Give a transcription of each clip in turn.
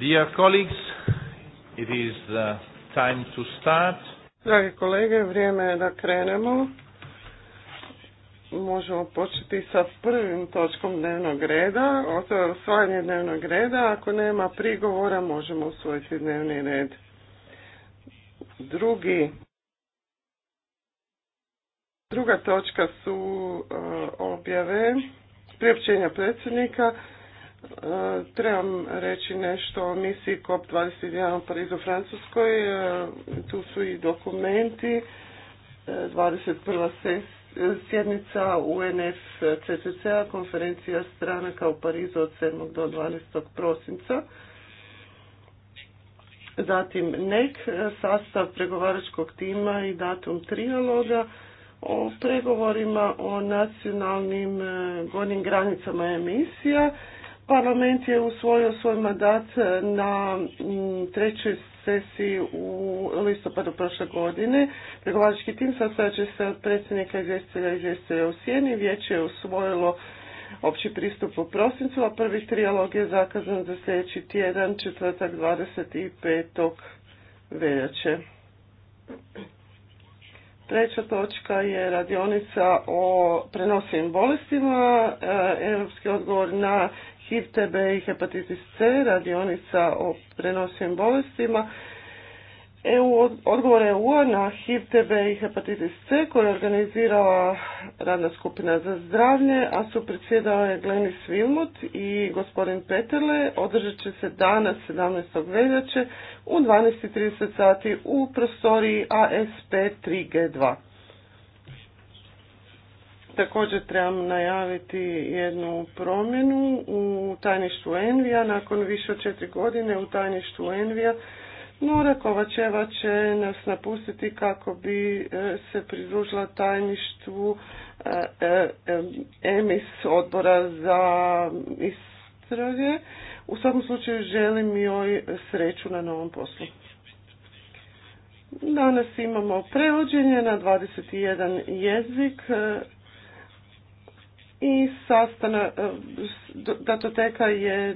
Dear colleagues, it is the uh, time to start. Dragi kolege, vrijeme je da krenemo. Možemo početi sa prvim točkom dnevnog reda, oto je osvajanje dnevnog reda. Ako nema prigovora, možemo usvojiti dnevni red. Drugi Druga točka su uh, objave priopćenja predsjednika trebam reći nešto o misiji COP21 u Parizu, Francuskoj. E, tu su i dokumenti. 21. E, sjednica unfccc konferencija stranaka u Parizu od 7. do 12. prosinca. Zatim NEK, sastav pregovaračkog tima i datum trijaloga o pregovorima o nacionalnim e, gornjim granicama emisija Parlament je usvojio svoj mandat e, na trećoj sesiji u listopadu prošle godine. Pregovarački tim sastojat će se od predsjednika izvjestitelja i u Sjeni. Vijeće je usvojilo opći pristup u prosincu, a prvi trijalog je zakazan za sljedeći tjedan, četvrtak 25. veljače. Treća točka je radionica o prenosim bolestima, e, europski odgovor na HIV, TB i hepatitis C, radionica o prenosivim bolestima, EU, odgovor EU na HIV, TB i hepatitis C koju je organizirala radna skupina za zdravlje, a su predsjedao je Glenis Vilmut i gospodin Peterle. Održat će se danas 17. veljače u 12.30 sati u prostoriji ASP 3G2. Također trebam najaviti jednu promjenu u tajništvu Envija. Nakon više od četiri godine u tajništvu Envija Nora Kovačeva će nas napustiti kako bi e, se pridružila tajništvu EMIS e, e, odbora za istrage. U svakom slučaju želim joj sreću na novom poslu. Danas imamo prevođenje na 21 jezik i sastana, e, datoteka je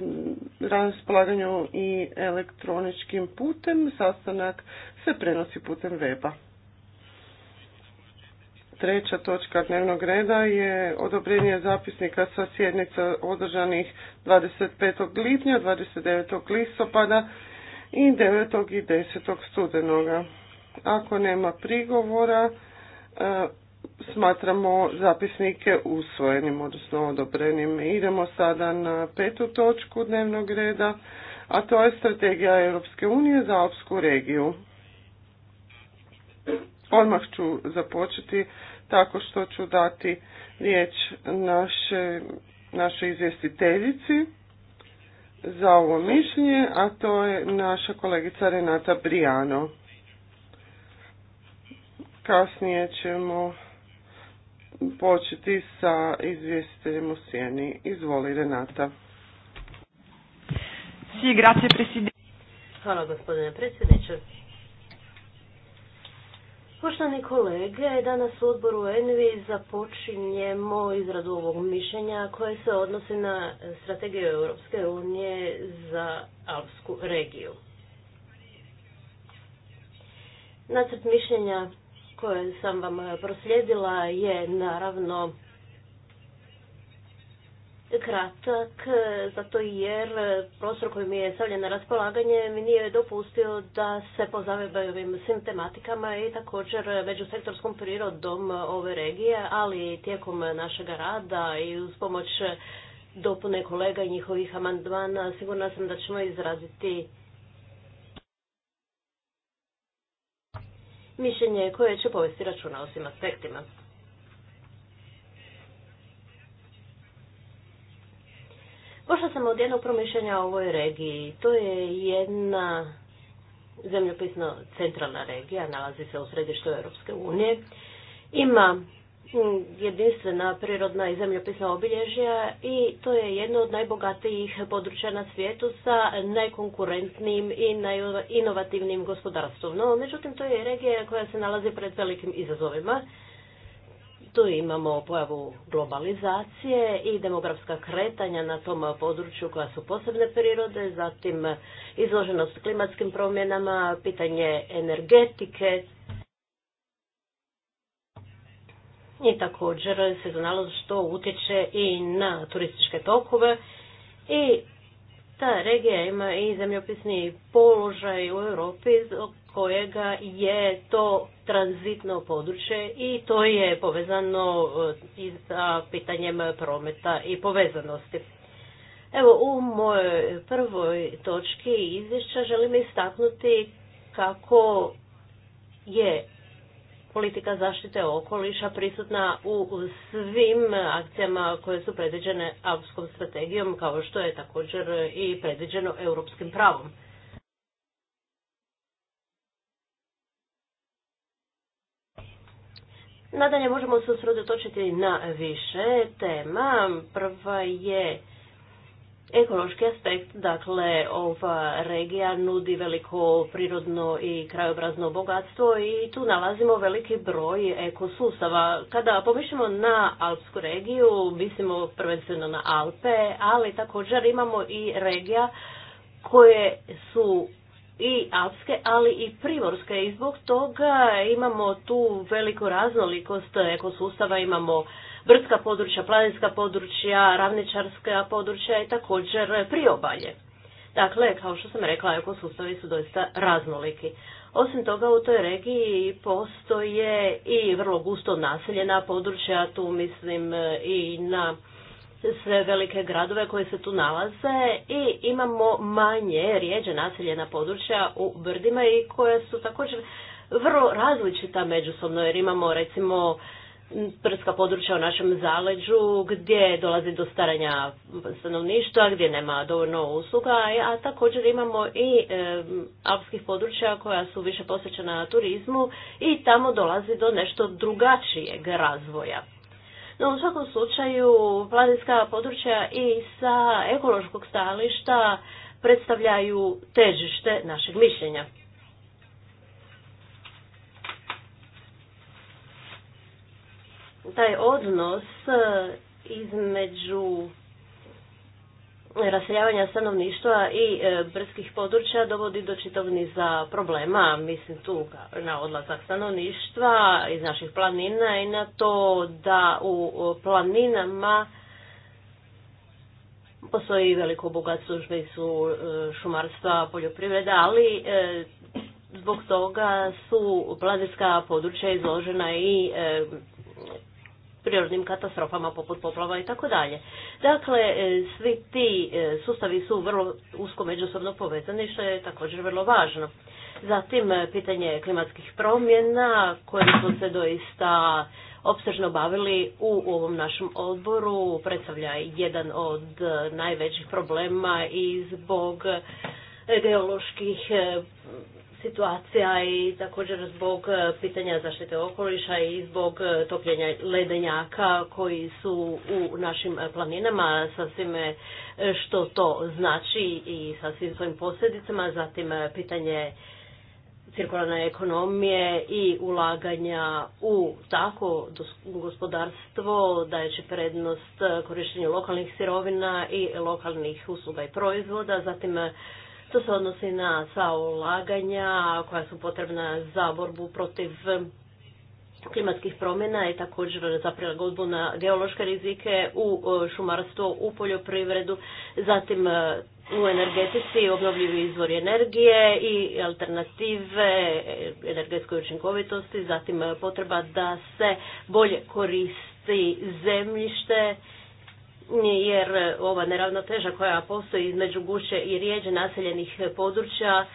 raspolaganju i elektroničkim putem, sastanak se prenosi putem weba. Treća točka dnevnog reda je odobrenje zapisnika sa sjednica održanih 25. lipnja, 29. listopada i 9. i 10. studenoga. Ako nema prigovora, e, smatramo zapisnike usvojenim, odnosno odobrenim. Idemo sada na petu točku dnevnog reda, a to je strategija Europske unije za Alpsku regiju. Odmah ću započeti tako što ću dati riječ naše, našoj izvjestiteljici za ovo mišljenje, a to je naša kolegica Renata Brijano. Kasnije ćemo početi sa izvjestiteljem u Izvoli Renata. Hvala gospodine predsjedniče. Poštani kolege, danas u odboru ENVI započinjemo izradu ovog mišljenja koje se odnosi na strategiju Europske unije za Alpsku regiju. Nacrt mišljenja koje sam vam eh, proslijedila je naravno kratak, eh, zato jer eh, prostor koji mi je stavljen na raspolaganje mi nije dopustio da se pozabavim ovim svim tematikama i također međusektorskom prirodom ove regije, ali tijekom našega rada i uz pomoć dopune kolega i njihovih amandmana sigurno sam da ćemo izraziti mišljenje koje će povesti računa o svim aspektima. Pošla sam od jednog promišljenja o ovoj regiji. To je jedna zemljopisno centralna regija, nalazi se u središtu Europske unije. Ima jedinstvena prirodna i zemljopisna obilježja i to je jedno od najbogatijih područja na svijetu sa najkonkurentnijim i najinovativnijim gospodarstvom. No, međutim, to je regija koja se nalazi pred velikim izazovima. Tu imamo pojavu globalizacije i demografska kretanja na tom području koja su posebne prirode, zatim izloženost klimatskim promjenama, pitanje energetike, i također sezonalnost što utječe i na turističke tokove i ta regija ima i zemljopisni položaj u Europi zbog kojega je to tranzitno područje i to je povezano e, i sa pitanjem prometa i povezanosti. Evo u mojoj prvoj točki izvješća želim istaknuti kako je politika zaštite okoliša prisutna u svim akcijama koje su predviđene Alpskom strategijom kao što je također i predviđeno europskim pravom. Nadalje možemo se usredotočiti na više tema. Prva je ekološki aspekt, dakle ova regija nudi veliko prirodno i krajobrazno bogatstvo i tu nalazimo veliki broj ekosustava. Kada pomišljamo na Alpsku regiju, mislimo prvenstveno na Alpe, ali također imamo i regija koje su i alpske, ali i primorske i zbog toga imamo tu veliku raznolikost ekosustava, imamo brdska područja, planinska područja, ravničarska područja i također priobalje. Dakle, kao što sam rekla, ekosustavi su doista raznoliki. Osim toga, u toj regiji postoje i vrlo gusto naseljena područja, tu mislim e, i na sve velike gradove koje se tu nalaze i imamo manje rijeđe naseljena područja u brdima i koja su također vrlo različita međusobno jer imamo recimo prska područja u našem zaleđu gdje dolazi do staranja stanovništva, gdje nema dovoljno usluga, a također imamo i e, alpskih područja koja su više posvećena turizmu i tamo dolazi do nešto drugačijeg razvoja. No, u svakom slučaju, planinska područja i sa ekološkog stajališta predstavljaju težište našeg mišljenja. taj odnos e, između raseljavanja stanovništva i e, brskih područja dovodi do čitav problema, mislim tu na odlazak stanovništva iz naših planina i na to da u planinama postoji veliko bogatstvo i su e, šumarstva, poljoprivreda, ali zbog toga su planinska područja izložena i prirodnim katastrofama poput poplava i tako dalje. Dakle, e, svi ti e, sustavi su vrlo usko međusobno povezani što je također vrlo važno. Zatim, e, pitanje klimatskih promjena koje smo se doista opsežno bavili u ovom našem odboru predstavlja jedan od najvećih problema i zbog geoloških situacija i također zbog e, pitanja zaštite okoliša i zbog e, topljenja ledenjaka koji su u našim planinama sa svime e, što to znači i sa svim svojim posljedicama, zatim pitanje cirkularne ekonomije i ulaganja u tako gospodarstvo dajeći prednost korištenju lokalnih sirovina i lokalnih usluga i proizvoda, zatim to se odnosi na sva ulaganja koja su potrebna za borbu protiv klimatskih promjena i također za prilagodbu na geološke rizike u e, šumarstvo, u poljoprivredu, zatim e, u energetici, obnovljivi izvori energije i alternative energetskoj učinkovitosti, zatim e, potreba da se bolje koristi zemljište jer ova neravnoteža koja postoji između gušće i rijeđe naseljenih područja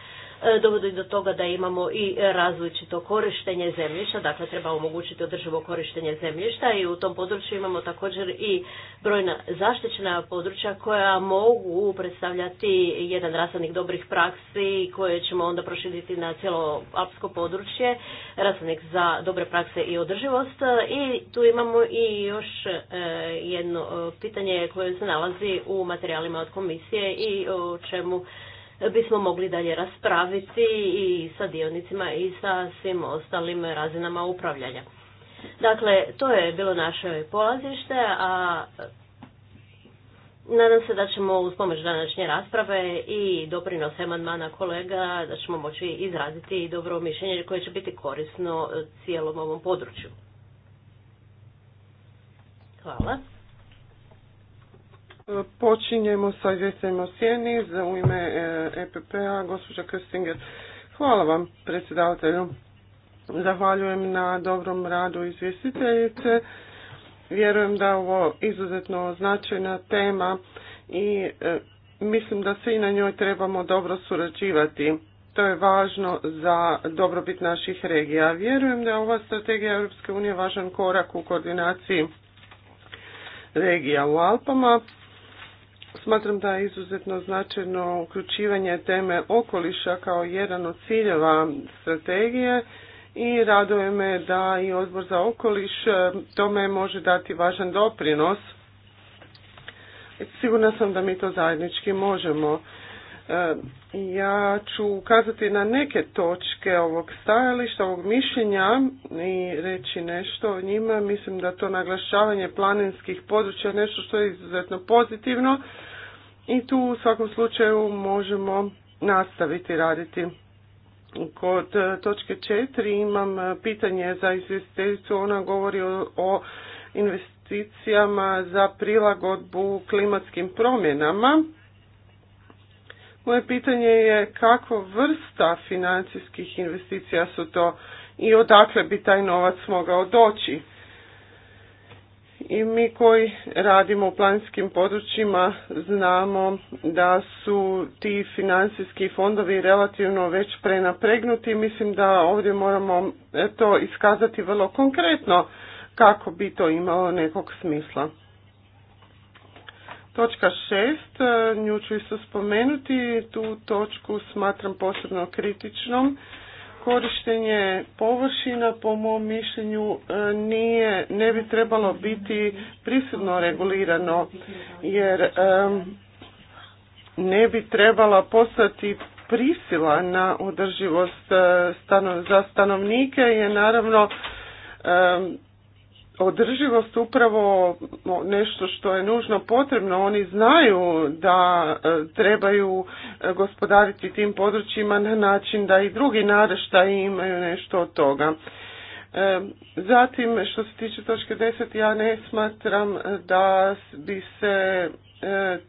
E, dovodi do toga da imamo i različito korištenje zemljišta, dakle treba omogućiti održivo korištenje zemljišta i u tom području imamo također i brojna zaštićena područja koja mogu predstavljati jedan rasadnik dobrih praksi koje ćemo onda proširiti na cijelo apsko područje, rasadnik za dobre prakse i održivost i tu imamo i još e, jedno e, pitanje koje se nalazi u materijalima od komisije i o čemu bismo mogli dalje raspraviti i sa dionicima i sa svim ostalim razinama upravljanja. Dakle, to je bilo naše polazište, a nadam se da ćemo uz pomoć današnje rasprave i doprinos amandmana kolega da ćemo moći izraziti dobro mišljenje koje će biti korisno cijelom ovom području. Hvala. Počinjemo sa o Sjeni u ime EPP-a, e gospođa Krstinger. Hvala vam, predsjedavatelju. Zahvaljujem na dobrom radu izvjestiteljice. Vjerujem da je ovo izuzetno značajna tema i e, mislim da se i na njoj trebamo dobro surađivati. To je važno za dobrobit naših regija. Vjerujem da je ova strategija Europske unije važan korak u koordinaciji regija u Alpama Smatram da je izuzetno značajno uključivanje teme okoliša kao jedan od ciljeva strategije i raduje me da i odbor za okoliš e, tome može dati važan doprinos. Sigurna sam da mi to zajednički možemo. E, ja ću ukazati na neke točke ovog stajališta, ovog mišljenja i reći nešto o njima. Mislim da to naglašavanje planinskih područja je nešto što je izuzetno pozitivno i tu u svakom slučaju možemo nastaviti raditi. Kod e, točke četiri imam e, pitanje za izvjestiteljicu, ona govori o investicijama za prilagodbu klimatskim promjenama moje pitanje je kako vrsta financijskih investicija su to i odakle bi taj novac mogao doći. I mi koji radimo u planinskim područjima znamo da su ti financijski fondovi relativno već prenapregnuti. Mislim da ovdje moramo e, to iskazati vrlo konkretno kako bi to imalo nekog smisla. Točka šest, e, nju ću isto spomenuti, tu točku smatram posebno kritičnom. Korištenje površina, po mom mišljenju, e, nije, ne bi trebalo biti prisilno regulirano, jer ne bi trebala postati prisila na održivost e, za stanovnike je naravno održivost upravo nešto što je nužno potrebno. Oni znaju da e, trebaju e, gospodariti tim područjima na način da i drugi narešta imaju nešto od toga. E, zatim, što se tiče točke 10, ja ne smatram da bi se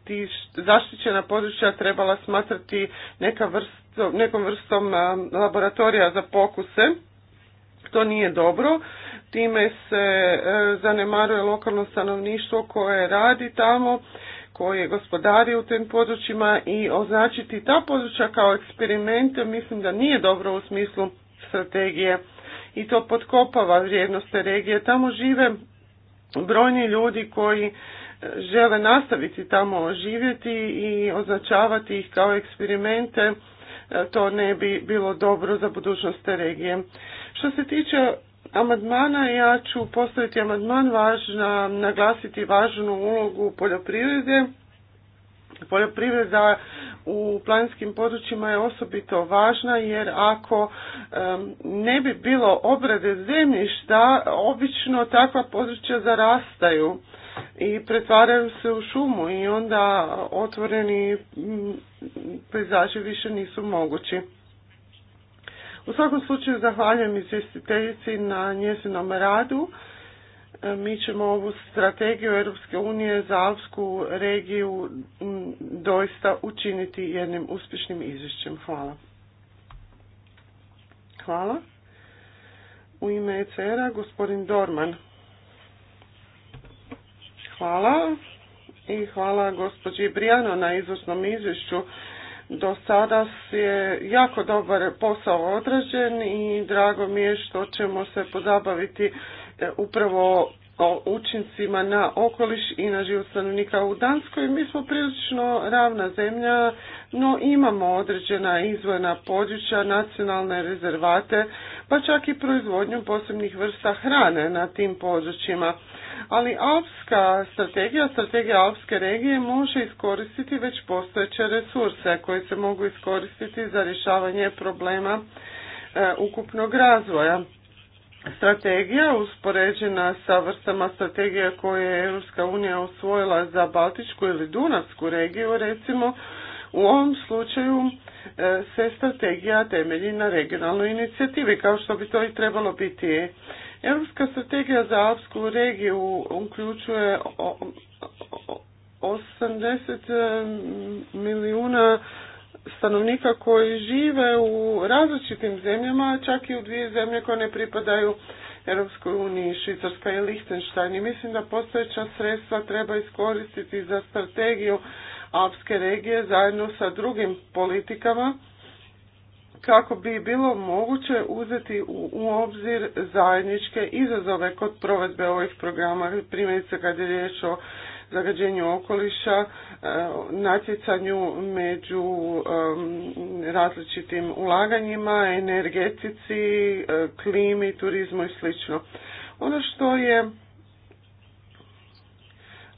ti zaštićena područja trebala smatrati nekom vrstom laboratorija za pokuse to nije dobro. Time se e, zanemaruje lokalno stanovništvo koje radi tamo koje gospodari u tim područjima i označiti ta područja kao eksperimente mislim da nije dobro u smislu strategije i to potkopava vrijednost te regije. Tamo žive brojni ljudi koji e, žele nastaviti tamo živjeti i označavati ih kao eksperimente E, to ne bi bilo dobro za budućnost te regije. Što se tiče amandmana, ja ću postaviti amandman važna, naglasiti važnu ulogu poljoprivrede. Poljoprivreda u planinskim područjima je osobito važna jer ako ne bi bilo obrade zemljišta, obično takva područja zarastaju i pretvaraju se u šumu i onda otvoreni mm, pejzaži više nisu mogući. U svakom slučaju zahvaljujem izvjestiteljici na njezinom radu. E, mi ćemo ovu strategiju Europske unije za Alpsku regiju mm, doista učiniti jednim uspješnim izvješćem. Hvala. Hvala. U ime ECR-a gospodin Dorman. Hvala i hvala gospođi Brijano na izvrsnom izvješću. Do sada je jako dobar posao odrađen i drago mi je što ćemo se pozabaviti e, upravo o učincima na okoliš i na život stanovnika u Danskoj. Mi smo prilično ravna zemlja, no imamo određena izvojna područja, nacionalne rezervate, pa čak i proizvodnju posebnih vrsta hrane na tim područjima ali Alpska strategija, strategija Alpske regije može iskoristiti već postojeće resurse koje se mogu iskoristiti za rješavanje problema e, ukupnog razvoja. Strategija uspoređena sa vrstama strategija koje je Europska unija usvojila za Baltičku ili Dunavsku regiju, recimo, u ovom slučaju e, se strategija temelji na regionalnoj inicijativi, kao što bi to i trebalo biti. Europska strategija za Alpsku regiju uključuje 80 milijuna stanovnika koji žive u različitim zemljama, čak i u dvije zemlje koje ne pripadaju Europskoj uniji, Švicarska i Lichtenstein. I mislim da postojeća sredstva treba iskoristiti za strategiju Alpske regije zajedno sa drugim politikama kako bi bilo moguće uzeti u, obzir zajedničke izazove kod provedbe ovih programa, primjerice kad je riječ o zagađenju okoliša, e, natjecanju među različitim ulaganjima, energetici, e, klimi, turizmu i sl. Ono što je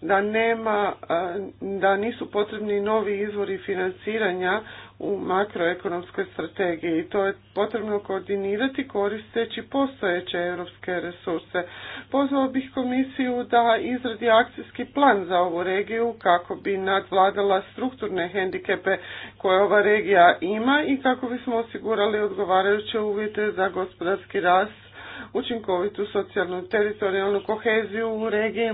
da nema, e, da nisu potrebni novi izvori financiranja u makroekonomskoj strategiji. To je potrebno koordinirati koristeći postojeće europske resurse. Pozvao bih komisiju da izradi akcijski plan za ovu regiju kako bi nadvladala strukturne hendikepe koje ova regija ima i kako bismo osigurali odgovarajuće uvjete za gospodarski rast, učinkovitu socijalnu teritorijalnu koheziju u regiji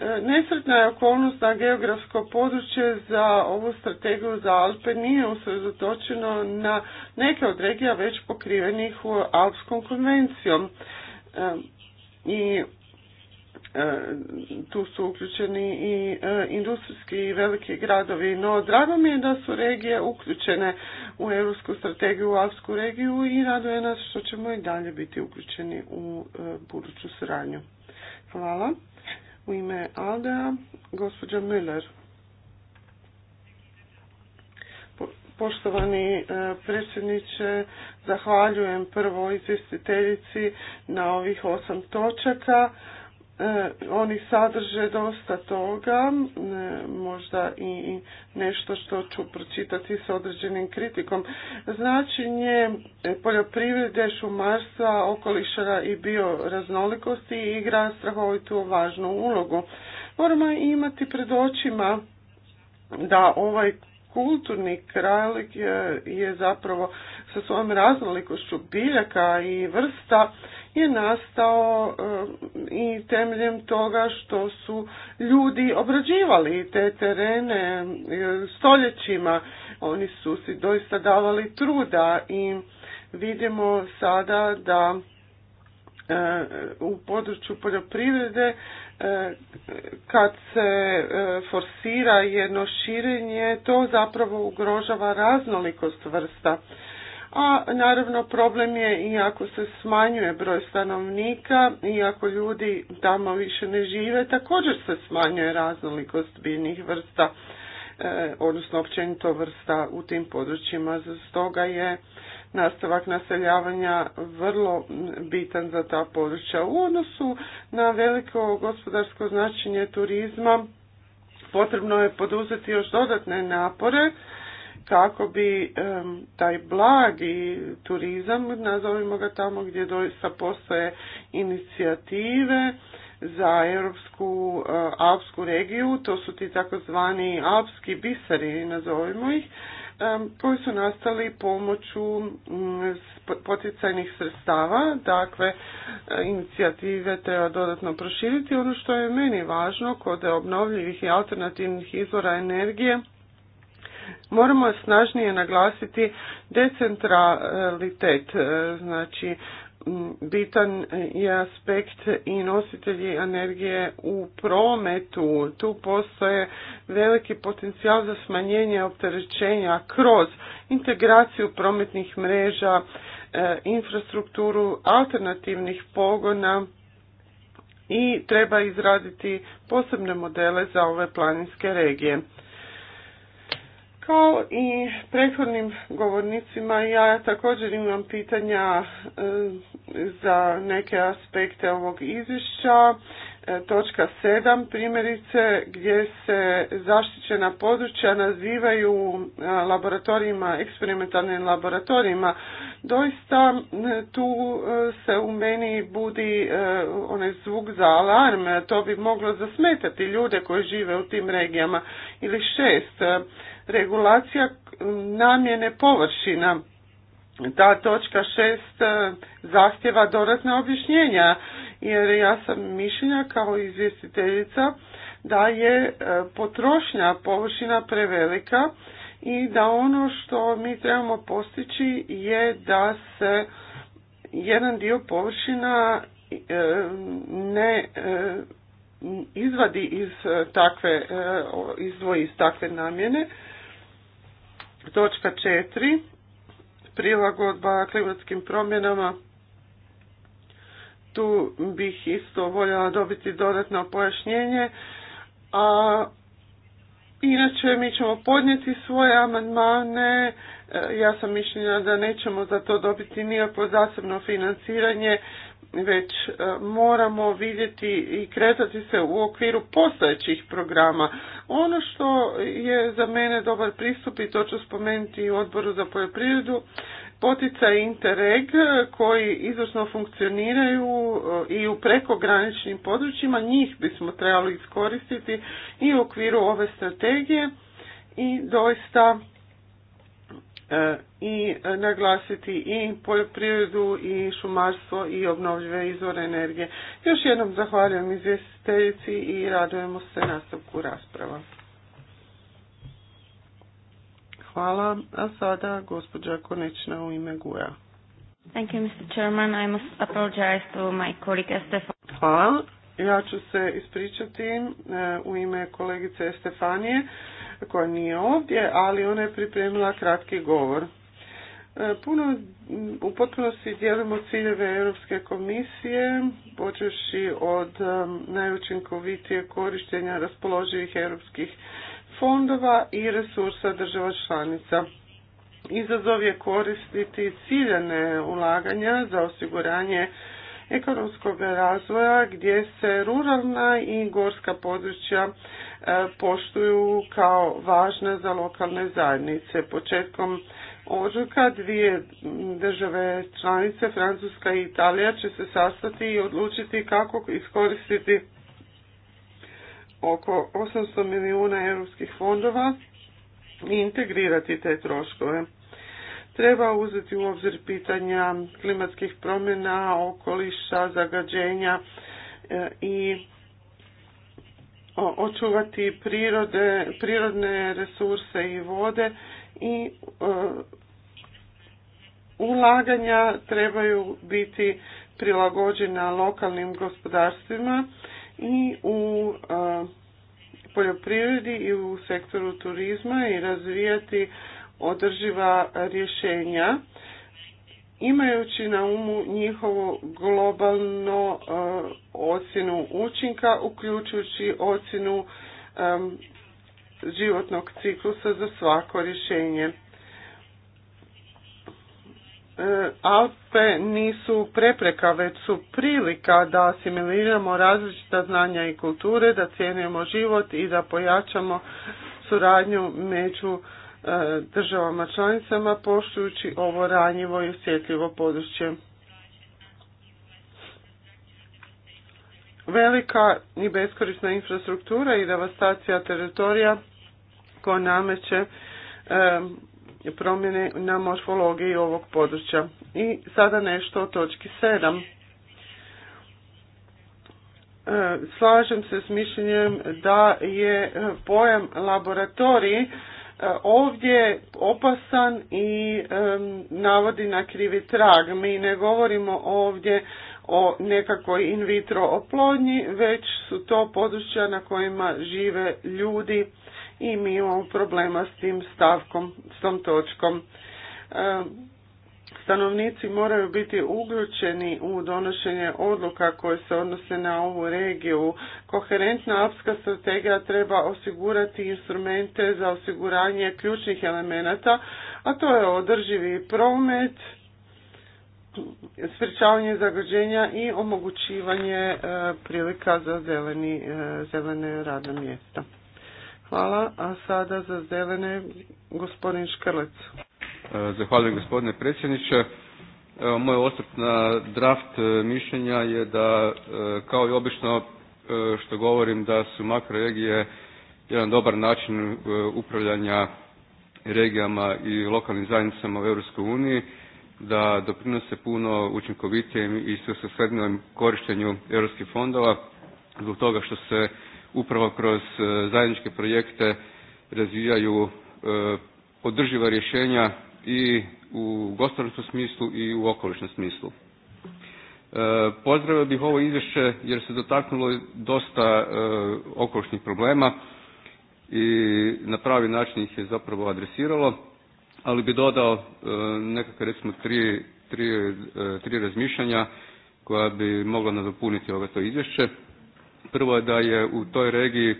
E, nesretna je okolnost da geografsko područje za ovu strategiju za Alpe nije usredotočeno na neke od regija već pokrivenih u Alpskom konvencijom. E, I e, tu su uključeni i industrijski i veliki gradovi, no drago mi je da su regije uključene u Europsku strategiju, u Alpsku regiju i raduje nas što ćemo i dalje biti uključeni u buduću suradnju. Hvala. U ime Alda, gospođa Müller. Poštovani e, predsjedniče, zahvaljujem prvo izvjestiteljici na ovih osam točaka. E, oni sadrže dosta toga, e, možda i nešto što ću pročitati sa određenim kritikom. Značenje e, poljoprivrede, šumarstva, okolišara i bioraznolikosti igra strahovitu važnu ulogu. Moramo imati pred očima da ovaj kulturni krajlik je, je zapravo sa svojom raznolikošću biljaka i vrsta je nastao um, i temeljem toga što su ljudi obrađivali te terene um, stoljećima. Oni su si doista davali truda i vidimo sada da um, u području poljoprivrede kad se forsira jedno širenje, to zapravo ugrožava raznolikost vrsta a naravno problem je i ako se smanjuje broj stanovnika i ako ljudi tamo više ne žive, također se smanjuje raznolikost biljnih vrsta, e, odnosno općenito vrsta u tim područjima. Stoga je nastavak naseljavanja vrlo bitan za ta područja. U odnosu na veliko gospodarsko značenje turizma potrebno je poduzeti još dodatne napore kako bi taj blagi turizam, nazovimo ga tamo gdje doista postoje inicijative za europsku e, alpsku regiju, to su ti takozvani alpski biseri, nazovimo ih, koji su nastali pomoću mm, poticajnih sredstava, dakle e, inicijative treba dodatno proširiti. Ono što je meni važno kod obnovljivih i alternativnih izvora energije Moramo snažnije naglasiti decentralitet, e, znači bitan je aspekt i nositelji energije u prometu. Tu postoje veliki potencijal za smanjenje opterećenja kroz integraciju prometnih mreža, e, infrastrukturu alternativnih pogona i treba izraditi posebne modele za ove planinske regije. Kao i prethodnim govornicima, ja također imam pitanja e, za neke aspekte ovog izvješća. E, točka 7 primjerice gdje se zaštićena područja nazivaju e, laboratorijima, eksperimentalnim laboratorijima. Doista tu se u meni budi onaj zvuk za alarm, to bi moglo zasmetati ljude koji žive u tim regijama. Ili šest, regulacija namjene površina. Ta točka šest e, zahtjeva dodatna objašnjenja, jer ja sam mišljenja kao izvjestiteljica da je e, potrošnja površina prevelika i da ono što mi trebamo postići je da se jedan dio površina e, ne izvadi iz takve, izdvoji iz takve namjene Točka četiri Prilagodba klimatskim promjenama. Tu bih isto voljela dobiti dodatno pojašnjenje. A inače mi ćemo podnijeti svoje amandmane E, ja sam mišljena da nećemo za to dobiti nikakvo zasebno financiranje, već e, moramo vidjeti i kretati se u okviru postojećih programa. Ono što je za mene dobar pristup i to ću spomenuti i u odboru za poljoprivredu, potica Interreg koji izvrsno funkcioniraju e, i u prekograničnim područjima, njih bismo trebali iskoristiti i u okviru ove strategije i doista E, i e, naglasiti i poljoprivredu i šumarstvo i obnovljive izvore energije. Još jednom zahvaljujem izvjestiteljici i radujemo se nastavku rasprava. Hvala. A sada gospođa Konečna u ime Guja. Thank I Hvala. Ja ću se ispričati e, u ime kolegice Stefanije koja nije ovdje, ali ona je pripremila kratki govor. E, puno, u potpunosti dijelimo ciljeve Europske komisije, počeši od e, najučinkovitije korištenja raspoloživih europskih fondova i resursa država članica. Izazov je koristiti ciljene ulaganja za osiguranje ekonomskog razvoja gdje se ruralna i gorska područja E, poštuju kao važne za lokalne zajednice. Početkom ožujka dvije države članice, Francuska i Italija, će se sastati i odlučiti kako iskoristiti oko 800 milijuna europskih fondova i integrirati te troškove. Treba uzeti u obzir pitanja klimatskih promjena, okoliša, zagađenja e, i očuvati prirode, prirodne resurse i vode i e, ulaganja trebaju biti prilagođena lokalnim gospodarstvima i u e, poljoprivredi i u sektoru turizma i razvijati održiva rješenja imajući na umu njihovu globalno e, ocjenu učinka, uključujući ocjenu životnog ciklusa za svako rješenje. E, Alpe nisu prepreka, već su prilika da asimiliramo različita znanja i kulture, da cijenimo život i da pojačamo suradnju među E, državama članicama poštujući ovo ranjivo i osjetljivo područje. Velika i beskorisna infrastruktura i devastacija teritorija koja nameće e, promjene na morfologiji ovog područja. I sada nešto o točki 7. E, slažem se s mišljenjem da je pojam laboratoriji E, ovdje opasan i navodi na krivi trag. Mi ne govorimo ovdje o nekakvoj in vitro oplodnji, već su to područja na kojima žive ljudi i mi imamo problema s tim stavkom, s tom točkom. Stanovnici moraju biti uključeni u donošenje odluka koje se odnose na ovu regiju. Koherentna apska strategija treba osigurati instrumente za osiguranje ključnih elemenata, a to je održivi promet, sprječavanje zagađenja i omogućivanje e, prilika za zeleni, e, zelene radna mjesta. Hvala, a sada za zelene gospodin Škrlec. Zahvaljujem gospodine predsjedniče. Evo, moj osvrt na draft e, mišljenja je da, e, kao i obično e, što govorim, da su makroregije jedan dobar način upravljanja regijama i lokalnim zajednicama u Europskoj uniji, da doprinose puno učinkovitijem i svrsishodnijem korištenju europskih fondova zbog toga što se upravo kroz zajedničke projekte razvijaju održiva rješenja i u gospodarskom smislu i u okolišnom smislu. E, pozdravio bih ovo izvješće jer se dotaknulo dosta e, okolišnih problema i na pravi način ih je zapravo adresiralo, ali bi dodao e, nekakve recimo tri, tri, tri razmišljanja koja bi mogla nadopuniti ovo to izvješće. Prvo je da je u toj regiji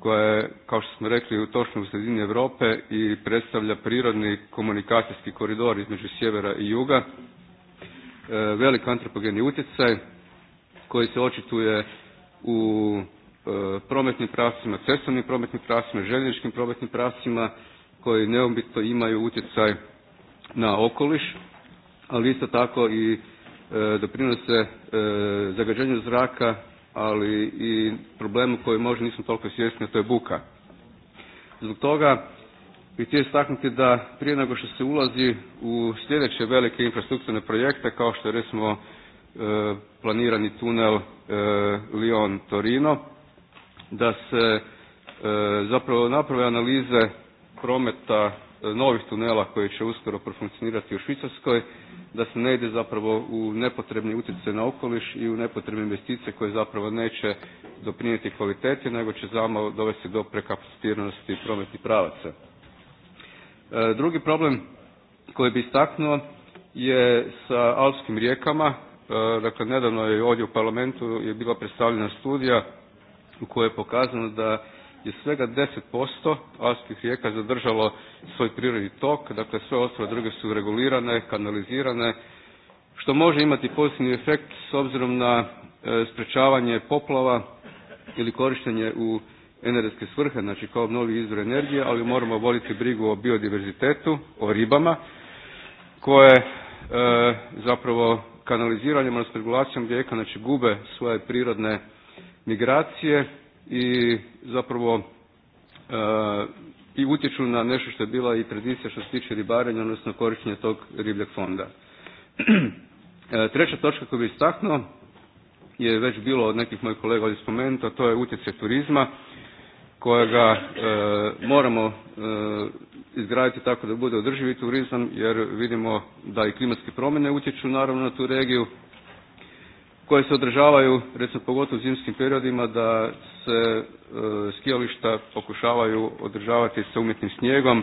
koja je, kao što smo rekli, u točno u sredini Europe i predstavlja prirodni komunikacijski koridor između sjevera i juga. E, Velik antropogeni utjecaj koji se očituje u e, prometnim pravcima, cestovnim prometnim pravcima, željezničkim prometnim pravcima koji neobično imaju utjecaj na okoliš, ali isto tako i e, doprinose zagađenju zraka ali i problemu koji možda nismo toliko svjesni, a to je buka. Zbog toga bi htio istaknuti da prije nego što se ulazi u sljedeće velike infrastrukturne projekte kao što je recimo e, planirani tunel e, Lyon-Torino, da se e, zapravo naprave analize prometa E, novih tunela koji će uskoro profunkcionirati u Švicarskoj, da se ne ide zapravo u nepotrebni utjecaj na okoliš i u nepotrebne investicije koje zapravo neće doprinijeti kvaliteti nego će samo dovesti do prekapacitiranosti prometnih pravaca. E, drugi problem koji bi istaknuo je sa alpskim rijekama. E, dakle, nedavno je ovdje u parlamentu je bila predstavljena studija u kojoj je pokazano da je svega 10% alpskih rijeka zadržalo svoj prirodni tok, dakle sve ostale druge su regulirane, kanalizirane, što može imati pozitivni efekt s obzirom na e, sprečavanje poplava ili korištenje u energetske svrhe, znači kao novi izvor energije, ali moramo voditi brigu o biodiverzitetu, o ribama, koje e, zapravo kanaliziranjem, regulacijom rijeka, znači gube svoje prirodne migracije i zapravo e, i utječu na nešto što je bila i tradicija što se tiče ribarenja, odnosno korištenja tog ribljeg fonda. E, treća točka koju bih istaknuo je već bilo od nekih mojih kolega ovdje spomenuto, to je utjecaj turizma kojega e, moramo izgraditi tako da bude održivi turizam jer vidimo da i klimatske promjene utječu naravno na tu regiju, koje se održavaju, recimo pogotovo u zimskim periodima, da se e, skijališta pokušavaju održavati sa umjetnim snijegom,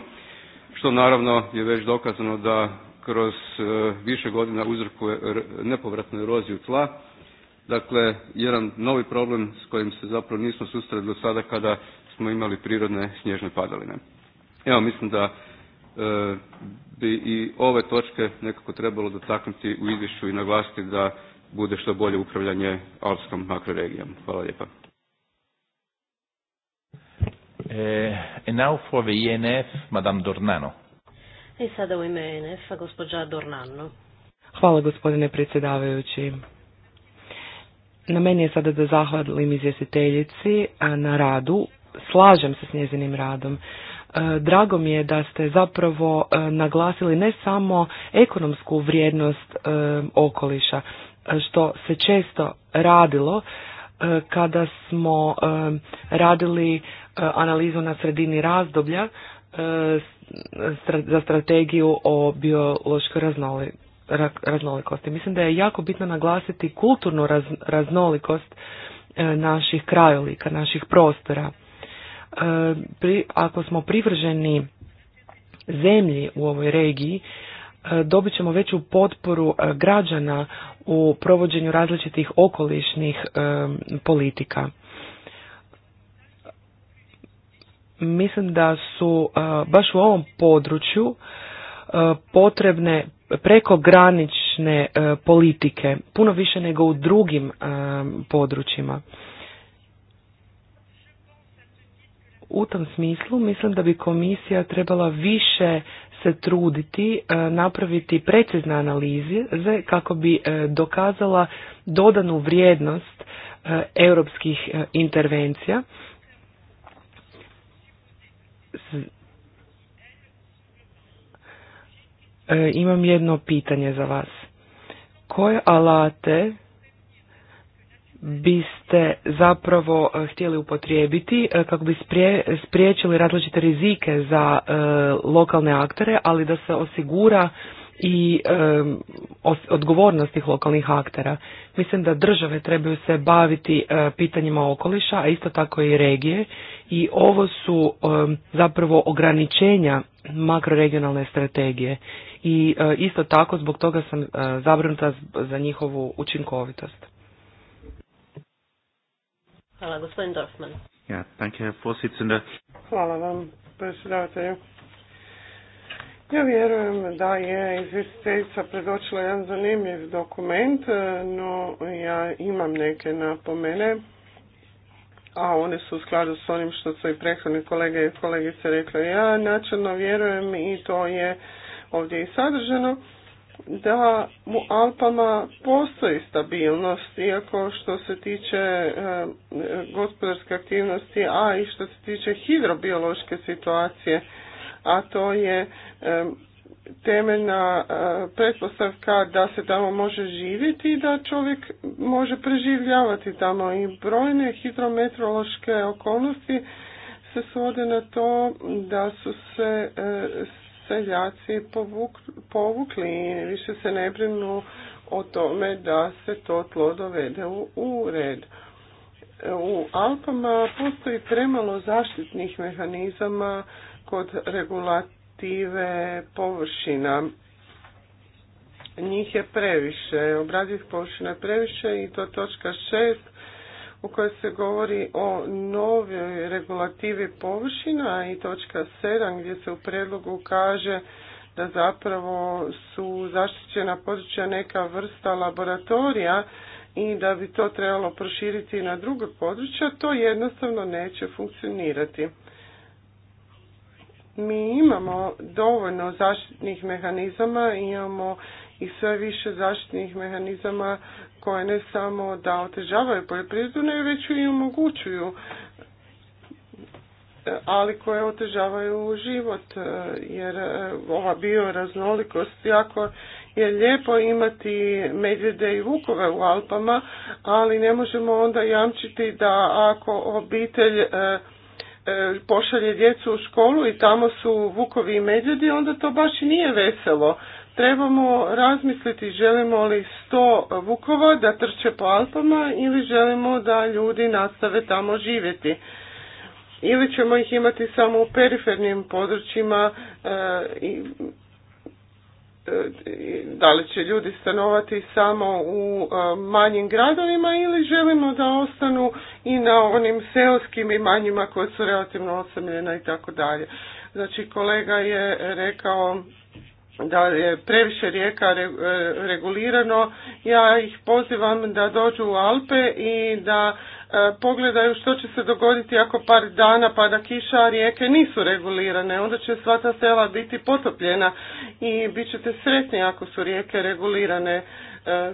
što naravno je već dokazano da kroz e, više godina uzrokuje nepovratnu eroziju tla. Dakle, jedan novi problem s kojim se zapravo nismo sustavili do sada kada smo imali prirodne snježne padaline. Evo, mislim da e, bi i ove točke nekako trebalo dotaknuti u izvješću i naglasiti da bude što bolje upravljanje alpskom makroregijom. Hvala lijepa. E, now for the ENF, Madame Dornano. I sada u ime enf gospođa Dornano. Hvala gospodine predsjedavajući. Na meni je sada da zahvalim izvjestiteljici na radu. Slažem se s njezinim radom. E, drago mi je da ste zapravo e, naglasili ne samo ekonomsku vrijednost okoliša, što se često radilo e, kada smo e, radili e, analizu na sredini razdoblja za strategiju o biološkoj raznolikosti. Mislim da je jako bitno naglasiti kulturnu raznolikost naših krajolika, naših prostora. Ako smo privrženi zemlji u ovoj regiji, E, dobit ćemo veću potporu e, građana u provođenju različitih okolišnih e, politika. Mislim da su baš u ovom području potrebne prekogranične politike, puno više nego u drugim područjima. U tom smislu mislim da bi komisija trebala više se truditi e, napraviti precizne analize kako bi e, dokazala dodanu vrijednost e, europskih intervencija imam jedno pitanje za vas koje alate biste zapravo e, htjeli upotrijebiti e, kako bi spriječili različite rizike za e, lokalne aktere, ali da se osigura i odgovornost tih lokalnih aktera. Mislim da države trebaju se baviti pitanjima okoliša, a isto tako i regije i ovo su zapravo ograničenja makroregionalne strategije i isto tako zbog toga sam zabrinuta za njihovu učinkovitost. Hvala, gospodin Dorfman. Ja, danke, Hvala vam, predsjedavatelju. Ja vjerujem da je izvjestiteljica predočila jedan zanimljiv dokument, e, no ja imam neke napomene, a one su u skladu s onim što su i prethodni kolege i kolegice rekli. Ja načelno vjerujem i to je ovdje i sadržano da u Alpama postoji stabilnost, iako što se tiče e, gospodarske aktivnosti, a i što se tiče hidrobiološke situacije, a to je e, temeljna e, pretpostavka da se tamo može živjeti i da čovjek može preživljavati tamo i brojne hidrometeorološke okolnosti se svode na to da su se seljaci povukli, više se ne brinu o tome da se to tlo dovede u red. U Alpama postoji premalo zaštitnih mehanizama kod regulative površina. Njih je previše, obradivih površina je previše i to točka šest u kojoj se govori o novoj regulativi površina i točka 7 gdje se u predlogu kaže da zapravo su zaštićena područja neka vrsta laboratorija i da bi to trebalo proširiti na druga područja, to jednostavno neće funkcionirati. Mi imamo dovoljno zaštitnih mehanizama, imamo i sve više zaštitnih mehanizama koje ne samo da otežavaju poljoprivredu, ne već i omogućuju, ali koje otežavaju život, e, jer e, ova bioraznolikost jako je lijepo imati medvjede i vukove u Alpama, ali ne možemo onda jamčiti da ako obitelj e, pošalje djecu u školu i tamo su vukovi i medvjedi, onda to baš nije veselo trebamo razmisliti želimo li sto vukova da trče po Alpama ili želimo da ljudi nastave tamo živjeti. Ili ćemo ih imati samo u perifernim područjima e, e, i da li će ljudi stanovati samo u e, manjim gradovima ili želimo da ostanu i na onim seoskim manjima koje su relativno osamljena i tako dalje. Znači kolega je rekao da je previše rijeka e, regulirano, ja ih pozivam da dođu u Alpe i da e, pogledaju što će se dogoditi ako par dana pada kiša, a rijeke nisu regulirane. Onda će sva ta sela biti potopljena i bit ćete sretni ako su rijeke regulirane. E,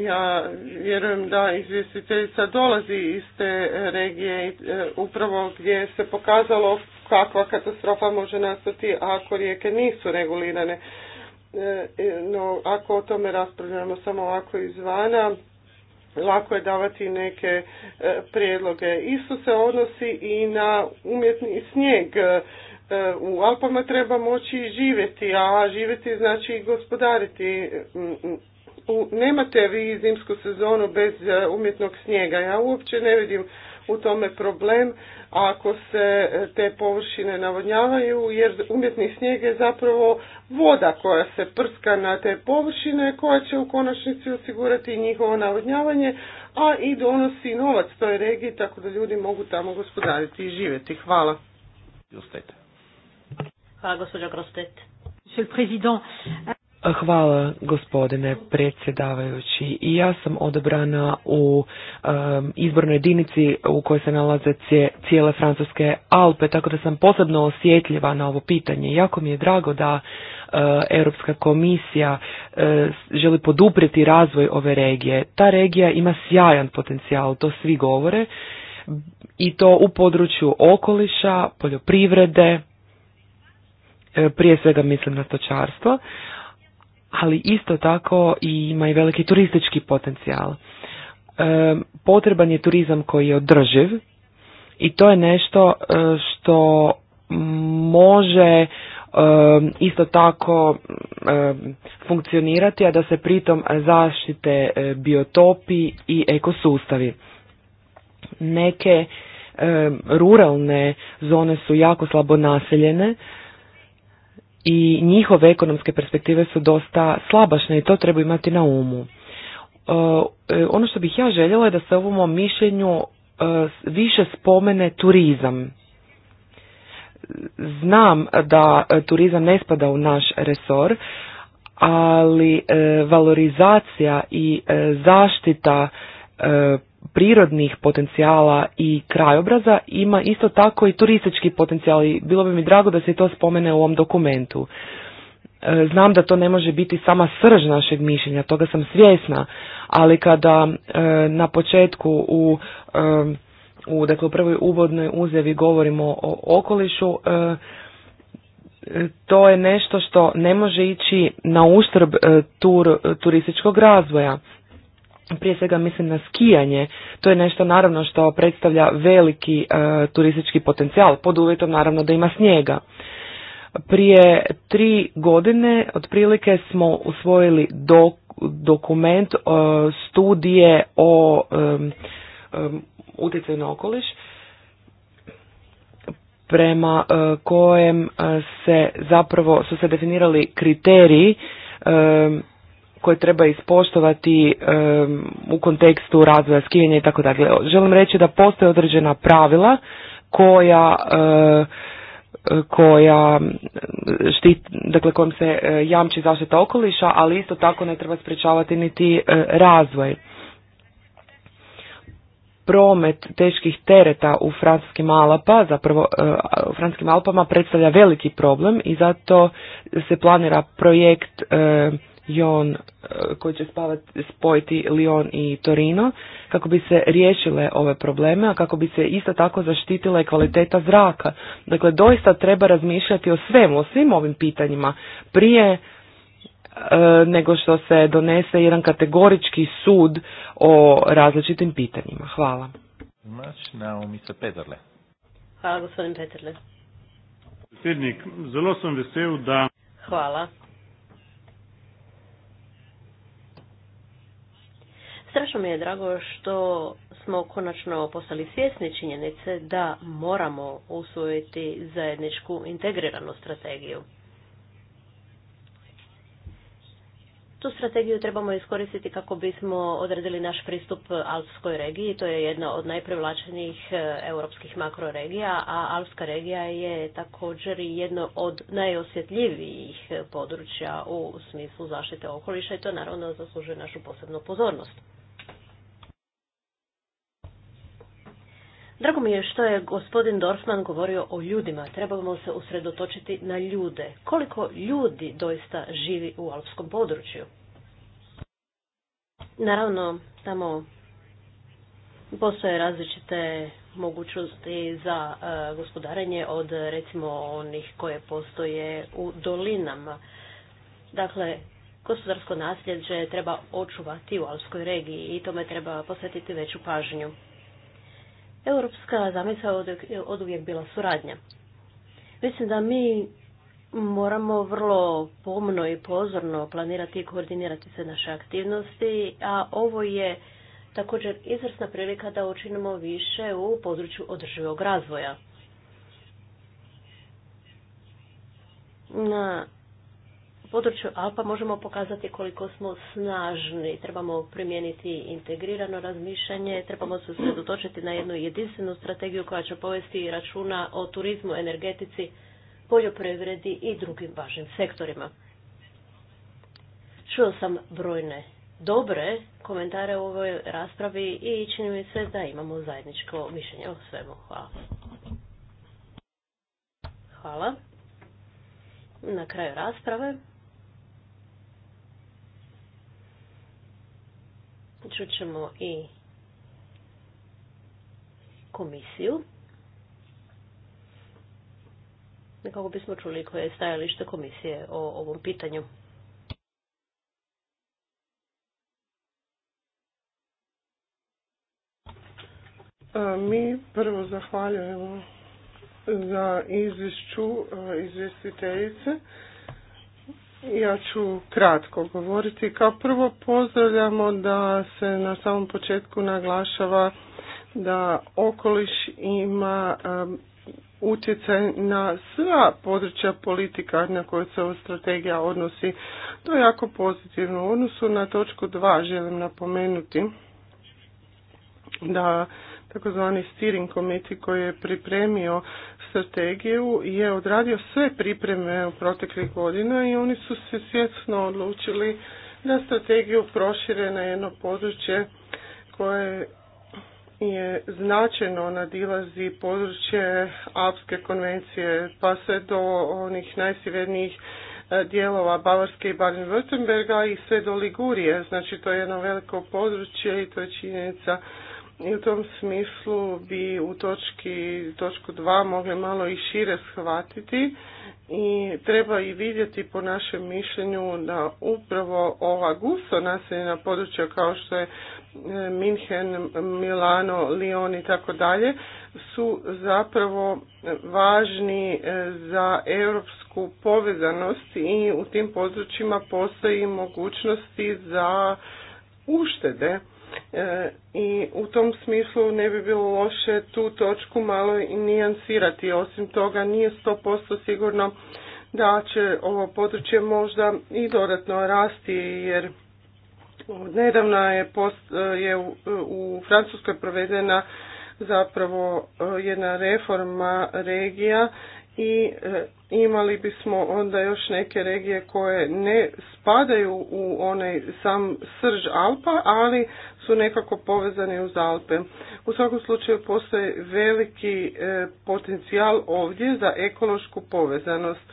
ja vjerujem da izvjestiteljica dolazi iz te regije upravo gdje se pokazalo kakva katastrofa može nastati ako rijeke nisu regulirane. E, no, ako o tome raspravljamo samo ovako izvana, lako je davati neke e, prijedloge. Isto se odnosi i na umjetni snijeg. E, u Alpama treba moći živjeti, a živjeti znači i gospodariti. Nemate vi zimsku sezonu bez umjetnog snijega. Ja uopće ne vidim u tome problem ako se e, te površine navodnjavaju jer umjetni snijeg je zapravo voda koja se prska na te površine koja će u konačnici osigurati njihovo navodnjavanje, a i donosi novac toj regiji tako da ljudi mogu tamo gospodariti i živjeti. Hvala. Hvala Grostet. Hvala gospodine predsjedavajući. I ja sam odebrana u um, izbornoj jedinici u kojoj se nalaze cijele francuske Alpe, tako da sam posebno osjetljiva na ovo pitanje. Jako mi je drago da uh, Europska komisija uh, želi poduprijeti razvoj ove regije. Ta regija ima sjajan potencijal, to svi govore, i to u području okoliša, poljoprivrede, e, prije svega mislim na stočarstvo, ali isto tako i ima i veliki turistički potencijal. Potreban je turizam koji je održiv i to je nešto e, što može isto tako funkcionirati, a da se pritom zaštite e, biotopi i ekosustavi. Neke ruralne zone su jako slabo naseljene, i njihove ekonomske perspektive su dosta slabašne i to treba imati na umu. E, e, ono što bih ja željela je da se ovom mišljenju e, više spomene turizam. Znam da turizam ne spada u naš resor, ali valorizacija i zaštita prirodnih potencijala i krajobraza ima isto tako i turistički potencijal i bilo bi mi drago da se to spomene u ovom dokumentu. E, znam da to ne može biti sama srž našeg mišljenja, toga sam svjesna, ali kada e, na početku u, e, u dakle u prvoj uvodnoj uzevi govorimo o okolišu, to je nešto što ne može ići na uštrb tur, turističkog razvoja prije svega mislim na skijanje. To je nešto naravno što predstavlja veliki e, turistički potencijal, pod uvjetom naravno da ima snijega. Prije tri godine otprilike smo usvojili dokument e, studije o e, e, utjecaju na okoliš prema kojem se zapravo su se definirali kriteriji koje treba ispoštovati u kontekstu razvoja skijenja i tako dalje. Želim reći da postoje određena pravila koja eh, koja dakle kojom se eh, jamči zaštita okoliša, ali isto tako ne treba sprečavati niti eh, razvoj. Promet teških tereta u francuskim Alapa, zapravo u francuskim Alpama predstavlja veliki problem i zato se planira projekt Jon e, koji će spavati, spojiti Lyon i Torino kako bi se riješile ove probleme, a kako bi se isto tako zaštitila i kvaliteta zraka. Dakle, doista treba razmišljati o svemu, o svim ovim pitanjima prije e, nego što se donese jedan kategorički sud o različitim pitanjima. Hvala. Hvala gospodin Petrle. sam vesel, da... Hvala Strašno mi je drago što smo konačno postali svjesni činjenice da moramo usvojiti zajedničku integriranu strategiju. Tu strategiju trebamo iskoristiti kako bismo odredili naš pristup Alpskoj regiji. To je jedna od najprivlačenijih e, europskih makroregija, a Alpska regija je također jedno od najosjetljivijih područja u smislu zaštite okoliša i to naravno zaslužuje našu posebnu pozornost. Drago mi je što je gospodin Dorfman govorio o ljudima. Trebamo se usredotočiti na ljude. Koliko ljudi doista živi u alpskom području? Naravno, tamo postoje različite mogućnosti za e, gospodarenje od recimo onih koje postoje u dolinama. Dakle, gospodarsko nasljeđe treba očuvati u Alpskoj regiji i tome treba posvetiti veću pažnju europska zamisla je od uvijek bila suradnja. Mislim da mi moramo vrlo pomno i pozorno planirati i koordinirati sve naše aktivnosti, a ovo je također izvrsna prilika da učinimo više u području održivog razvoja. Na području Alpa možemo pokazati koliko smo snažni. Trebamo primijeniti integrirano razmišljanje, trebamo se usredotočiti na jednu jedinstvenu strategiju koja će povesti računa o turizmu, energetici, poljoprivredi i drugim važnim sektorima. Čuo sam brojne dobre komentare u ovoj raspravi i čini mi se da imamo zajedničko mišljenje o svemu. Hvala. Hvala. Na kraju rasprave Čućemo i komisiju. Kako bismo čuli koje je stajalište komisije o ovom pitanju. Mi prvo zahvaljujemo za izvješću izvjestiteljice ja ću kratko govoriti. Kao prvo pozdravljamo da se na samom početku naglašava da okoliš ima utjecaj na sva područja politika na koje se ova strategija odnosi. To je jako pozitivno. U odnosu na točku 2 želim napomenuti da takozvani steering Komiti koji je pripremio strategiju je odradio sve pripreme u proteklih godina i oni su se svjesno odlučili da strategiju prošire na jedno područje koje je značajno nadilazi područje Alpske konvencije pa sve do onih najsjevernijih e, dijelova Bavarske i Baden-Württemberga i sve do Ligurije. Znači to je jedno veliko područje i to je činjenica i u tom smislu bi u točki, točku 2 mogli malo i šire shvatiti i treba i vidjeti po našem mišljenju da upravo ova gusto naseljena područja kao što je e, Minhen, Milano, Lyon i tako dalje su zapravo važni e, za europsku povezanost i u tim područjima postoji mogućnosti za uštede E, I u tom smislu ne bi bilo loše tu točku malo i nijansirati. Osim toga nije 100% sigurno da će ovo područje možda i dodatno rasti jer nedavno je, post, e, je u, u Francuskoj provedena zapravo e, jedna reforma regija i e, imali bismo onda još neke regije koje ne spadaju u onaj sam srž Alpa, ali su nekako povezane uz Alpe. U svakom slučaju postoje veliki e, potencijal ovdje za ekološku povezanost.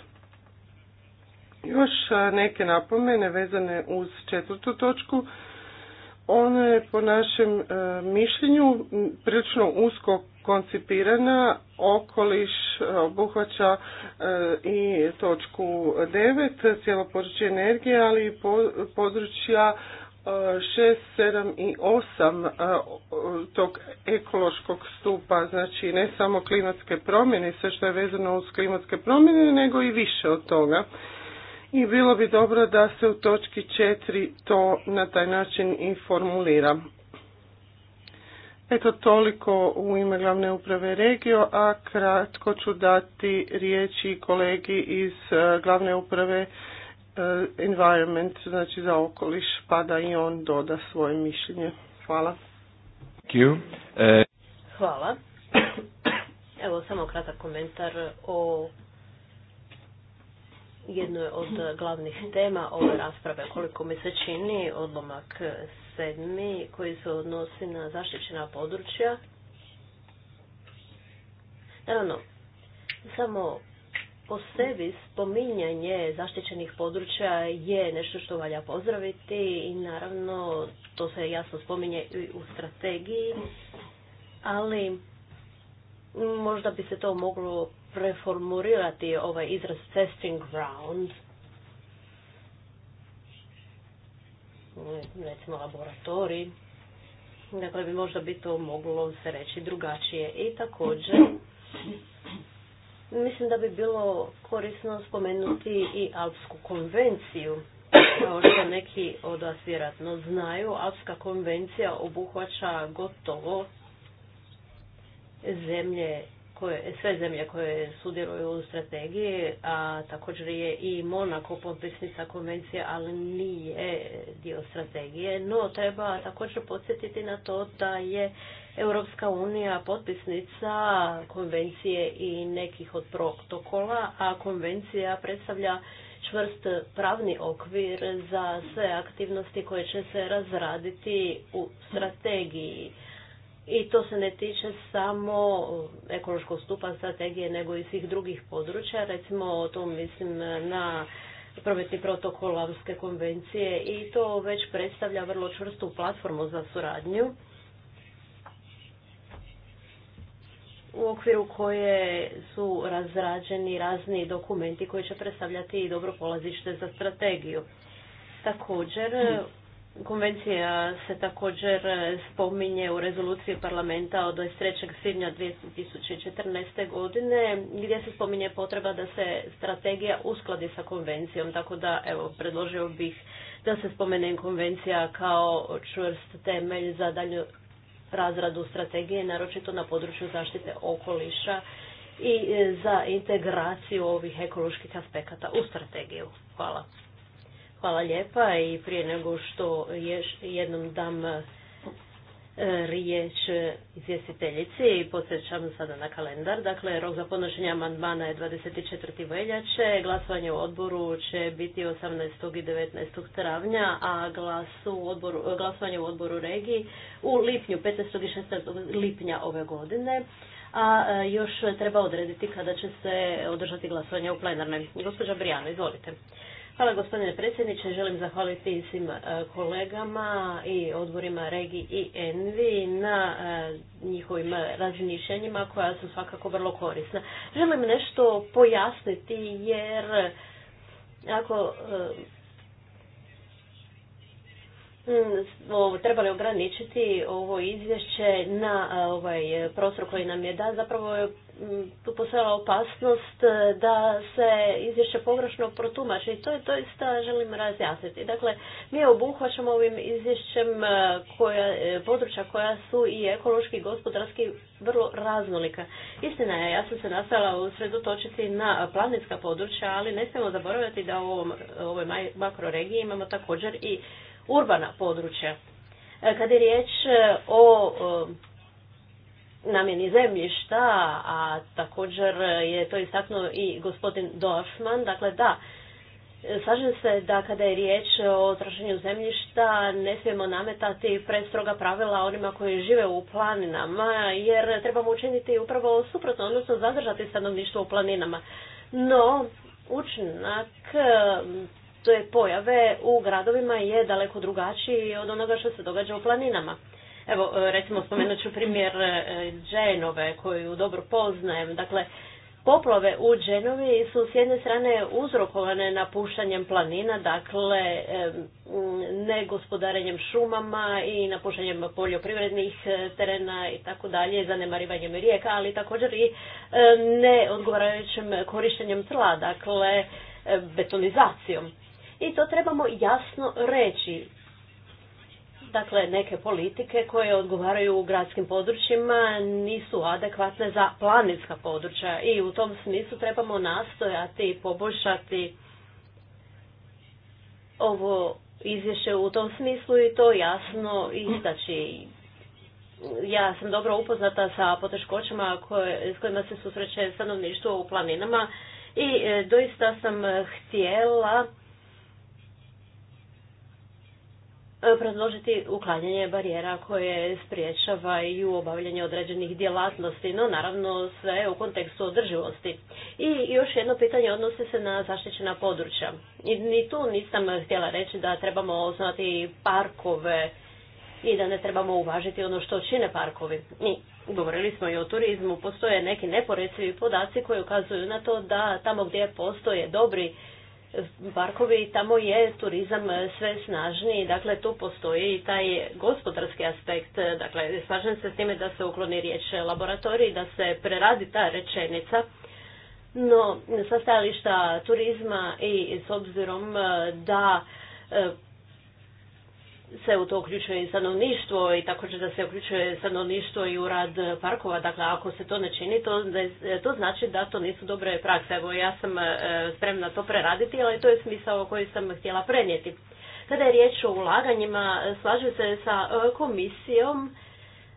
Još e, neke napomene vezane uz četvrtu točku. Ona je po našem e, mišljenju prilično usko koncipirana, okoliš e, obuhvaća e, i točku 9, cijelo područje energije, ali i područja 6, 7 i 8 tog ekološkog stupa, znači ne samo klimatske promjene, sve što je vezano uz klimatske promjene, nego i više od toga i bilo bi dobro da se u točki 4 to na taj način i formulira. Eto toliko u ime glavne uprave regio, a kratko ću dati riječi kolegi iz e, glavne uprave e, environment, znači za okoliš, pa da i on doda svoje mišljenje. Hvala. E, Hvala. Evo samo kratak komentar o jedno je od eh, glavnih tema ove rasprave, koliko mi se čini, odlomak sedmi koji se odnosi na zaštićena područja. Naravno, samo po sebi spominjanje zaštićenih područja je nešto što valja pozdraviti i naravno to se jasno spominje i u strategiji, ali možda bi se to moglo preformulirati ovaj izraz testing ground. Recimo laboratorij. Dakle, bi možda bi to moglo se reći drugačije. I također, mislim da bi bilo korisno spomenuti i Alpsku konvenciju. Kao što neki od vas vjerojatno znaju, Alpska konvencija obuhvaća gotovo zemlje koje, sve zemlje koje sudjeluju u strategiji, a također je i Monako potpisnica konvencije, ali nije dio strategije. No, treba također podsjetiti na to da je Europska unija potpisnica konvencije i nekih od protokola, a konvencija predstavlja čvrst pravni okvir za sve aktivnosti koje će se razraditi u strategiji i to se ne tiče samo ekološkog stupa strategije, nego i svih drugih područja. Recimo, o tom mislim na prometni protokol Lavske konvencije i to već predstavlja vrlo čvrstu platformu za suradnju u okviru koje su razrađeni razni dokumenti koji će predstavljati i dobro polazište za strategiju. Također, Konvencija se također spominje u rezoluciji parlamenta od 23. svibnja 2014. godine gdje se spominje potreba da se strategija uskladi sa konvencijom. Tako da evo, predložio bih da se spomene konvencija kao čvrst temelj za dalju razradu strategije, naročito na području zaštite okoliša i za integraciju ovih ekoloških aspekata u strategiju. Hvala. Hvala lijepa i prije nego što jednom dam e, riječ izvjestiteljici i podsjećam sada na kalendar. Dakle, rok za podnošenje amandmana je 24. veljače, glasovanje u odboru će biti 18. i 19. travnja, a glasovanje u odboru regiji u lipnju, 15. i 16. lipnja ove godine. A e, još treba odrediti kada će se održati glasovanje u plenarnoj. Gospođa Brijano, izvolite. Hvala gospodine predsjedniče. Želim zahvaliti svim e, kolegama i odborima Regi i Envi na e, njihovim razmišljanjima koja su svakako vrlo korisna. Želim nešto pojasniti jer ako smo e, trebali ograničiti ovo izvješće na ovaj prostor koji nam je dan, zapravo je tu postojala opasnost e, da se izvješće pogrešno protumači i to je doista želim razjasniti. Dakle, mi obuhvaćamo ovim izvješćem e, koja, e, područja koja su i ekološki i gospodarski vrlo raznolika. Istina je, ja sam se nastala usredotočiti na planinska područja, ali ne smijemo zaboraviti da u ovom, ovoj makroregiji imamo također i urbana područja. Kad je riječ o namjeni zemljišta, a također je to istaknuo i gospodin Dorfman. Dakle, da, slažem se da kada je riječ o trošenju zemljišta ne smijemo nametati prestroga pravila onima koji žive u planinama, jer trebamo učiniti upravo suprotno, odnosno zadržati stanovništvo u planinama. No, učinak eh, to je pojave u gradovima je daleko drugačiji od onoga što se događa u planinama. Evo, e, recimo spomenut ću primjer e, Dženove koju dobro poznajem. Dakle, poplove u Dženovi su s jedne strane uzrokovane napuštanjem planina, dakle e, ne gospodarenjem šumama i napuštanjem poljoprivrednih terena i tako dalje, zanemarivanjem rijeka, ali također i neodgovarajućim korištenjem tla, dakle betonizacijom. I to trebamo jasno reći. Dakle, neke politike koje odgovaraju u gradskim područjima nisu adekvatne za planinska područja i u tom smislu trebamo nastojati poboljšati ovo izvješće u tom smislu i to jasno istaći. Ja sam dobro upoznata sa poteškoćama koje, s kojima se susreće stanovništvo u planinama i e, doista sam htjela E, predložiti uklanjanje barijera koje u obavljanje određenih djelatnosti, no naravno sve u kontekstu održivosti. I još jedno pitanje odnosi se na zaštićena područja. I ni tu nisam htjela reći da trebamo osnovati parkove i da ne trebamo uvažiti ono što čine parkovi. Mi govorili smo i o turizmu, postoje neki neporecivi podaci koji ukazuju na to da tamo gdje postoje dobri parkovi, tamo je turizam sve snažniji, dakle tu postoji i taj gospodarski aspekt, dakle slažem se s time da se ukloni riječ laboratoriji, da se preradi ta rečenica, no sa stajališta turizma i s obzirom eh, da eh, se u to uključuje i stanovništvo i također da se uključuje stanovništvo i u rad parkova. Dakle, ako se to ne čini, to, to znači da to nisu dobre prakse. Evo, ja sam e, spremna to preraditi, ali to je smisao koji sam htjela prenijeti. Kada je riječ o ulaganjima, slažem se sa e, komisijom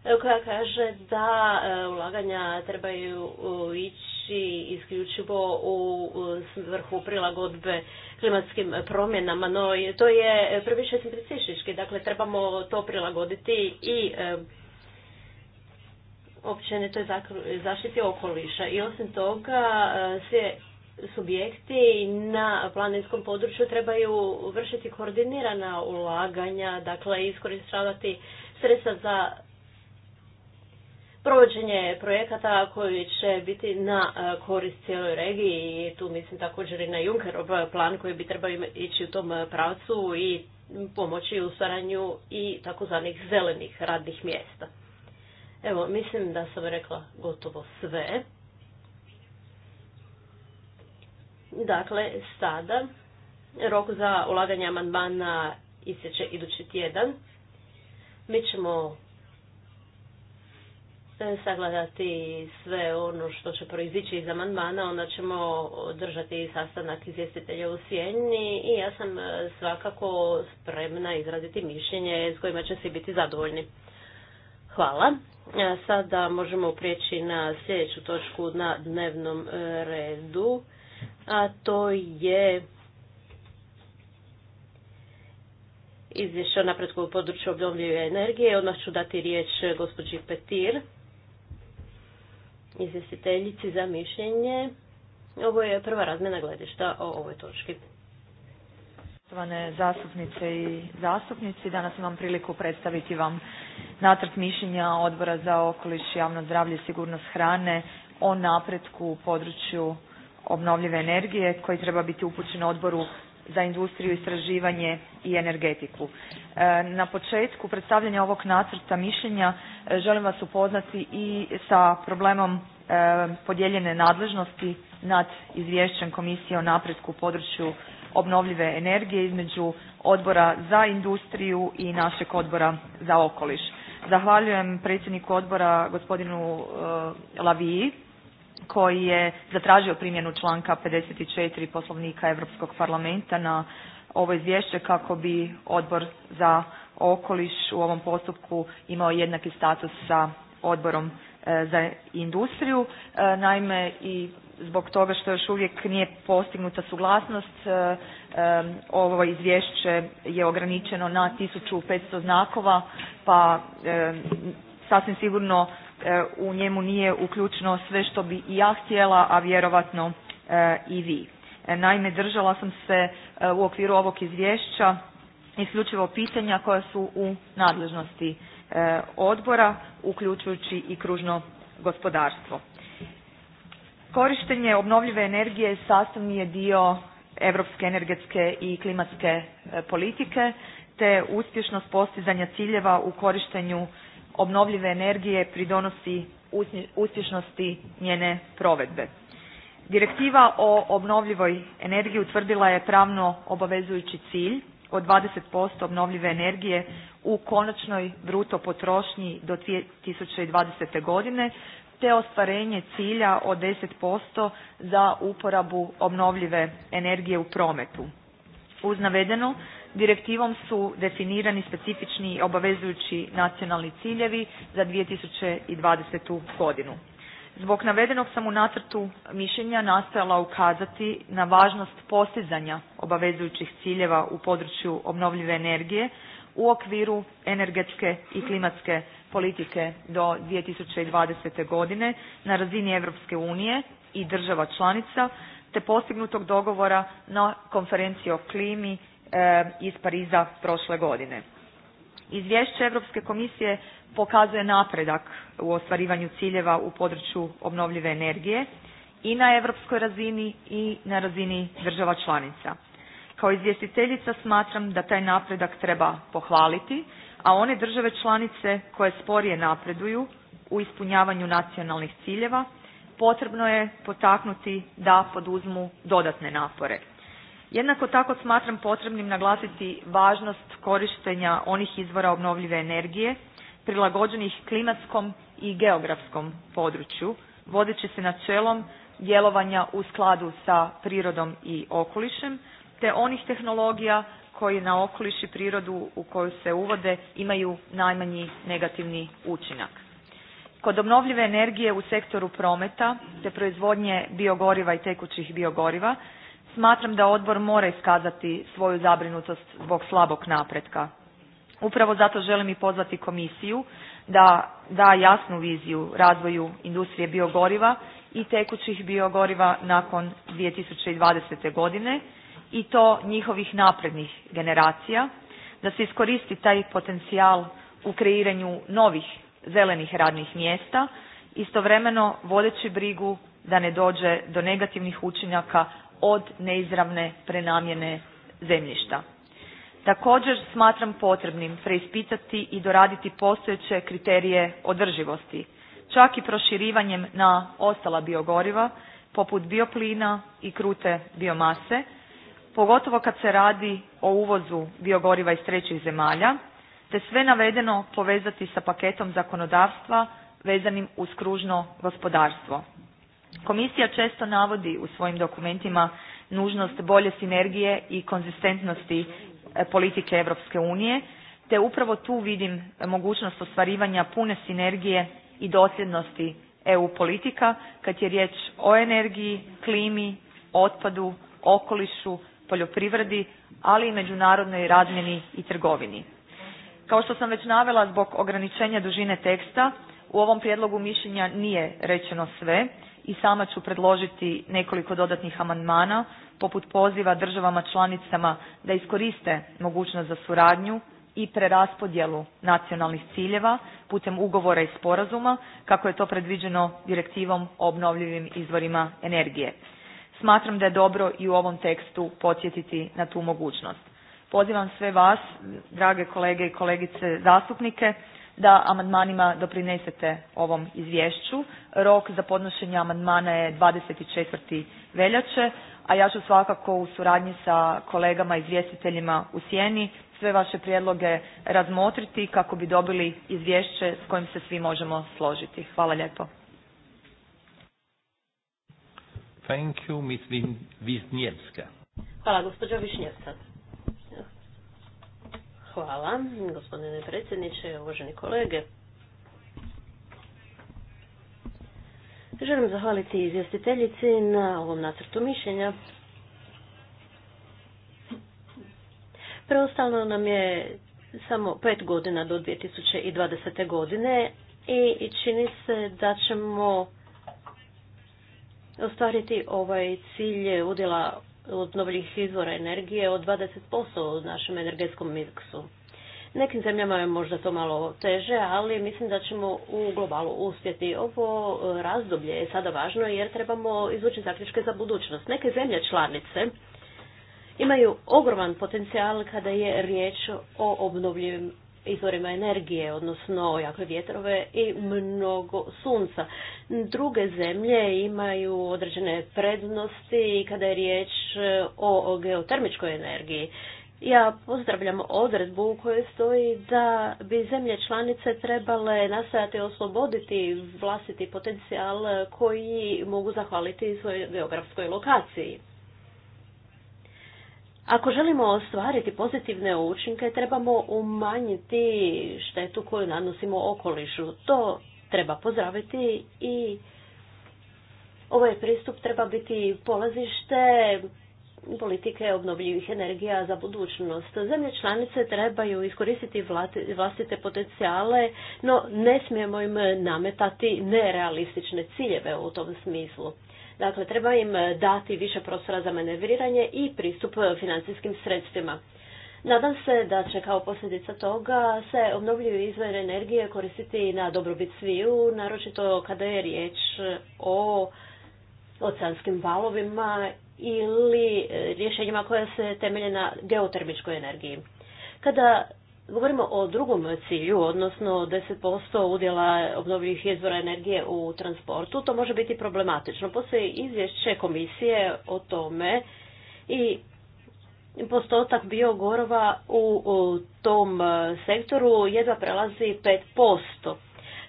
e, koja kaže da ulaganja trebaju ići i isključivo u svrhu prilagodbe klimatskim promjenama, no to je previše simplicistički, dakle trebamo to prilagoditi i e, općenito je zaštiti okoliša i osim toga e, sve subjekti na planinskom području trebaju vršiti koordinirana ulaganja, dakle iskoristavati sredstva za provođenje projekata koji će biti na e, korist cijeloj regiji i tu mislim također i na Junkerov plan koji bi trebao ići u tom e, pravcu i pomoći u stvaranju i takozvanih zelenih radnih mjesta. Evo, mislim da sam rekla gotovo sve. Dakle, sada rok za ulaganje amandmana isjeće idući tjedan. Mi ćemo E, sagledati sve ono što će proizići iz amandmana, onda ćemo držati sastanak izvjestitelja u Sjeni i ja sam e, svakako spremna izraziti mišljenje s kojima će svi biti zadovoljni. Hvala. E, sada možemo prijeći na sljedeću točku na dnevnom redu, a to je izvješće o napretku u području obnovljive energije. Odmah ću dati riječ gospođi Petir izvjestiteljici za mišljenje. Ovo je prva razmjena gledišta o ovoj točki. Poštovane zastupnice i zastupnici, danas imam priliku predstaviti vam natrt mišljenja Odbora za okoliš, javno zdravlje i sigurnost hrane o napretku u području obnovljive energije koji treba biti upućen Odboru za industriju, istraživanje i energetiku. E, na početku predstavljanja ovog nacrta mišljenja e, želim vas upoznati i sa problemom e, podijeljene nadležnosti nad izvješćem Komisije o napretku u području obnovljive energije između Odbora za industriju i našeg Odbora za okoliš. Zahvaljujem predsjedniku odbora gospodinu Laviji koji je zatražio primjenu članka 54. Poslovnika Europskog parlamenta na ovo izvješće kako bi Odbor za okoliš u ovom postupku imao jednaki status sa Odborom e, za industriju. E, naime, i zbog toga što još uvijek nije postignuta suglasnost, e, ovo izvješće je ograničeno na 1500 znakova, pa sasvim sigurno E, u njemu nije uključeno sve što bi i ja htjela, a vjerovatno e, i vi. E, naime, držala sam se u okviru ovog izvješća isključivo pitanja koja su u nadležnosti odbora, uključujući i kružno gospodarstvo. Korištenje obnovljive energije sastavni je dio europske energetske i klimatske politike te uspješnost postizanja ciljeva u korištenju obnovljive energije pridonosi uspješnosti njene provedbe. Direktiva o obnovljivoj energiji utvrdila je pravno obavezujući cilj od 20% obnovljive energije u konačnoj bruto potrošnji do 2020. godine te ostvarenje cilja od 10% za uporabu obnovljive energije u prometu. Uz navedeno Direktivom su definirani specifični obavezujući nacionalni ciljevi za 2020. godinu. Zbog navedenog sam u nacrtu mišljenja nastojala ukazati na važnost postizanja obavezujućih ciljeva u području obnovljive energije u okviru energetske i klimatske politike do 2020. godine na razini Europske unije i država članica te postignutog dogovora na konferenciji o klimi Eh, iz Pariza prošle godine. Izvješće Europske komisije pokazuje napredak u ostvarivanju ciljeva u području obnovljive energije i na europskoj razini i na razini država članica. Kao izvjestiteljica smatram da taj napredak treba pohvaliti, a one države članice koje sporije napreduju u ispunjavanju nacionalnih ciljeva potrebno je potaknuti da poduzmu dodatne napore. Jednako tako smatram potrebnim naglasiti važnost korištenja onih izvora obnovljive energije prilagođenih klimatskom i geografskom području vodeći se načelom djelovanja u skladu sa prirodom i okolišem te onih tehnologija koji na okoliš i prirodu u koju se uvode imaju najmanji negativni učinak. Kod obnovljive energije u sektoru prometa te proizvodnje biogoriva i tekućih biogoriva smatram da odbor mora iskazati svoju zabrinutost zbog slabog napretka. Upravo zato želim i pozvati komisiju da da jasnu viziju razvoju industrije biogoriva i tekućih biogoriva nakon 2020. godine i to njihovih naprednih generacija, da se iskoristi taj potencijal u kreiranju novih zelenih radnih mjesta, istovremeno vodeći brigu da ne dođe do negativnih učinaka od neizravne prenamjene zemljišta. Također smatram potrebnim preispitati i doraditi postojeće kriterije održivosti, čak i proširivanjem na ostala biogoriva poput bioplina i krute biomase, pogotovo kad se radi o uvozu biogoriva iz trećih zemalja, te sve navedeno povezati sa paketom zakonodavstva vezanim uz kružno gospodarstvo. Komisija često navodi u svojim dokumentima nužnost bolje sinergije i konzistentnosti e, politike Europske unije, te upravo tu vidim mogućnost ostvarivanja pune sinergije i dosljednosti EU politika kad je riječ o energiji, klimi, otpadu, okolišu, poljoprivredi, ali i međunarodnoj razmjeni i trgovini. Kao što sam već navela zbog ograničenja dužine teksta, u ovom prijedlogu mišljenja nije rečeno sve, i sama ću predložiti nekoliko dodatnih amandmana poput poziva državama članicama da iskoriste mogućnost za suradnju i preraspodjelu nacionalnih ciljeva putem ugovora i sporazuma kako je to predviđeno direktivom o obnovljivim izvorima energije. Smatram da je dobro i u ovom tekstu podsjetiti na tu mogućnost. Pozivam sve vas, drage kolege i kolegice zastupnike, da amandmanima doprinesete ovom izvješću. Rok za podnošenje amandmana je 24. veljače, a ja ću svakako u suradnji sa kolegama izvjestiteljima u sjeni sve vaše prijedloge razmotriti kako bi dobili izvješće s kojim se svi možemo složiti. Hvala lijepo. Thank you, Ms. Hvala, Hvala, gospodine predsjedniče, uvaženi kolege. Želim zahvaliti izvjestiteljici na ovom nacrtu mišljenja. Preostalno nam je samo pet godina do 2020. godine i čini se da ćemo ostvariti ovaj cilj udjela obnovljivih izvora energije od 20% u našem energetskom miksu. Nekim zemljama je možda to malo teže, ali mislim da ćemo u globalu uspjeti. Ovo e, razdoblje je sada važno jer trebamo izvući zaključke za budućnost. Neke zemlje članice imaju ogroman potencijal kada je riječ o obnovljivim izvorima energije, odnosno jakve vjetrove i mnogo sunca. Druge zemlje imaju određene prednosti kada je riječ eh, o, geotermičkoj energiji. Ja pozdravljam odredbu u kojoj stoji da bi zemlje članice trebale nastojati osloboditi vlastiti potencijal koji mogu zahvaliti svojoj geografskoj lokaciji. Ako želimo ostvariti pozitivne učinke, trebamo umanjiti štetu koju nanosimo okolišu. To treba pozdraviti i ovaj pristup treba biti polazište politike obnovljivih energija za budućnost. Zemlje članice trebaju iskoristiti vlastite potencijale, no ne smijemo im nametati nerealistične ciljeve u tom smislu. Dakle, treba im e, dati više prostora za manevriranje i pristup e, financijskim sredstvima. Nadam se da će kao posljedica toga se obnovljivi izvor energije koristiti na dobrobit sviju, naročito kada je riječ e, o oceanskim valovima ili rješenjima koja se temelje na geotermičkoj energiji. Kada Govorimo o drugom cilju, odnosno 10% udjela obnovljivih izvora energije u transportu. To može biti problematično. Postoji izvješće komisije o tome i postotak biogorova u tom e, sektoru jedva prelazi 5%.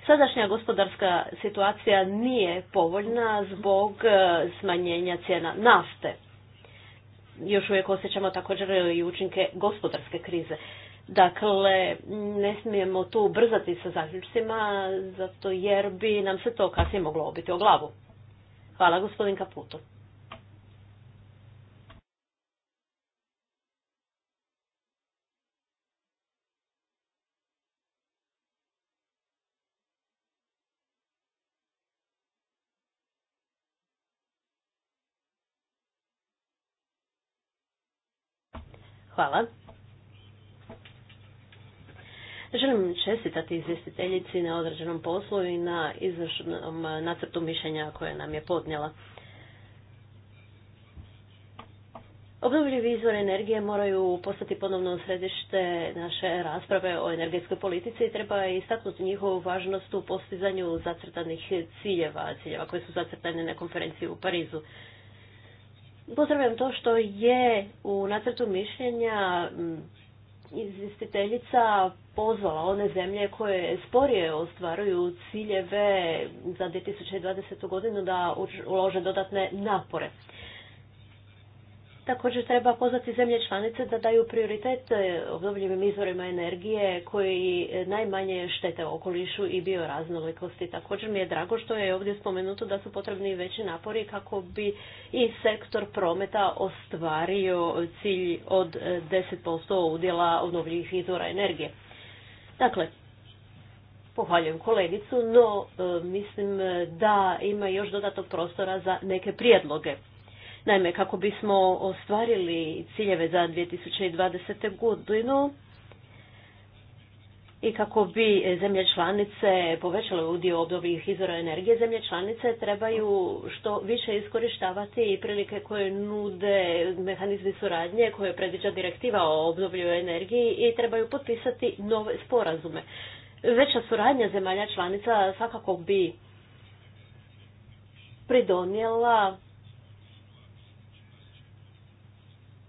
Sadašnja gospodarska situacija nije povoljna zbog e, smanjenja cijena nafte. Još uvijek osjećamo također i učinke gospodarske krize. Dakle, ne smijemo tu ubrzati sa zaključcima, zato jer bi nam se to kasnije moglo obiti o glavu. Hvala, gospodin Kaputo. Hvala. Želim čestitati izvjestiteljici na određenom poslu i na izvršnom eh, nacrtu mišljenja koje nam je podnijela. Obnovljivi izvor energije moraju postati ponovno središte naše rasprave o energetskoj politici i treba istaknuti njihovu važnost u postizanju zacrtanih ciljeva, ciljeva koje su zacrtane na konferenciji u Parizu. Pozdravljam to što je u nacrtu mišljenja izvjestiteljica pozvala one zemlje koje sporije ostvaruju ciljeve za 2020. godinu da ulože dodatne napore. Također treba pozvati zemlje članice da daju prioritet e, obnovljivim izvorima energije koji najmanje štete okolišu i bioraznolikosti. Također mi je drago što je ovdje spomenuto da su potrebni veći napori kako bi i sektor prometa ostvario cilj od 10% e, udjela obnovljivih izvora energije. Dakle, pohvaljujem kolegicu, no e, mislim da ima još dodatnog prostora za neke prijedloge. Naime, kako bismo ostvarili ciljeve za 2020. godinu i kako bi zemlje članice povećale udio obnovljivih izvora energije, zemlje članice trebaju što više iskorištavati i prilike koje nude mehanizmi suradnje koje predviđa direktiva o obnovljivoj energiji i trebaju potpisati nove sporazume. Veća suradnja zemalja članica svakako bi pridonijela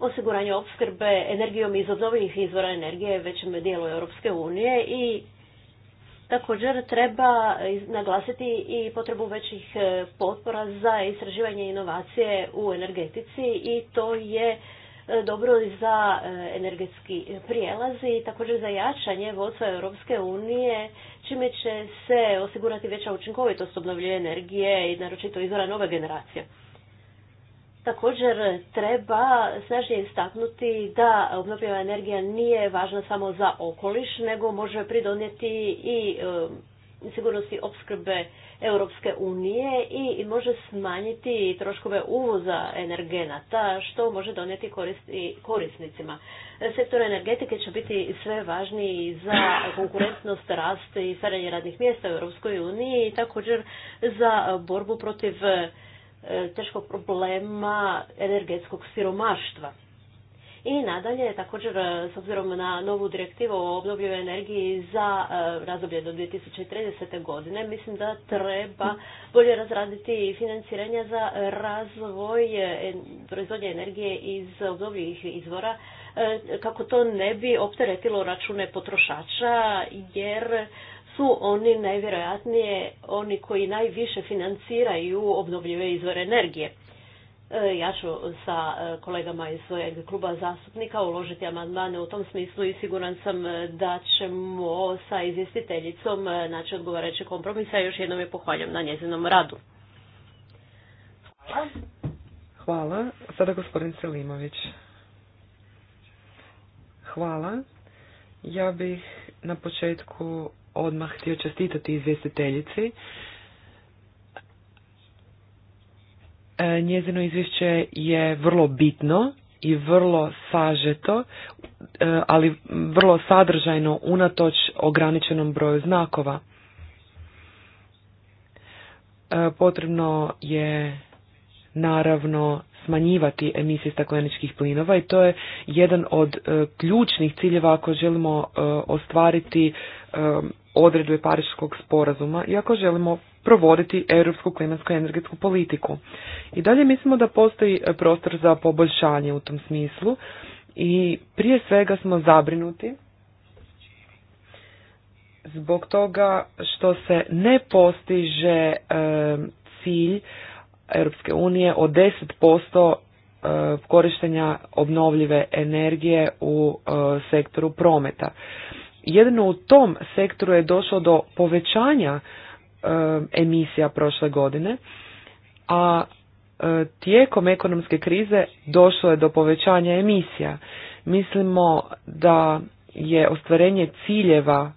osiguranje opskrbe energijom iz obnovljivih izvora energije većem dijelu Europske unije i također treba naglasiti i potrebu većih e, potpora za istraživanje inovacije u energetici i to je e, dobro i za e, energetski prijelaz i također za jačanje vodstva Europske unije, čime će se osigurati veća učinkovitost obnovljive energije i naročito izvora nove generacije. Također treba snažnije istaknuti da obnovljiva energija nije važna samo za okoliš, nego može pridonijeti i e, sigurnosti opskrbe Europske unije i može smanjiti troškove uvoza energenata, što može donijeti korisnicima. Sektor energetike će biti sve važniji za konkurentnost, rast i stvaranje radnih mjesta u Europskoj uniji i također za borbu protiv E, teškog problema energetskog siromaštva. I nadalje, također, e, s obzirom na novu direktivu o obnovljivoj energiji za e, razdoblje do 2030. godine, mislim da treba bolje razraditi financiranje za razvoj proizvodnje energije iz obnovljivih izvora, kako to ne bi opteretilo račune potrošača, jer su oni najvjerojatnije oni koji najviše financiraju obnovljive izvore energije. E, ja ću sa e, kolegama iz svojeg kluba zastupnika uložiti amandmane u tom smislu i siguran sam e, da ćemo sa izvjestiteljicom naći odgovarajući a Još jednom je pohvaljam na njezinom radu. Hvala. Hvala. Sada gospodin Selimović. Hvala. Ja bih na početku odmah htio čestitati izvjestiteljici. E, njezino izvješće je vrlo bitno i vrlo sažeto, e, ali vrlo sadržajno unatoč ograničenom broju znakova. E, potrebno je naravno smanjivati emisije stakleničkih plinova i to je jedan od ključnih ciljeva ako želimo ostvariti odredbe Pariškog sporazuma i ako želimo provoditi europsku klimatsku energetsku politiku. I dalje mislimo da postoji prostor za poboljšanje u tom smislu i prije svega smo zabrinuti zbog toga što se ne postiže cilj Europske unije od 10% korištenja obnovljive energije u sektoru prometa jedino u tom sektoru je došlo do povećanja e, emisija prošle godine, a e, tijekom ekonomske krize došlo je do povećanja emisija. Mislimo da je ostvarenje ciljeva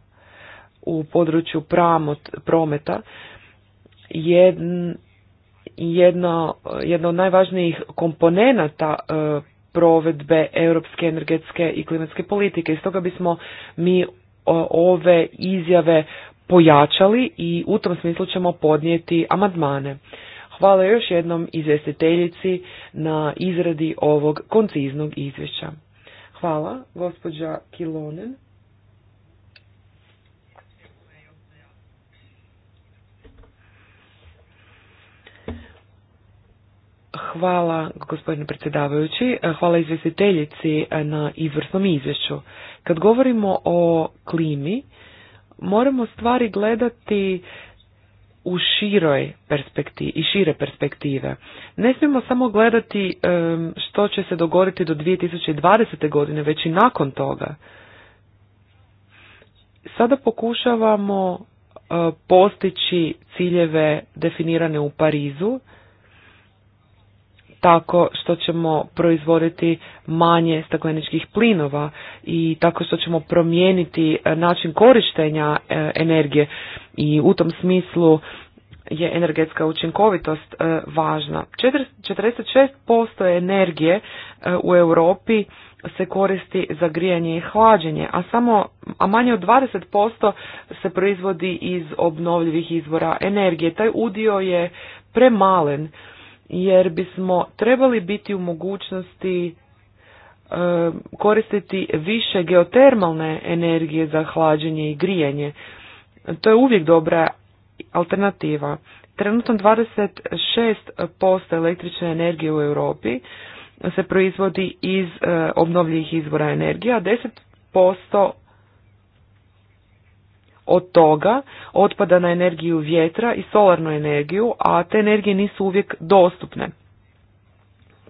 u području prometa jedno, od najvažnijih komponenata e, provedbe europske energetske i klimatske politike. I stoga bismo mi e, ove izjave pojačali i u tom smislu ćemo podnijeti amandmane. Hvala još jednom izvjestiteljici na izradi ovog konciznog izvješća. Hvala, gospođa Kilonen. Hvala gospodine predsjedavajući, e, hvala izvjestiteljici e, na izvrsnom izvješću. Kad govorimo o klimi, moramo stvari gledati u široj perspektivi i šire perspektive. Ne smijemo samo gledati e, što će se dogoditi do 2020. godine, već i nakon toga. Sada pokušavamo postići ciljeve definirane u Parizu, tako što ćemo proizvoditi manje stakleničkih plinova i tako što ćemo promijeniti e, način korištenja e, energije i u tom smislu je energetska učinkovitost e, važna. 46% energije u Europi se koristi za grijanje i hlađenje, a samo a manje od 20% se proizvodi iz obnovljivih izvora energije. Taj udio je premalen jer bismo trebali biti u mogućnosti e, koristiti više geotermalne energije za hlađenje i grijanje. To je uvijek dobra alternativa. Trenutno 26% električne energije u Europi se proizvodi iz e, obnovljivih izvora energije, a 10% od toga otpada na energiju vjetra i solarnu energiju, a te energije nisu uvijek dostupne.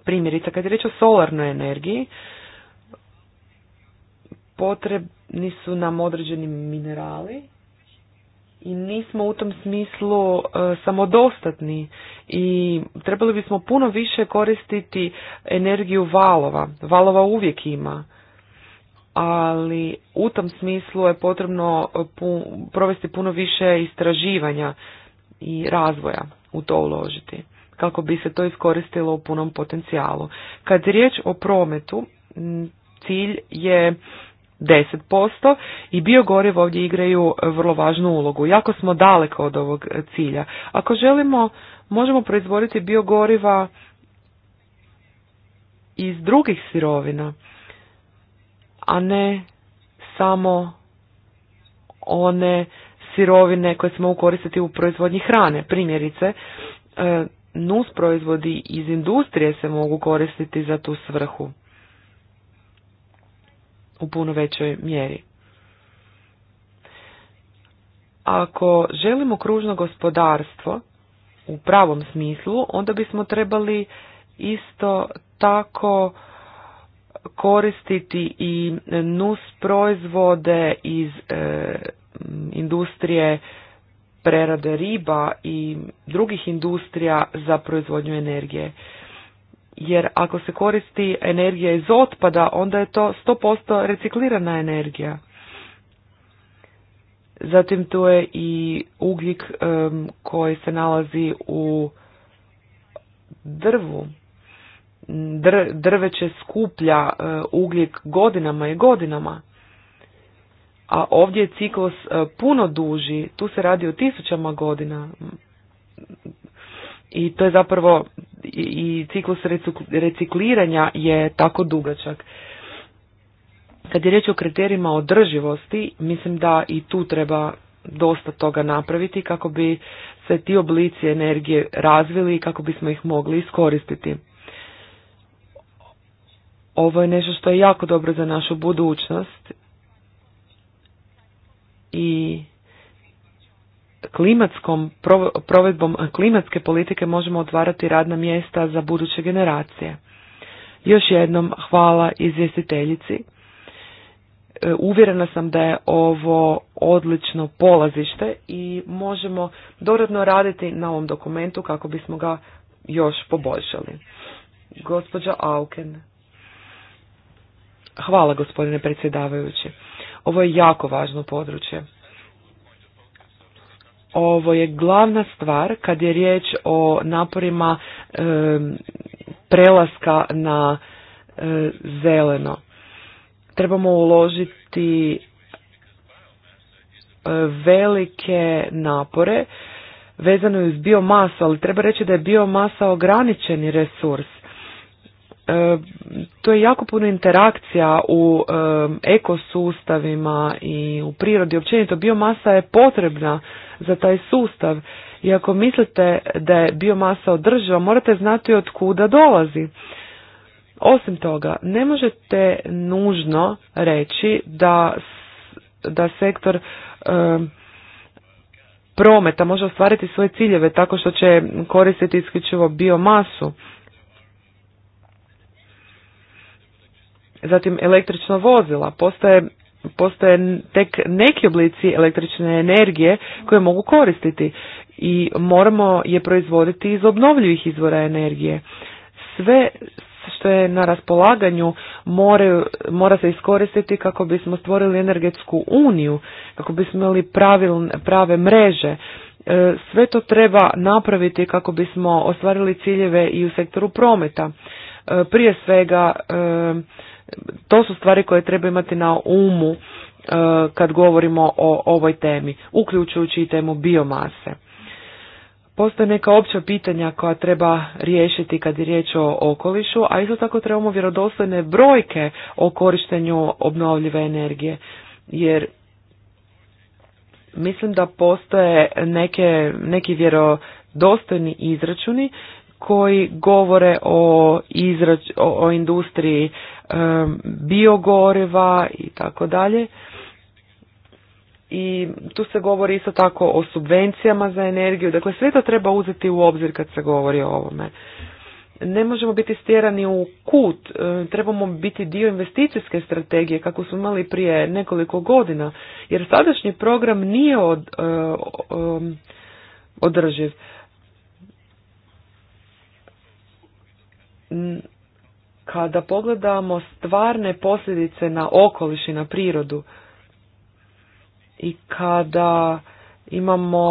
Primjerice, kad je riječ o solarnoj energiji, potrebni su nam određeni minerali i nismo u tom smislu e, samodostatni i trebali bismo puno više koristiti energiju valova. Valova uvijek ima ali u tom smislu je potrebno eh, provesti puno više istraživanja i razvoja u to uložiti kako bi se to iskoristilo u punom potencijalu. Kad je riječ o prometu, cilj je 10% i biogorivo ovdje igraju eh, vrlo važnu ulogu. Jako smo daleko od ovog eh, cilja. Ako želimo, možemo proizvoditi biogoriva iz drugih sirovina a ne samo one sirovine koje se mogu koristiti u proizvodnji hrane. Primjerice, e, nus proizvodi iz industrije se mogu koristiti za tu svrhu u puno većoj mjeri. Ako želimo kružno gospodarstvo u pravom smislu, onda bismo trebali isto tako koristiti i nus proizvode iz e, industrije prerade riba i drugih industrija za proizvodnju energije. Jer ako se koristi energija iz otpada, onda je to 100% reciklirana energija. Zatim tu je i ugljik e, koji se nalazi u drvu drveće skuplja e, ugljik godinama i godinama. A ovdje je ciklus e, puno duži, tu se radi o tisućama godina. I to je zapravo i ciklus recikliranja je tako dugačak. Kad je riječ o kriterijima održivosti, mislim da i tu treba dosta toga napraviti kako bi se ti oblici energije razvili i kako bismo ih mogli iskoristiti. Ovo je nešto što je jako dobro za našu budućnost i klimatskom provedbom klimatske politike možemo otvarati radna mjesta za buduće generacije. Još jednom hvala izvjestiteljici. E, uvjerena sam da je ovo odlično polazište i možemo doradno raditi na ovom dokumentu kako bismo ga još poboljšali. Gospođa Auken. Hvala gospodine predsjedavajući. Ovo je jako važno područje. Ovo je glavna stvar kad je riječ o naporima prelaska na e, zeleno. Trebamo uložiti e, velike napore vezano uz biomasu, ali treba reći da je biomasa ograničeni resurs E, to je jako puno interakcija u e, ekosustavima i u prirodi. Općenito biomasa je potrebna za taj sustav i ako mislite da je biomasa održiva, morate znati od kuda dolazi. Osim toga, ne možete nužno reći da, da sektor e, prometa može ostvariti svoje ciljeve tako što će koristiti isključivo biomasu. zatim električna vozila. Postoje, tek neki oblici električne energije koje mogu koristiti i moramo je proizvoditi iz obnovljivih izvora energije. Sve što je na raspolaganju mora se iskoristiti kako bismo stvorili energetsku uniju, kako bismo imali prave mreže. E, sve to treba napraviti kako bismo ostvarili ciljeve i u sektoru prometa. E, prije svega e, to su stvari koje treba imati na umu e, kad govorimo o ovoj temi, uključujući i temu biomase. Postoje neka opća pitanja koja treba riješiti kad je riječ o okolišu, a isto tako trebamo vjerodostojne brojke o korištenju obnovljive energije, jer mislim da postoje neke, neki vjerodostojni izračuni koji govore o, izrač, o industriji biogoriva i tako dalje. I tu se govori isto tako o subvencijama za energiju. Dakle, sve to treba uzeti u obzir kad se govori o ovome. Ne možemo biti stjerani u kut, trebamo biti dio investicijske strategije kako smo imali prije nekoliko godina, jer sadašnji program nije od, e, održiv kada pogledamo stvarne posljedice na okoliš i na prirodu i kada imamo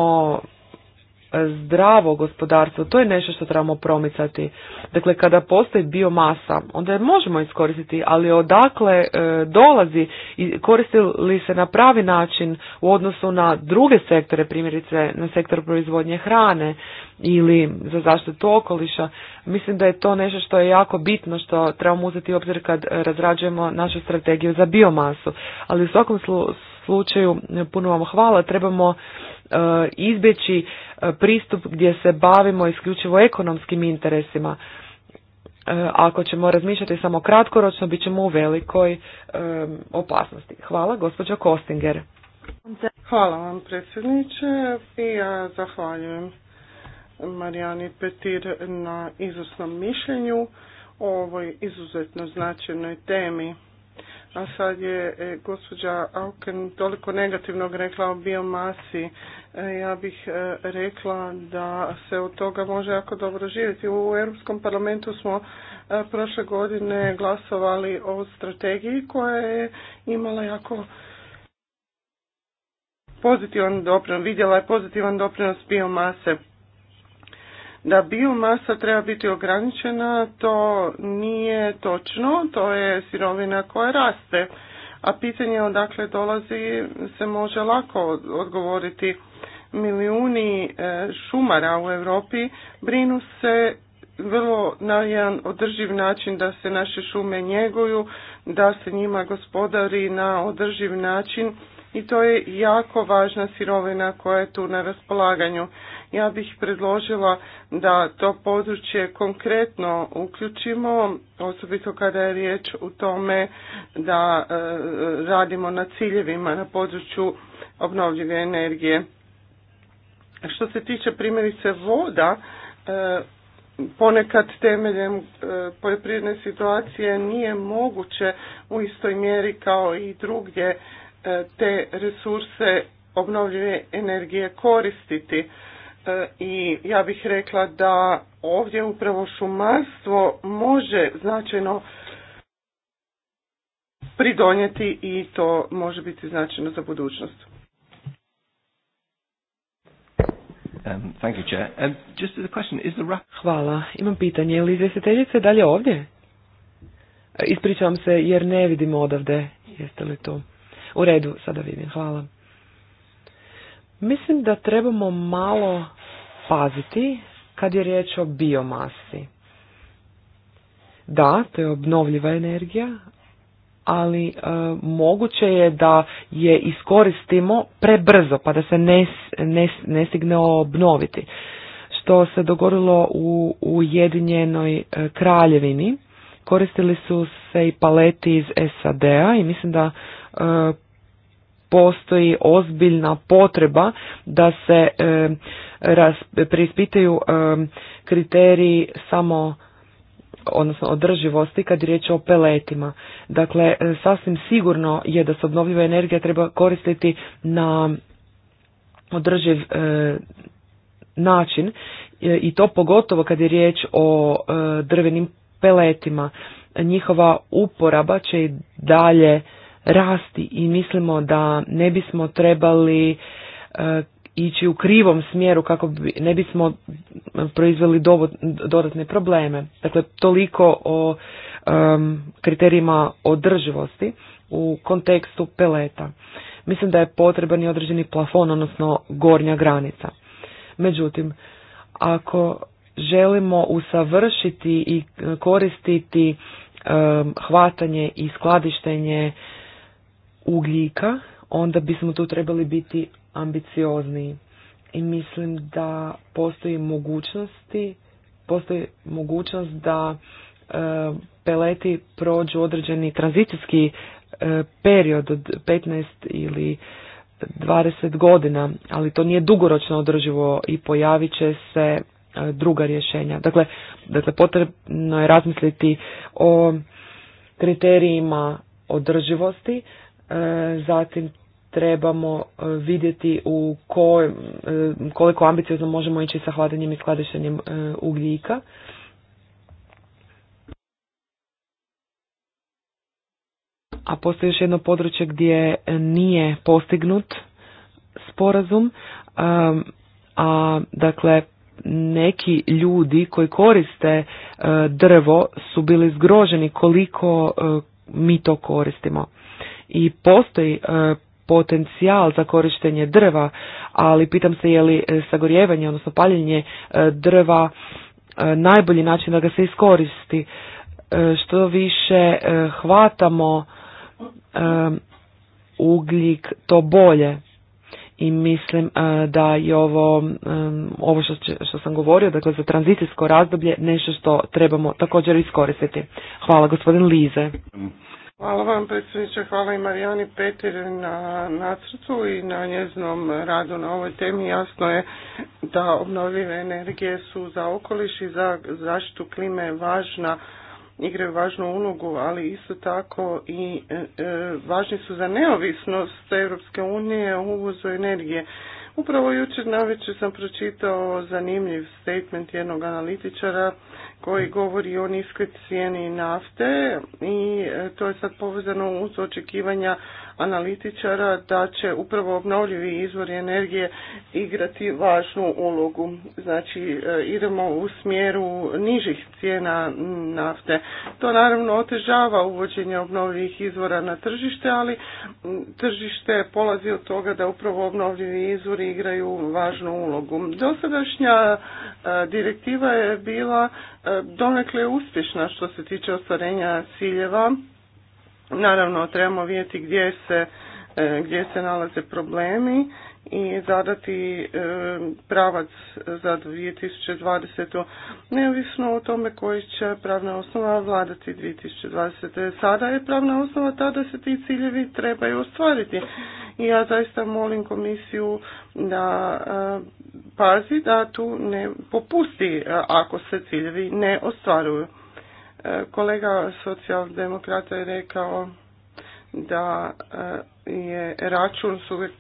zdravo gospodarstvo, to je nešto što trebamo promicati. Dakle, kada postoji biomasa, onda je možemo iskoristiti, ali odakle e, dolazi i koristi li se na pravi način u odnosu na druge sektore, primjerice na sektor proizvodnje hrane ili za zaštitu okoliša, mislim da je to nešto što je jako bitno, što trebamo uzeti u obzir kad razrađujemo našu strategiju za biomasu. Ali u svakom slučaju, puno vam hvala, trebamo E, izbjeći e, pristup gdje se bavimo isključivo ekonomskim interesima. E, ako ćemo razmišljati samo kratkoročno, bit ćemo u velikoj opasnosti. Hvala, gospođo Kostinger. Hvala vam, predsjedniče, i ja zahvaljujem Marijani Petir na izvrsnom mišljenju o ovoj izuzetno značajnoj temi a sad je e, gospođa Auken toliko negativnog rekla o biomasi. E, ja bih e, rekla da se od toga može jako dobro živjeti. U Europskom parlamentu smo prošle godine glasovali o strategiji koja je imala jako pozitivan doprinos, vidjela je pozitivan doprinos biomase da biomasa treba biti ograničena, to nije točno, to je sirovina koja raste. A pitanje odakle dolazi se može lako odgovoriti. Milijuni e, šumara u Europi brinu se vrlo na jedan održiv način da se naše šume njeguju, da se njima gospodari na održiv način i to je jako važna sirovina koja je tu na raspolaganju. Ja bih predložila da to područje konkretno uključimo, osobito kada je riječ u tome da e, radimo na ciljevima na području obnovljive energije. Što se tiče primjerice voda, e, ponekad temeljem e, poljoprivredne situacije nije moguće u istoj mjeri kao i drugdje te resurse obnovljive energije koristiti. E, I ja bih rekla da ovdje upravo šumarstvo može značajno pridonijeti i to može biti značajno za budućnost. Hvala. Imam pitanje. Je li izvjestiteljica dalje ovdje? E, ispričavam se jer ne vidimo odavde. Jeste li tu? U redu, sada vidim, hvala. Mislim da trebamo malo paziti kad je riječ o biomasi. Da, to je obnovljiva energija, ali e, moguće je da je iskoristimo prebrzo pa da se ne, ne, ne stigne obnoviti. Što se dogodilo u Ujedinjenoj e, kraljevini, koristili su se i paleti iz SAD-a i mislim da E, postoji ozbiljna potreba da se e, preispitaju e, kriteriji samo odnosno održivosti kad je riječ o peletima. Dakle, sasvim sigurno je da se obnovljiva energija treba koristiti na održiv način i to pogotovo kad je riječ o drvenim peletima. Njihova uporaba će i dalje rasti i mislimo da ne bismo trebali e, ići u krivom smjeru kako bi, ne bismo proizveli dodatne probleme. Dakle, toliko o kriterijima održivosti u kontekstu peleta. Mislim da je potreban i određeni plafon, odnosno gornja granica. Međutim, ako želimo usavršiti i koristiti hvatanje i skladištenje ugljika, onda bismo tu trebali biti ambiciozniji. I mislim da postoji mogućnosti, postoji mogućnost da e, peleti prođu određeni tranzicijski e, period od 15 ili 20 godina, ali to nije dugoročno održivo i pojavit će se e, druga rješenja. Dakle, dakle potrebno je razmisliti o kriterijima održivosti E, zatim trebamo e, vidjeti u e, koliko ambiciozno možemo ići sa hladanjem i skladištenjem ugljika. A postoji još jedno područje gdje nije postignut sporazum, a, a dakle neki ljudi koji koriste drvo su bili zgroženi koliko mi to koristimo i postoji e, potencijal za korištenje drva, ali pitam se je li e, sagorjevanje, odnosno paljenje e, drva najbolji način da ga se iskoristi. Što više hvatamo ugljik, to bolje. I mislim da je ovo, ovo što, što sam govorio, dakle za tranzicijsko razdoblje, nešto što trebamo također iskoristiti. Hvala gospodin Lize. Hvala vam predsjedniče, hvala i Marijani Petir na nacrtu i na njeznom radu na ovoj temi. Jasno je da obnovljive energije su za okoliš i za zaštitu klime važna igraju važnu ulogu, ali isto tako i e, e, važni su za neovisnost Europske unije u uvozu energije. Upravo jučer navečer sam pročitao zanimljiv statement jednog analitičara koji govori o niskoj cijeni nafte i e, to je sad povezano uz očekivanja analitičara da će upravo obnovljivi izvori energije igrati važnu ulogu. Znači e, idemo u smjeru nižih cijena nafte. To naravno otežava uvođenje obnovljivih izvora na tržište, ali tržište polazi od toga da upravo obnovljivi izvori igraju važnu ulogu. Dosadašnja e, direktiva je bila e, donekle uspješna što se tiče ostvarenja ciljeva Naravno, trebamo vidjeti gdje se, e, gdje se nalaze problemi i zadati e, pravac za 2020. neovisno o tome koji će pravna osnova vladati 2020. Sada je pravna osnova ta da se ti ciljevi trebaju ostvariti. I ja zaista molim komisiju da e, pazi da tu ne popusti ako se ciljevi ne ostvaruju. E, kolega socijaldemokrata je rekao da e, je račun su uvijek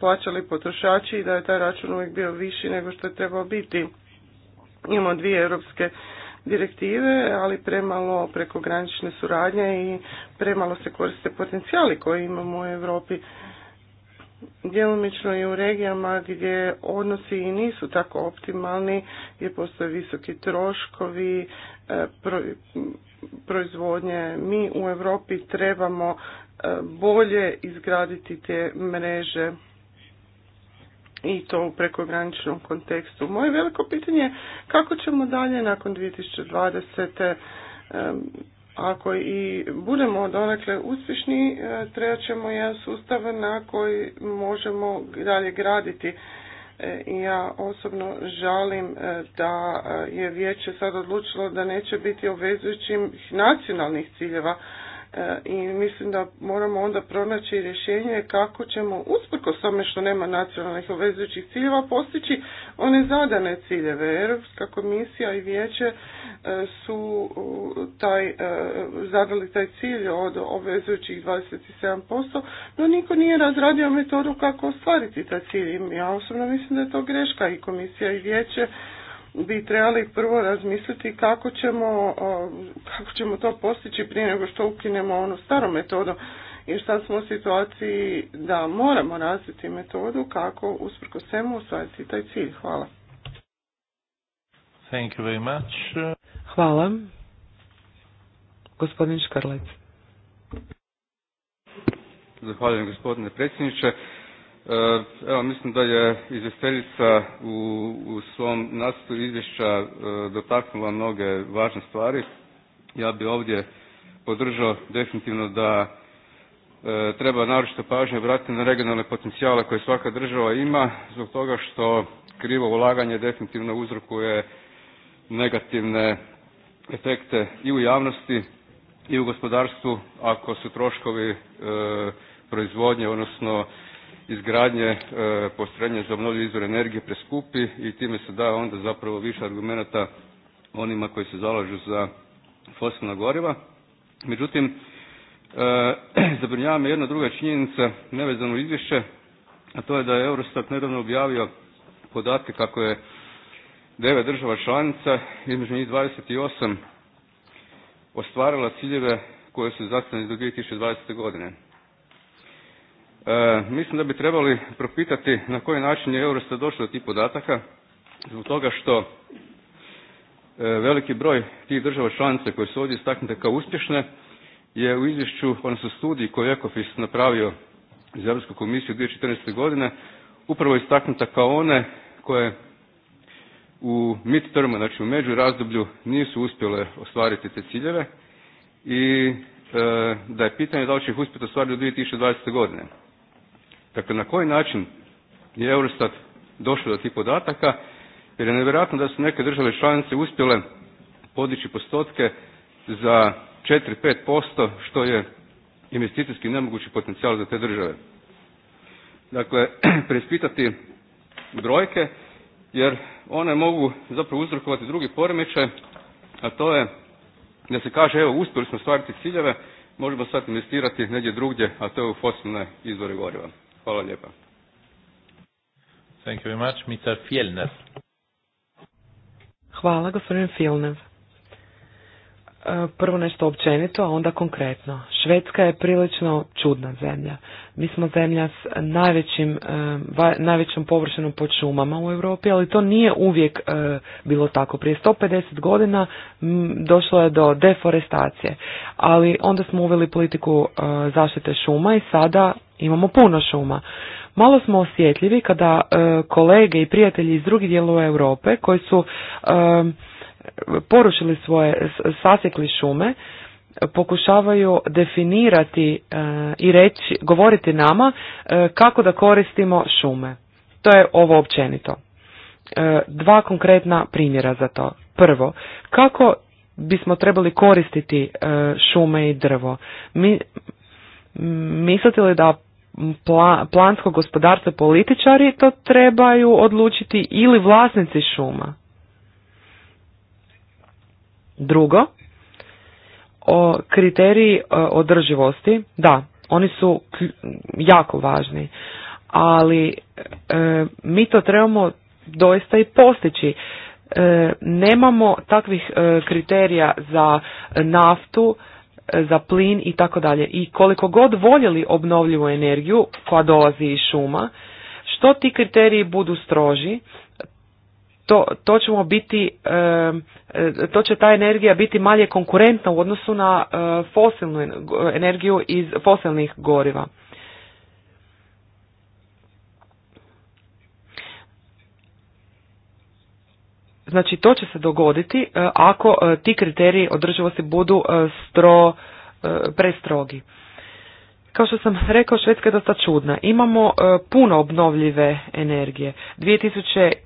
plaćali potrošači i da je taj račun uvijek bio viši nego što je trebao biti. Imamo dvije europske direktive, ali premalo prekogranične suradnje i premalo se koriste potencijali koje imamo u Europi. Djelomično i u regijama gdje odnosi i nisu tako optimalni, gdje postoje visoki troškovi, E, proizvodnje. Mi u Europi trebamo e, bolje izgraditi te mreže i to u prekograničnom kontekstu. Moje veliko pitanje je kako ćemo dalje nakon 2020. E, ako i budemo donekle uspješni, trebat ćemo jedan sustav na koji možemo dalje graditi E, ja osobno žalim e, da e, je vijeće sad odlučilo da neće biti obvezujućih nacionalnih ciljeva E, i mislim da moramo onda pronaći rješenje kako ćemo usprkos tome što nema nacionalnih obvezujućih ciljeva postići one zadane ciljeve. Europska komisija i vijeće e, su taj, e, zadali taj cilj od obvezujućih 27%, no niko nije razradio metodu kako ostvariti taj cilj. Ja osobno mislim da je to greška i komisija i vijeće bi trebali prvo razmisliti kako ćemo, kako ćemo to postići prije nego što ukinemo onu staru metodu. I sad smo u situaciji da moramo razviti metodu kako usprko svemu ostvariti taj cilj. Hvala. Thank you very much. Hvala. Gospodin Škarlec. Zahvaljujem gospodine predsjedniče. E, evo, mislim da je izvjestiteljica u, svom nastupu izvješća e, dotaknula mnoge važne stvari. Ja bi ovdje podržao definitivno da e, treba naročito pažnje vratiti na regionalne potencijale koje svaka država ima zbog toga što krivo ulaganje definitivno uzrokuje negativne efekte i u javnosti i u gospodarstvu ako su troškovi proizvodnje odnosno izgradnje e, postrojenja za obnovljive izvore energije preskupi i time se daje onda zapravo više argumenata onima koji se zalažu za fosilna goriva. Međutim, e, zabrinjava me jedna druga činjenica nevezano u izvješće, a to je da je Eurostat nedavno objavio podatke kako je devet država članica, između njih 28, ostvarila ciljeve koje su zacrtane do 2020. godine. E, mislim da bi trebali propitati na koji način je Eurostat došlo do tih podataka, zbog toga što e, veliki broj tih država članica koje su ovdje istaknute kao uspješne je u izvješću, odnosno studiji koju je ECOFIS napravio iz Europsku komisiju 2014. godine upravo istaknuta kao one koje u mid termu, znači u među razdoblju nisu uspjele ostvariti te ciljeve i e, da je pitanje da li će ih uspjeti ostvariti do 2020. godine. Dakle, na koji način je Eurostat došao do tih podataka, jer je nevjerojatno da su neke države članice uspjele podići postotke za 4-5%, što je investicijski nemogući potencijal za te države. Dakle, preispitati brojke, jer one mogu zapravo uzrokovati drugi poremećaj, a to je da se kaže, evo, uspjeli smo stvariti ciljeve, možemo sad investirati negdje drugdje, a to je u fosilne izvore goriva. Hvala lijepa. Thank you very much, Mr. Hvala, gospodin e, Prvo nešto općenito, a onda konkretno. Švedska je prilično čudna zemlja. Mi smo zemlja s najvećim, e, najvećom površinom pod šumama u Europi, ali to nije uvijek e, bilo tako. Prije 150 godina došlo je do deforestacije, ali onda smo uveli politiku zaštite šuma i sada imamo puno šuma. Malo smo osjetljivi kada e, kolege i prijatelji iz drugih dijelova Europe koji su e, porušili svoje, sasjekli šume, pokušavaju definirati e, i reći, govoriti nama kako da koristimo šume. To je ovo općenito. Dva konkretna primjera za to. Prvo, kako bismo trebali koristiti šume i drvo. Mi, mislite li da plansko gospodarstvo političari to trebaju odlučiti ili vlasnici šuma. Drugo, o kriteriji e, održivosti, da, oni su jako važni, ali e, mi to trebamo doista i postići. E, nemamo takvih kriterija za naftu, za plin i tako dalje. I koliko god voljeli obnovljivu energiju koja dolazi iz šuma, što ti kriteriji budu stroži, to, to biti, e, to će ta energija biti manje konkurentna u odnosu na e, fosilnu energiju iz fosilnih goriva. Znači to će se dogoditi e, ako e, ti kriteriji održivosti budu e, stro, prestrogi. Kao što sam rekao, Švedska je dosta čudna. Imamo puno obnovljive energije. 2013.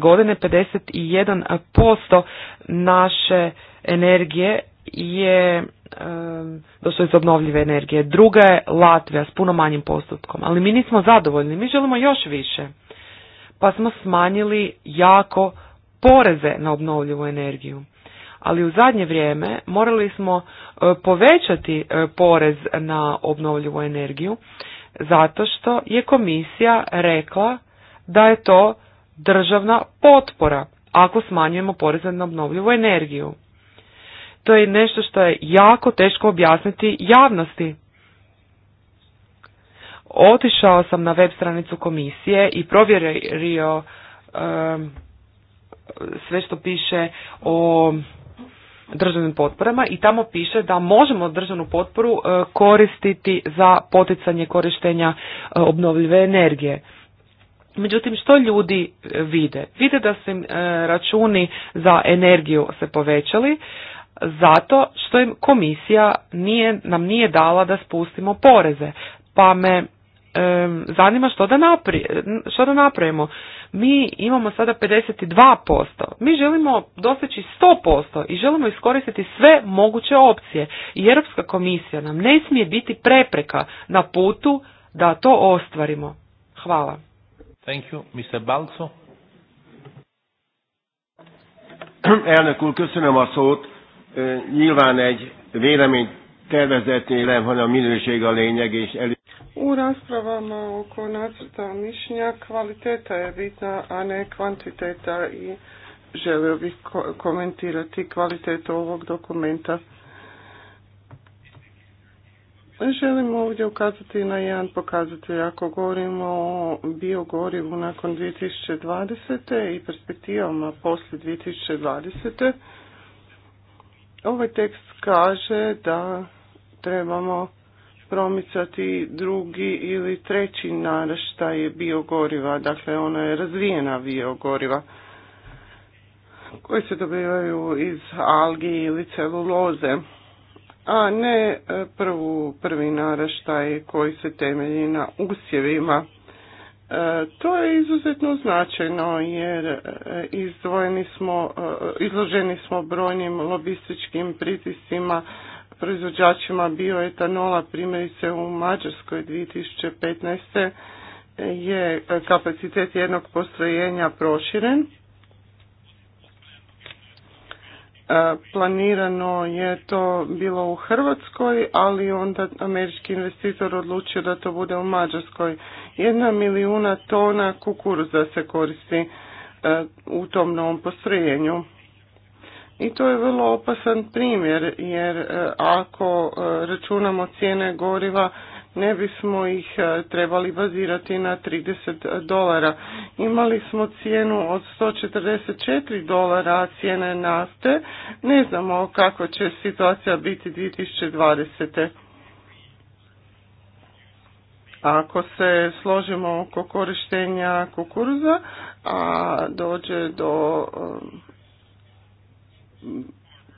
godine 51% naše energije je došlo iz obnovljive energije. Druga je Latvija s puno manjim postupkom. Ali mi nismo zadovoljni, mi želimo još više pa smo smanjili jako poreze na obnovljivu energiju. Ali u zadnje vrijeme morali smo e, povećati e, porez na obnovljivu energiju zato što je komisija rekla da je to državna potpora ako smanjujemo poreze na obnovljivu energiju. To je nešto što je jako teško objasniti javnosti otišao sam na web stranicu komisije i provjerio sve što piše o državnim potporama i tamo piše da možemo državnu potporu e, koristiti za poticanje korištenja e, obnovljive energije. Međutim, što ljudi e, vide? Vide da su im računi za energiju se povećali zato što im komisija nije, nam nije dala da spustimo poreze. Pa me zanima što da, naprije, što da napravimo. Mi imamo sada 52%, mi želimo doseći 100% i želimo iskoristiti sve moguće opcije. I Europska komisija nam ne smije biti prepreka na putu da to ostvarimo. Hvala. Thank you, Mr. Balco. Elnök úr, köszönöm a szót. Nyilván egy vélemény tervezetnél van a minőség a lényeg, és elő... U raspravama oko nacrta mišljenja kvaliteta je bitna, a ne kvantiteta i želio bih komentirati kvalitetu ovog dokumenta. Želim ovdje ukazati na jedan pokazatelj. Ako govorimo o biogorivu nakon 2020. i perspektivama poslije 2020. Ovaj tekst kaže da trebamo promicati drugi ili treći naraštaj biogoriva, dakle ona je razvijena biogoriva koji se dobivaju iz algi ili celuloze, a ne e, prvu, prvi naraštaj koji se temelji na usjevima. E, to je izuzetno značajno jer e, izdvojeni smo, izloženi smo brojnim lobističkim pritiscima proizvođačima bioetanola, primjerice u Mađarskoj 2015. je kapacitet jednog postrojenja proširen. E, planirano je to bilo u Hrvatskoj, ali onda američki investitor odlučio da to bude u Mađarskoj. Jedna milijuna tona kukuruza se koristi e, u tom novom postrojenju. I to je vrlo opasan primjer jer e, ako e, računamo cijene goriva ne bismo ih e, trebali bazirati na 30 dolara. Imali smo cijenu od 144 dolara cijene nafte. Ne znamo kako će situacija biti 2020. Ako se složimo oko korištenja kukuruza, a dođe do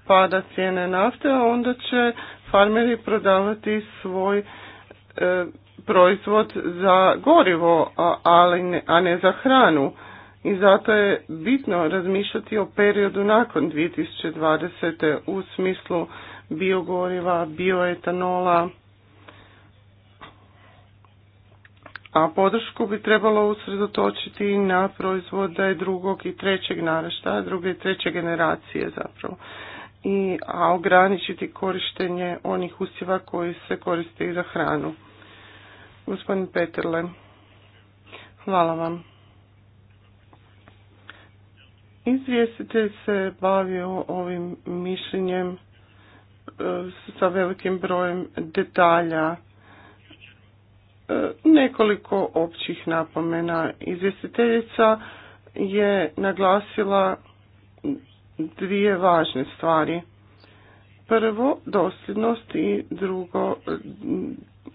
pada cijene nafte, a onda će farmeri prodavati svoj e, proizvod za gorivo, a, ali ne, a ne za hranu. I zato je bitno razmišljati o periodu nakon 2020. u smislu biogoriva, bioetanola, a podršku bi trebalo usredotočiti na proizvode drugog i trećeg naraštaja, druge i treće generacije zapravo. I, a ograničiti korištenje onih usjeva koji se koriste i za hranu. Gospodin Peterle, hvala vam. Izvjestitelj se bavio ovim mišljenjem e, sa velikim brojem detalja E, nekoliko općih napomena. Izvjestiteljica je naglasila dvije važne stvari. Prvo, dosljednost i drugo,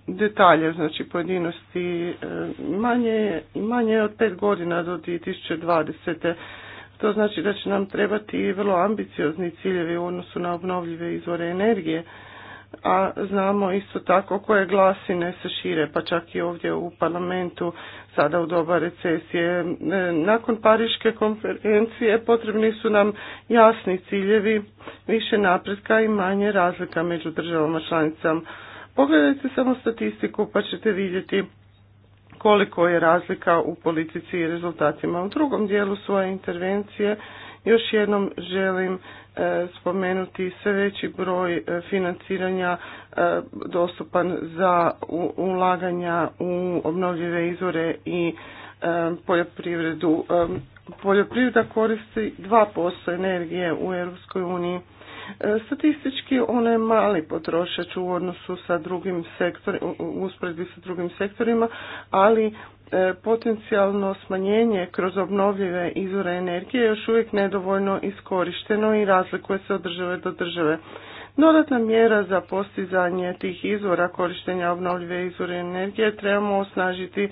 detalje, znači pojedinosti. E, manje, manje od pet godina do 2020. To znači da će nam trebati vrlo ambiciozni ciljevi u odnosu na obnovljive izvore energije a znamo isto tako koje glasine se šire, pa čak i ovdje u parlamentu sada u doba recesije. E, nakon Pariške konferencije potrebni su nam jasni ciljevi, više napretka i manje razlika među državama članicama. Pogledajte samo statistiku pa ćete vidjeti koliko je razlika u politici i rezultatima. U drugom dijelu svoje intervencije još jednom želim spomenuti sve veći broj e, financiranja e, dostupan za ulaganja u obnovljive izvore i e, poljoprivredu. Poljoprivreda koristi 2% energije u Europskoj uniji. Statistički ono je mali potrošač u odnosu sa drugim sektorima, usporedbi sa drugim sektorima, ali E, potencijalno smanjenje kroz obnovljive izvore energije još uvijek nedovoljno iskorišteno i razlikuje se od države do države. Dodatna mjera za postizanje tih izvora korištenja obnovljive izvore energije trebamo osnažiti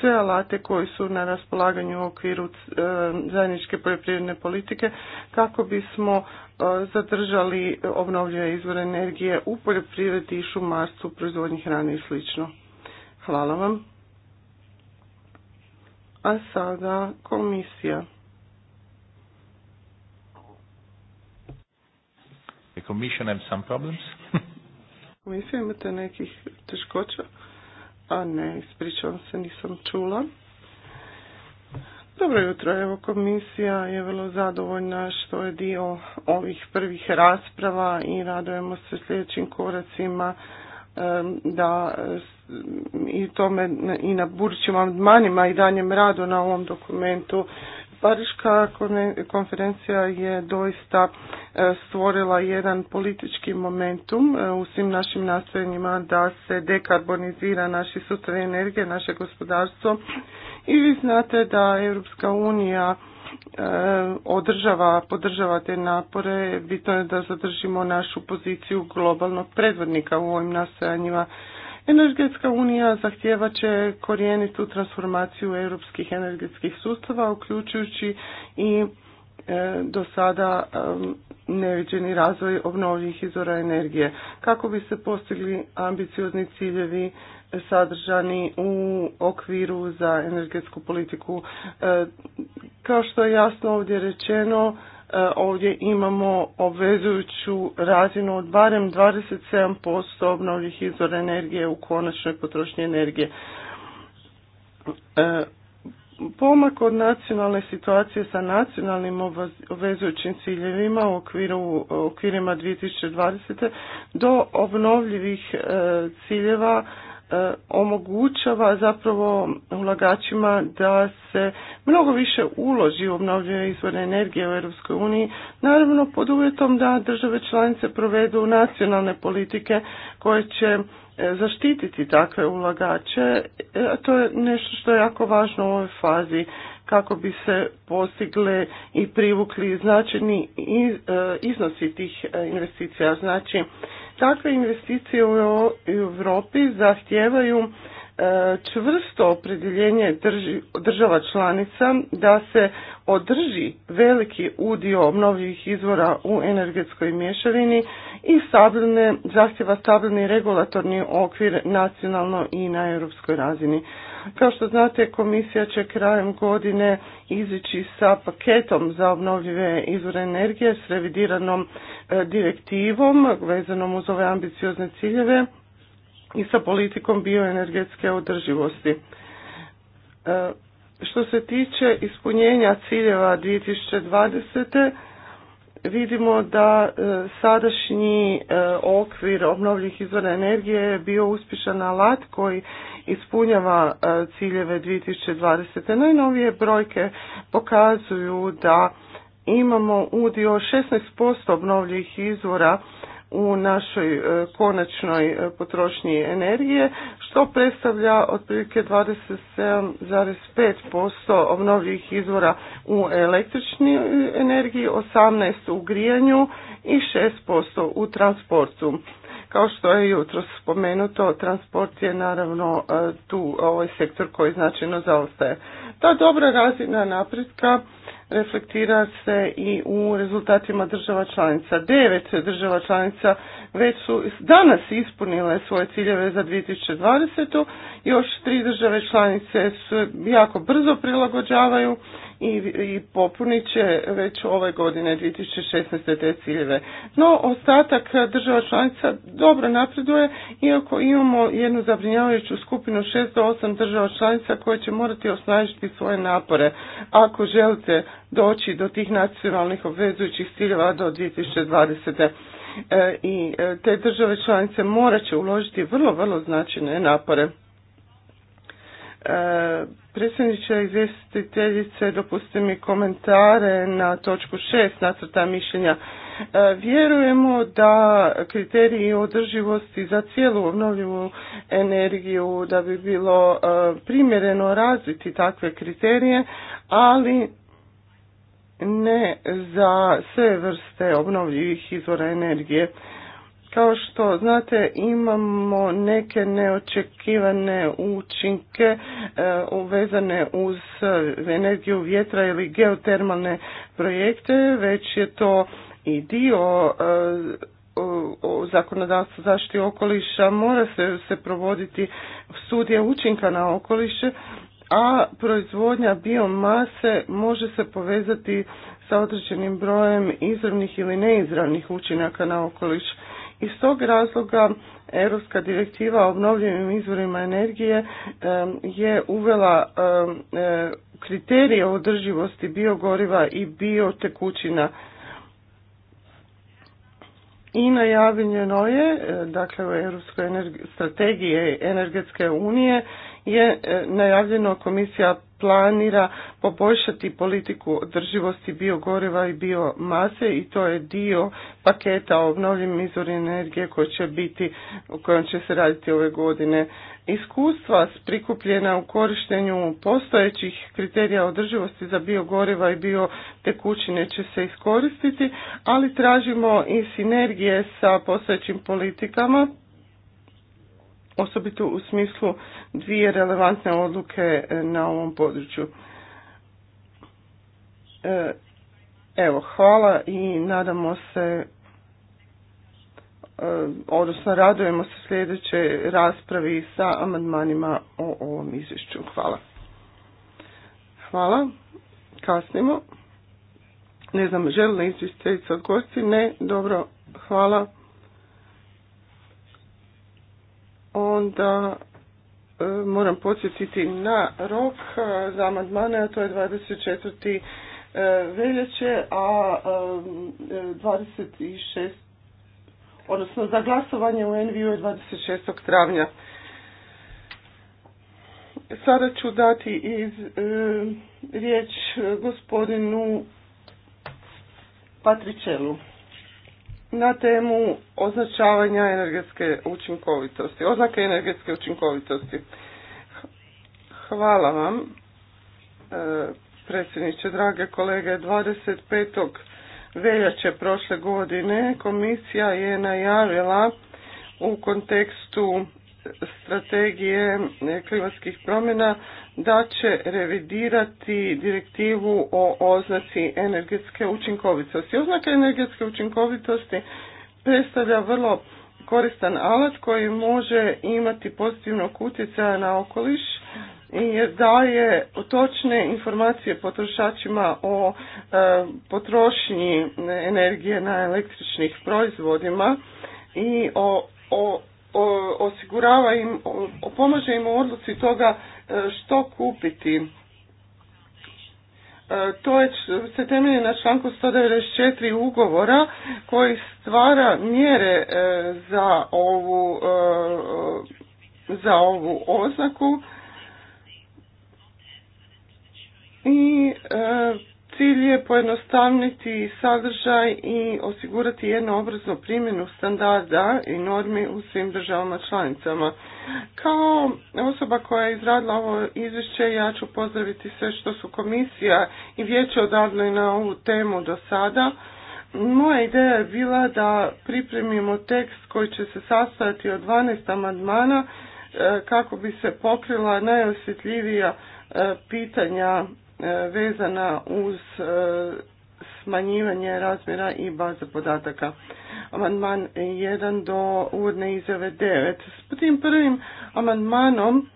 sve alate koji su na raspolaganju u okviru e, zajedničke poljoprivredne politike kako bismo e, zadržali obnovljive izvore energije u poljoprivredi i šumarstvu, proizvodnji hrane i sl. Hvala vam. A sada komisija. The commission have some problems? Komisija imate nekih teškoća? A ne, ispričavam se, nisam čula. Dobro jutro, evo komisija je vrlo zadovoljna što je dio ovih prvih rasprava i radujemo se sljedećim koracima da i tome i na budućim amandmanima i danjem radu na ovom dokumentu. Pariška konferencija je doista e, stvorila jedan politički momentum e, u svim našim nastojanjima da se dekarbonizira naši sustav energije, naše gospodarstvo. I vi znate da Europska unija e, održava, podržava te napore. Bitno je da zadržimo našu poziciju globalnog predvodnika u ovim nastojanjima Energetska unija zahtjeva će korijenitu transformaciju europskih energetskih sustava, uključujući i e, do sada e, neviđeni razvoj obnovljivih izvora energije kako bi se postigli ambiciozni ciljevi sadržani u okviru za energetsku politiku. E, kao što je jasno ovdje rečeno, E, ovdje imamo obvezujuću razinu od barem 27% obnovljih izvora energije u konačnoj potrošnji energije. E, pomak od nacionalne situacije sa nacionalnim obvezujućim ciljevima u okviru, okvirima 2020. do obnovljivih e, ciljeva E, omogućava zapravo ulagačima da se mnogo više uloži u obnovljive izvore energije u Europskoj uniji, naravno pod uvjetom da države članice provedu nacionalne politike koje će e, zaštititi takve ulagače. E, to je nešto što je jako važno u ovoj fazi kako bi se postigle i privukli značajni iznosi tih investicija. Znači, takve investicije u Europi zahtijevaju čvrsto opredjeljenje država članica da se održi veliki udio obnovljivih izvora u energetskoj mješavini i stabilne, zahtjeva stabilni regulatorni okvir nacionalno i na europskoj razini. Kao što znate, komisija će krajem godine izići sa paketom za obnovljive izvore energije s revidiranom e, direktivom vezanom uz ove ambiciozne ciljeve i sa politikom bioenergetske održivosti. E, što se tiče ispunjenja ciljeva 2020. vidimo da e, sadašnji e, okvir obnovljivih izvora energije je bio uspješan alat koji ispunjava ciljeve 2020. Najnovije brojke pokazuju da imamo udio 16% obnovljivih izvora u našoj e, konačnoj e, potrošnji energije, što predstavlja otprilike 27,5% obnovljivih izvora u električnoj energiji, 18% u grijanju i 6% u transportu. Kao što je jutro spomenuto, transport je naravno e, tu ovaj sektor koji značajno zaostaje. Ta dobra razina napretka reflektira se i u rezultatima država članica. Devet država članica već su danas ispunile svoje ciljeve za 2020. Još tri države članice se jako brzo prilagođavaju i, i popunit će već ove godine 2016. te ciljeve. No, ostatak država članica dobro napreduje, iako imamo jednu zabrinjavajuću skupinu 6 do 8 država članica koje će morati osnažiti svoje napore ako želite doći do tih nacionalnih obvezujućih ciljeva do 2020. E, i e, te države članice morat će uložiti vrlo, vrlo značajne napore. E, predsjedniče izvjestiteljice, dopustite mi komentare na točku 6 nacrta mišljenja. vjerujemo da kriteriji održivosti za cijelu obnovljivu energiju da bi bilo primjereno razviti takve kriterije, ali ne za sve vrste obnovljivih izvora energije. Kao što znate, imamo neke neočekivane učinke uvezane e, uz energiju vjetra ili geotermalne projekte, već je to i dio e, zakonodavstva zaštiti okoliša mora se, se provoditi studija učinka na okoliše a proizvodnja biomase može se povezati sa određenim brojem izravnih ili neizravnih učinaka na okoliš. Iz tog razloga Europska direktiva o obnovljivim izvorima energije je uvela e, kriterije održivosti biogoriva i biotekućina. I najavljeno je, e, dakle u Europskoj strategiji energetske unije, je e, najavljeno komisija planira poboljšati politiku održivosti biogoriva i biomase i to je dio paketa obnovljivim izvori energije koji će biti, u kojem će se raditi ove godine. Iskustva prikupljena u korištenju postojećih kriterija održivosti za biogoriva i biotekućine će se iskoristiti, ali tražimo i sinergije sa postojećim politikama osobito u smislu dvije relevantne odluke e, na ovom području. E, evo, hvala i nadamo se, e, odnosno radujemo se sljedeće raspravi sa amandmanima o ovom izvješću. Hvala. Hvala. Kasnimo. Ne znam, želi li izvjestiteljica od gosti? Ne, dobro, hvala. onda e, moram podsjetiti na rok e, za amandmane, a to je 24. E, veljače, a 26. odnosno za glasovanje u NVU je 26. travnja. Sada ću dati iz, riječ gospodinu Patričelu na temu označavanja energetske učinkovitosti, oznake energetske učinkovitosti. Hvala vam, e, predsjedniče, drage kolege. 25. veljače prošle godine komisija je najavila u kontekstu strategije klimatskih promjena da će revidirati direktivu o oznaci energetske učinkovitosti. Oznaka energetske učinkovitosti predstavlja vrlo koristan alat koji može imati pozitivnog utjecaja na okoliš i daje točne informacije potrošačima o e, potrošnji energije na električnih proizvodima i o osigurava im, pomaže im u odluci toga e, što kupiti. E, to je, se temelje na članku 194 ugovora koji stvara mjere e, za ovu, za ovu oznaku i Cilj je pojednostavniti sadržaj i osigurati jednoobraznu primjenu standarda i normi u svim državama članicama. Kao osoba koja je izradila ovo izvješće, ja ću pozdraviti sve što su komisija i vijeće odradili na ovu temu do sada. Moja ideja je bila da pripremimo tekst koji će se sastaviti od 12 amandmana e, kako bi se pokrila najosjetljivija e, pitanja E, vezana uz e, smanjivanje razmjera i baze podataka. Amandman 1 do uvodne izjave 9. S tim prvim amandmanom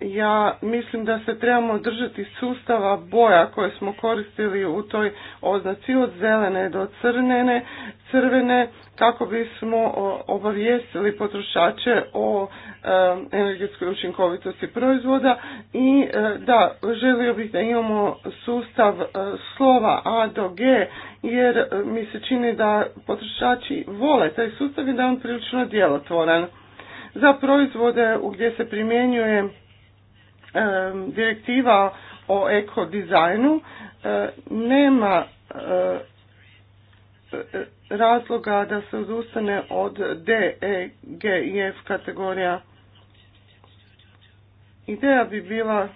ja mislim da se trebamo držati sustava boja koje smo koristili u toj oznaci od zelene do crnene, crvene kako bismo obavijestili potrošače o energetskoj učinkovitosti proizvoda i e, da želio bih da imamo sustav e, slova A do G jer e, mi se čini da potrošači vole taj sustav i da je on prilično djelotvoran. Za proizvode gdje se primjenjuje direktiva o ekodizajnu e, nema e, e, razloga da se odustane od D, E, G i F kategorija. Ideja bi bila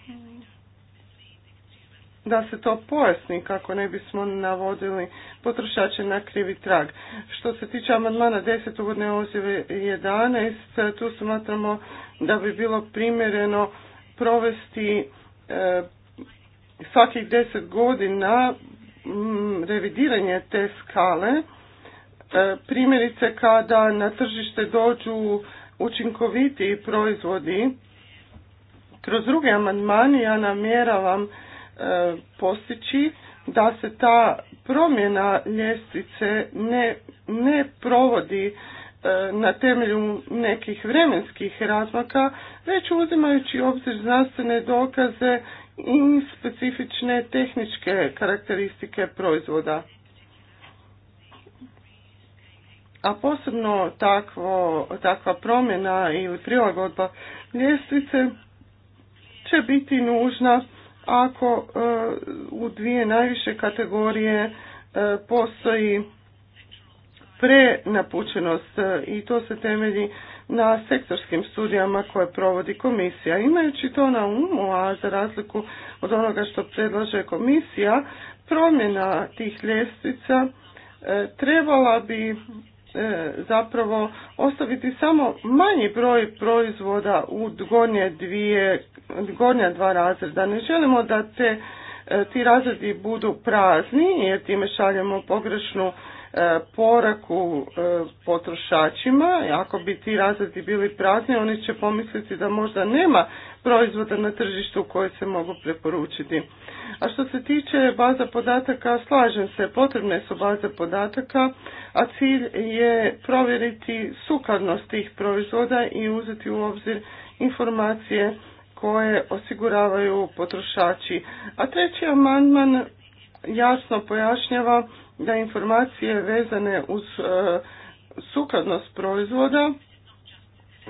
da se to pojasni kako ne bismo navodili potrošače na krivi trag. Što se tiče amandmana 10 uvodne ozive 11, tu smatramo da bi bilo primjereno provesti e, svakih deset godina revidiranje te skale, e, primjerice kada na tržište dođu učinkoviti proizvodi, kroz druge amandmani ja namjeravam e, postići da se ta promjena ljestvice ne, ne provodi E, na temelju nekih vremenskih razmaka, već uzimajući obzir znanstvene dokaze i specifične tehničke karakteristike proizvoda. A posebno takvo, takva promjena ili prilagodba ljestvice će biti nužna ako e, u dvije najviše kategorije e, postoji prenapučenost e, i to se temelji na sektorskim studijama koje provodi komisija. Imajući to na umu, a za razliku od onoga što predlaže komisija, promjena tih ljestvica e, trebala bi e, zapravo ostaviti samo manji broj proizvoda u gornje dvije, gornja dva razreda. Ne želimo da te ti razredi budu prazni jer time šaljemo pogrešnu E, poraku e, potrošačima, ako bi ti razredi bili prazni, oni će pomisliti da možda nema proizvoda na tržištu koje se mogu preporučiti. A što se tiče baza podataka, slažem se, potrebne su baze podataka, a cilj je provjeriti sukladnost tih proizvoda i uzeti u obzir informacije koje osiguravaju potrošači. A treći amandman jasno pojašnjava da informacije vezane uz e, sukladnost proizvoda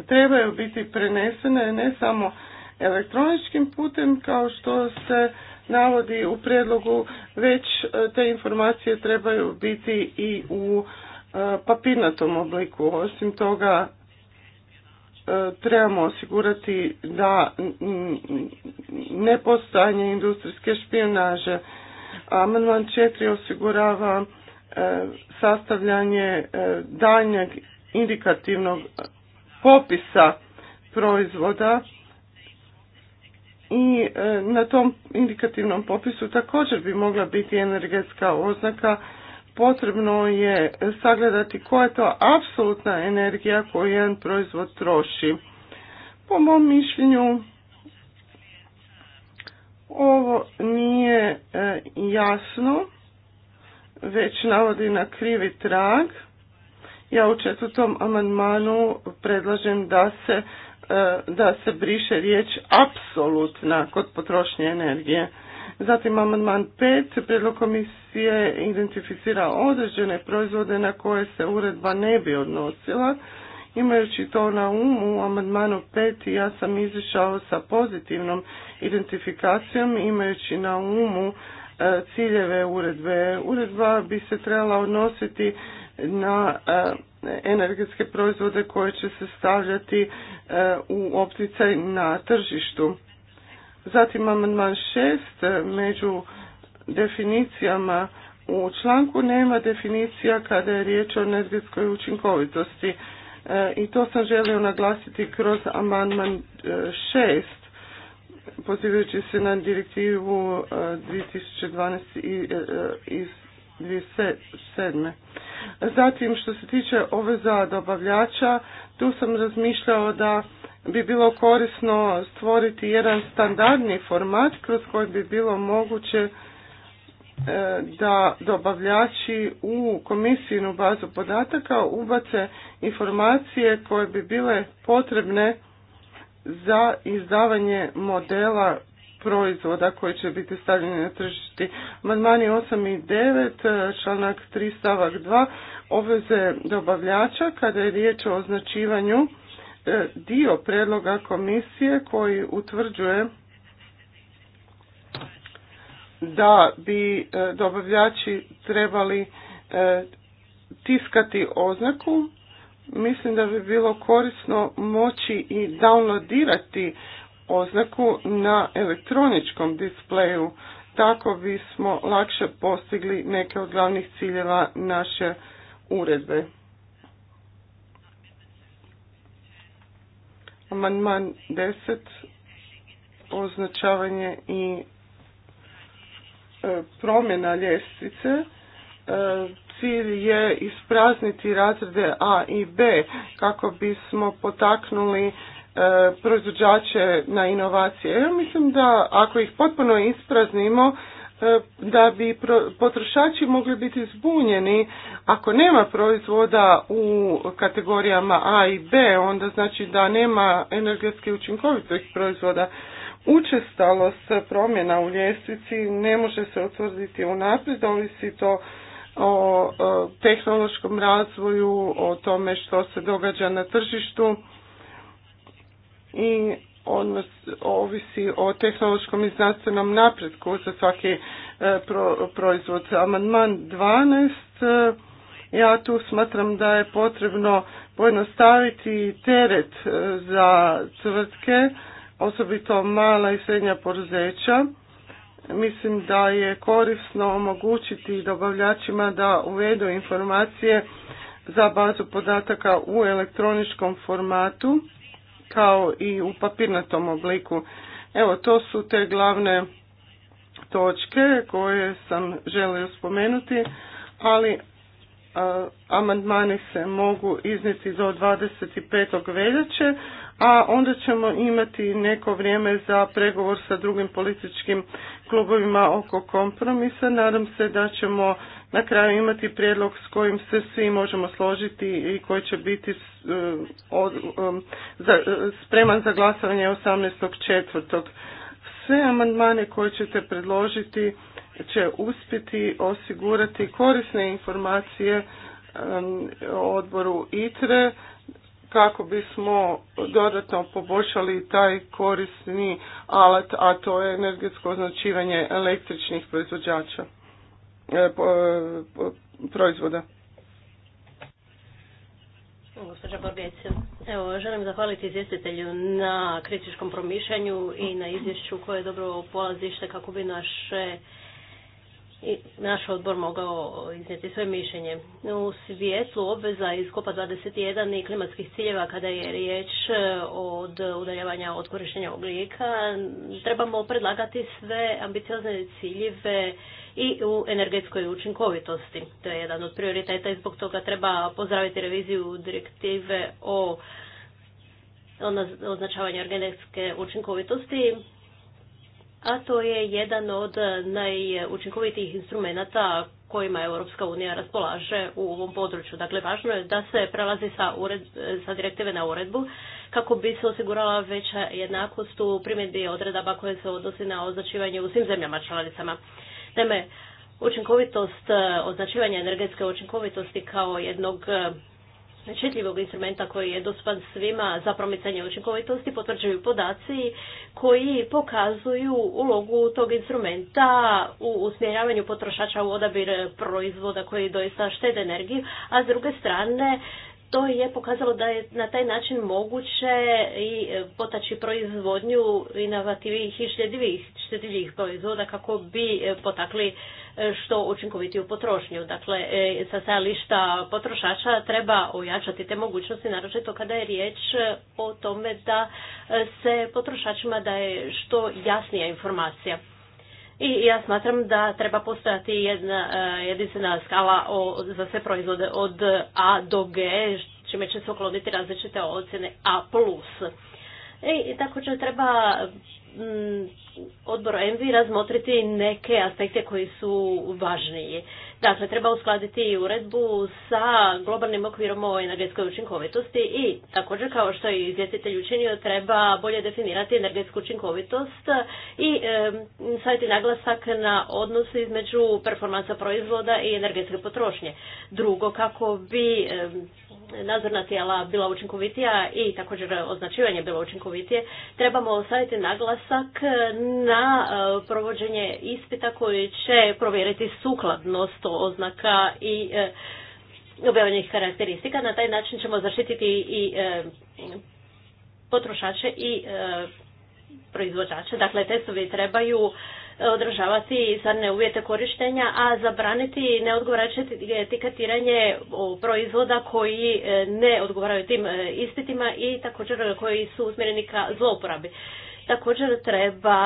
trebaju biti prenesene ne samo elektroničkim putem kao što se navodi u predlogu, već e, te informacije trebaju biti i u e, papirnatom obliku. Osim toga, trebamo osigurati da nepostojanje industrijske špionaže Amandman 4 osigurava e, sastavljanje e, daljnjeg indikativnog popisa proizvoda i e, na tom indikativnom popisu također bi mogla biti energetska oznaka. Potrebno je sagledati koja je to apsolutna energija koju jedan proizvod troši. Po mom mišljenju ovo nije e, jasno, već navodi na krivi trag. Ja u četvrtom amandmanu predlažem da se, e, da se briše riječ apsolutna kod potrošnje energije. Zatim amandman 5. Prijedlog komisije identificira određene proizvode na koje se uredba ne bi odnosila. Imajući to na umu, u amandmanu 5 ja sam izišao sa pozitivnom identifikacijom, imajući na umu e, ciljeve uredbe. Uredba bi se trebala odnositi na e, energetske proizvode koje će se stavljati e, u opticaj na tržištu. Zatim amandman 6 među definicijama u članku nema definicija kada je riječ o energetskoj učinkovitosti. E, I to sam želio naglasiti kroz amandman 6 e, pozivajući se na direktivu 2012 e, iz 2007. Zatim što se tiče ove dobavljača, tu sam razmišljao da bi bilo korisno stvoriti jedan standardni format kroz koji bi bilo moguće E, da dobavljači u komisijinu bazu podataka ubace informacije koje bi bile potrebne za izdavanje modela proizvoda koji će biti stavljeni na tržišti. Amandmani 8 i 9, e, članak 3 stavak 2, obveze dobavljača kada je riječ o označivanju e, dio predloga komisije koji utvrđuje da bi e, dobavljači trebali e, tiskati oznaku. Mislim da bi bilo korisno moći i downloadirati oznaku na elektroničkom displeju. Tako bismo lakše postigli neke od glavnih ciljeva naše uredbe. Amandman 10. Označavanje i E, promjena ljestvice e, cilj je isprazniti razrede A i B kako bismo potaknuli e, proizvođače na inovacije. Ja mislim da ako ih potpuno ispraznimo, da bi potrošači mogli biti zbunjeni ako nema proizvoda u kategorijama A i B, onda znači da nema energetski učinkovitih proizvoda učestalost promjena u ljestvici ne može se utvrditi unaprijed, ovisi to o tehnološkom razvoju, o tome što se događa na tržištu i odnos ovisi o tehnološkom i znanstvenom napretku za svaki e, proizvod. Amandman 12, e, ja tu smatram da je potrebno pojednostaviti teret e, za tvrtke osobito mala i srednja poduzeća. Mislim da je korisno omogućiti dobavljačima da uvedu informacije za bazu podataka u elektroničkom formatu kao i u papirnatom obliku. Evo, to su te glavne točke koje sam želio spomenuti, ali amandmani se mogu iznijeti do 25. veljače, a onda ćemo imati neko vrijeme za pregovor sa drugim političkim klubovima oko kompromisa. Nadam se da ćemo na kraju imati prijedlog s kojim se svi možemo složiti i koji će biti e, e, e, spreman za glasovanje četvrtog. Sve amandmane koje ćete predložiti će uspjeti osigurati korisne informacije odboru ITRE kako bismo dodatno poboljšali taj korisni alat, a to je energetsko označivanje električnih proizvođača e, proizvoda. Gospođa evo, želim zahvaliti izvjestitelju na kritičkom promišljanju i na izvješću koje je dobro polazište kako bi naše i naš odbor mogao iznijeti svoje mišljenje. U svijetlu obveza iz Kopa 21 i klimatskih ciljeva kada je riječ e, od udaljavanja od korištenja ugljika, trebamo predlagati sve ambiciozne ciljeve i u energetskoj učinkovitosti. To je jedan od prioriteta i zbog toga treba pozdraviti reviziju direktive o označavanju energetske učinkovitosti a to je jedan od najučinkovitijih instrumenata kojima Europska unija raspolaže u ovom području. Dakle, važno je da se prelazi sa, ured, sa direktive na uredbu kako bi se osigurala veća jednakost u primjedbi odredaba koje se odnosi na označivanje u svim zemljama članicama. Naime, učinkovitost, označivanja energetske učinkovitosti kao jednog četljivog instrumenta koji je dostupan svima za promicanje učinkovitosti potvrđuju podaci koji pokazuju ulogu tog instrumenta u usmjeravanju potrošača u odabir proizvoda koji doista štede energiju, a s druge strane to je pokazalo da je na taj način moguće i potaći proizvodnju inovativnih i štedljivih proizvoda kako bi potakli što učinkovitiju potrošnju. Dakle, e, sa stajališta potrošača treba ojačati te mogućnosti, naročito kada je riječ o tome da se potrošačima daje što jasnija informacija. I ja smatram da treba postojati jedna e, jedinstvena skala za sve proizvode od A do G, čime će se ukloniti različite ocjene A+. E, I također treba Mm, odbor ENVI razmotriti neke aspekte koji su važniji. Dakle, treba uskladiti i uredbu sa globalnim okvirom o energetskoj učinkovitosti i također kao što je izvjestitelj učinio treba bolje definirati energetsku učinkovitost i e, staviti naglasak na odnos između performansa proizvoda i energetske potrošnje. Drugo, kako bi nadzorna tijela bila učinkovitija i također označivanje bilo učinkovitije, trebamo staviti naglasak na e, provođenje ispita koji će provjeriti sukladnost oznaka i e, objavljenih karakteristika. Na taj način ćemo zaštititi i e, potrošače i proizvođače. Dakle, testovi trebaju održavati sadne uvjete korištenja, a zabraniti neodgovarajuće etiketiranje e, proizvoda koji e, ne odgovaraju tim e, ispitima i također koji su usmjereni ka zlouporabi. Također treba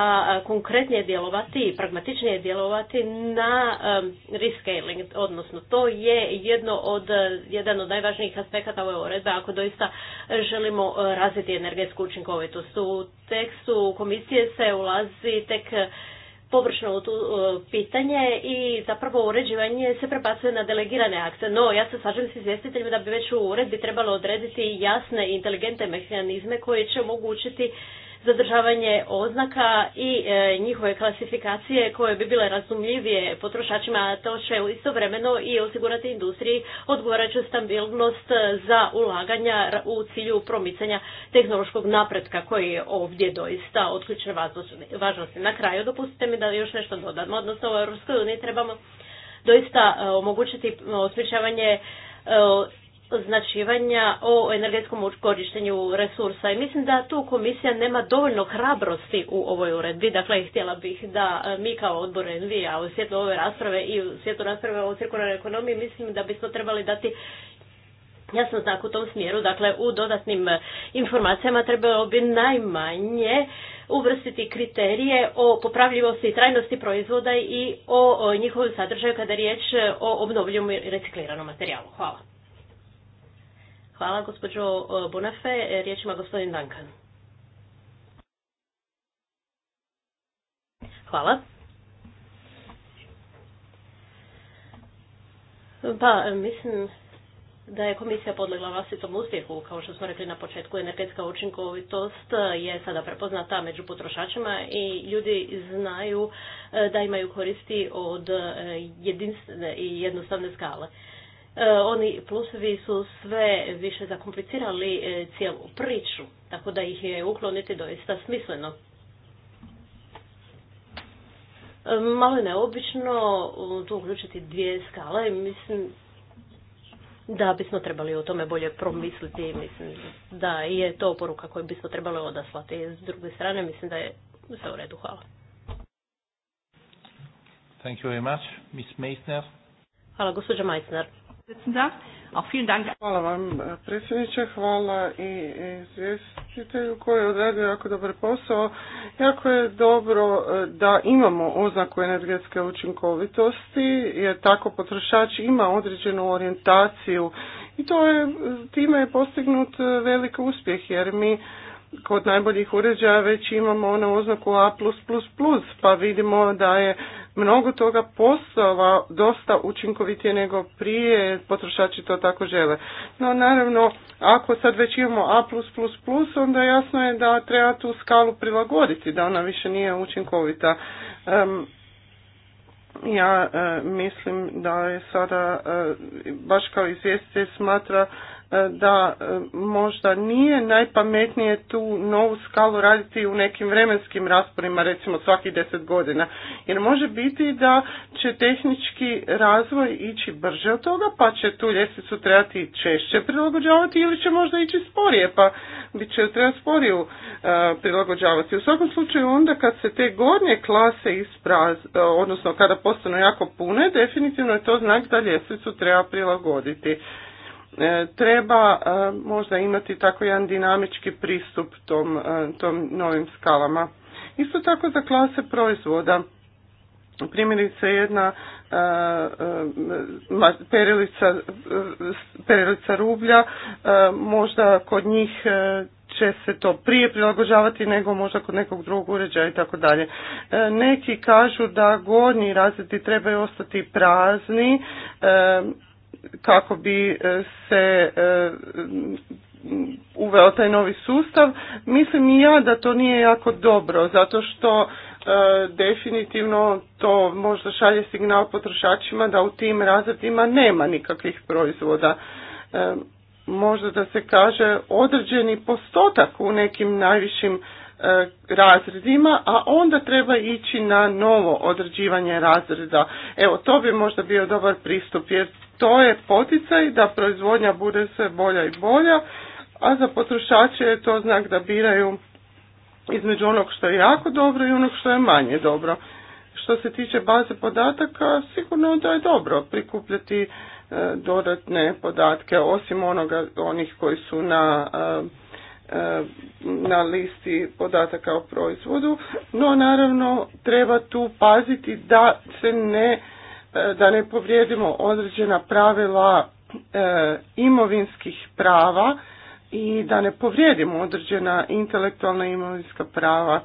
konkretnije djelovati i pragmatičnije djelovati na rescaling, odnosno to je jedno od, jedan od najvažnijih aspekata ove uredbe ako doista želimo razviti energetsku učinkovitost. U tekstu komisije se ulazi tek površno tu e, pitanje i zapravo uređivanje se prebacuje na delegirane akte. No, ja se slažem s izvjestiteljima da bi već u uredbi trebalo odrediti jasne i inteligentne mehanizme koje će omogućiti zadržavanje oznaka i e, njihove klasifikacije koje bi bile razumljivije potrošačima, to će istovremeno i osigurati industriji odgovarajuću stabilnost za ulaganja u cilju promicanja tehnološkog napretka koji je ovdje doista od ključne važnosti. Na kraju dopustite mi da još nešto dodamo, odnosno u EU trebamo doista e, omogućiti osmišljavanje e, označivanja o energetskom korištenju resursa i mislim da tu komisija nema dovoljno hrabrosti u ovoj uredbi. Dakle, htjela bih da e, mi kao odbor Envija, a u svijetu ove rasprave i u svijetu rasprave o cirkularnoj ekonomiji mislim da bismo trebali dati jasno znak u tom smjeru. Dakle, u dodatnim e, informacijama trebalo bi najmanje uvrstiti kriterije o popravljivosti i trajnosti proizvoda i o njihovom sadržaju kada je riječ e, o obnovljivom i recikliranom materijalu. Hvala. Hvala gospođo e, Bonafe. Riječ gospodin Duncan. Hvala. Pa, e, mislim da je komisija podlegla vlastitom uspjehu, kao što smo rekli na početku, energetska učinkovitost je sada prepoznata među potrošačima i ljudi znaju e, da imaju koristi od i jednostavne skale. E, oni plusevi su sve više zakomplicirali e, cijelu priču, tako da ih je ukloniti doista smisleno. E, malo je neobično tu uključiti dvije skale i mislim da bismo trebali o tome bolje promisliti. Mislim da je to poruka koju bismo trebali odaslati. S druge strane mislim da je sve u redu. Hvala. Thank you very much. Miss Meissner. Hvala, gospođa Meissner. Hvala vam predsjedniče, hvala i izvjestitelju koji je odradio jako dobar posao. Jako je dobro e, da imamo oznaku energetske učinkovitosti jer tako potrošač ima određenu orijentaciju i to je, time je postignut e, velik uspjeh jer mi kod najboljih uređaja već imamo onu oznaku A++, pa vidimo da je mnogo toga poslova dosta učinkovitije nego prije, potrošači to tako žele. No naravno, ako sad već imamo A++, onda jasno je da treba tu skalu prilagoditi, da ona više nije učinkovita. ja e, mislim da je sada e, baš kao izvjestitelj smatra E, da e, možda nije najpametnije tu novu skalu raditi u nekim vremenskim rasporima, recimo svakih deset godina. Jer može biti da će tehnički razvoj ići brže od toga, pa će tu ljestvicu trebati češće prilagođavati ili će možda ići sporije, pa bit će treba sporiju e, prilagođavati. U svakom slučaju onda kad se te gornje klase ispraz, odnosno kada postanu jako pune, definitivno je to znak da ljestvicu treba prilagoditi. E, treba e, možda imati tako jedan dinamički pristup tom, e, tom novim skalama. Isto tako za klase proizvoda. Primjerice jedna perilica, perilica rublja, možda kod njih će se to prije prilagođavati nego možda kod nekog drugog uređaja i tako dalje. Neki kažu da gornji razredi trebaju ostati prazni, kako bi e, se e, uveo taj novi sustav, mislim i ja da to nije jako dobro, zato što e, definitivno to možda šalje signal potrošačima da u tim razredima nema nikakvih proizvoda. Možda da se kaže određeni postotak u nekim najvišim razredima, a onda treba ići na novo određivanje razreda. Evo, to bi možda bio dobar pristup, jer to je poticaj da proizvodnja bude sve bolja i bolja, a za potrošače je to znak da biraju između onog što je jako dobro i onog što je manje dobro. Što se tiče baze podataka, sigurno da je dobro prikupljati e, dodatne podatke osim onoga, onih koji su na e, e, na listi podataka o proizvodu, no naravno treba tu paziti da se ne E, da ne povrijedimo određena pravila e, imovinskih prava i da ne povrijedimo određena intelektualna imovinska prava.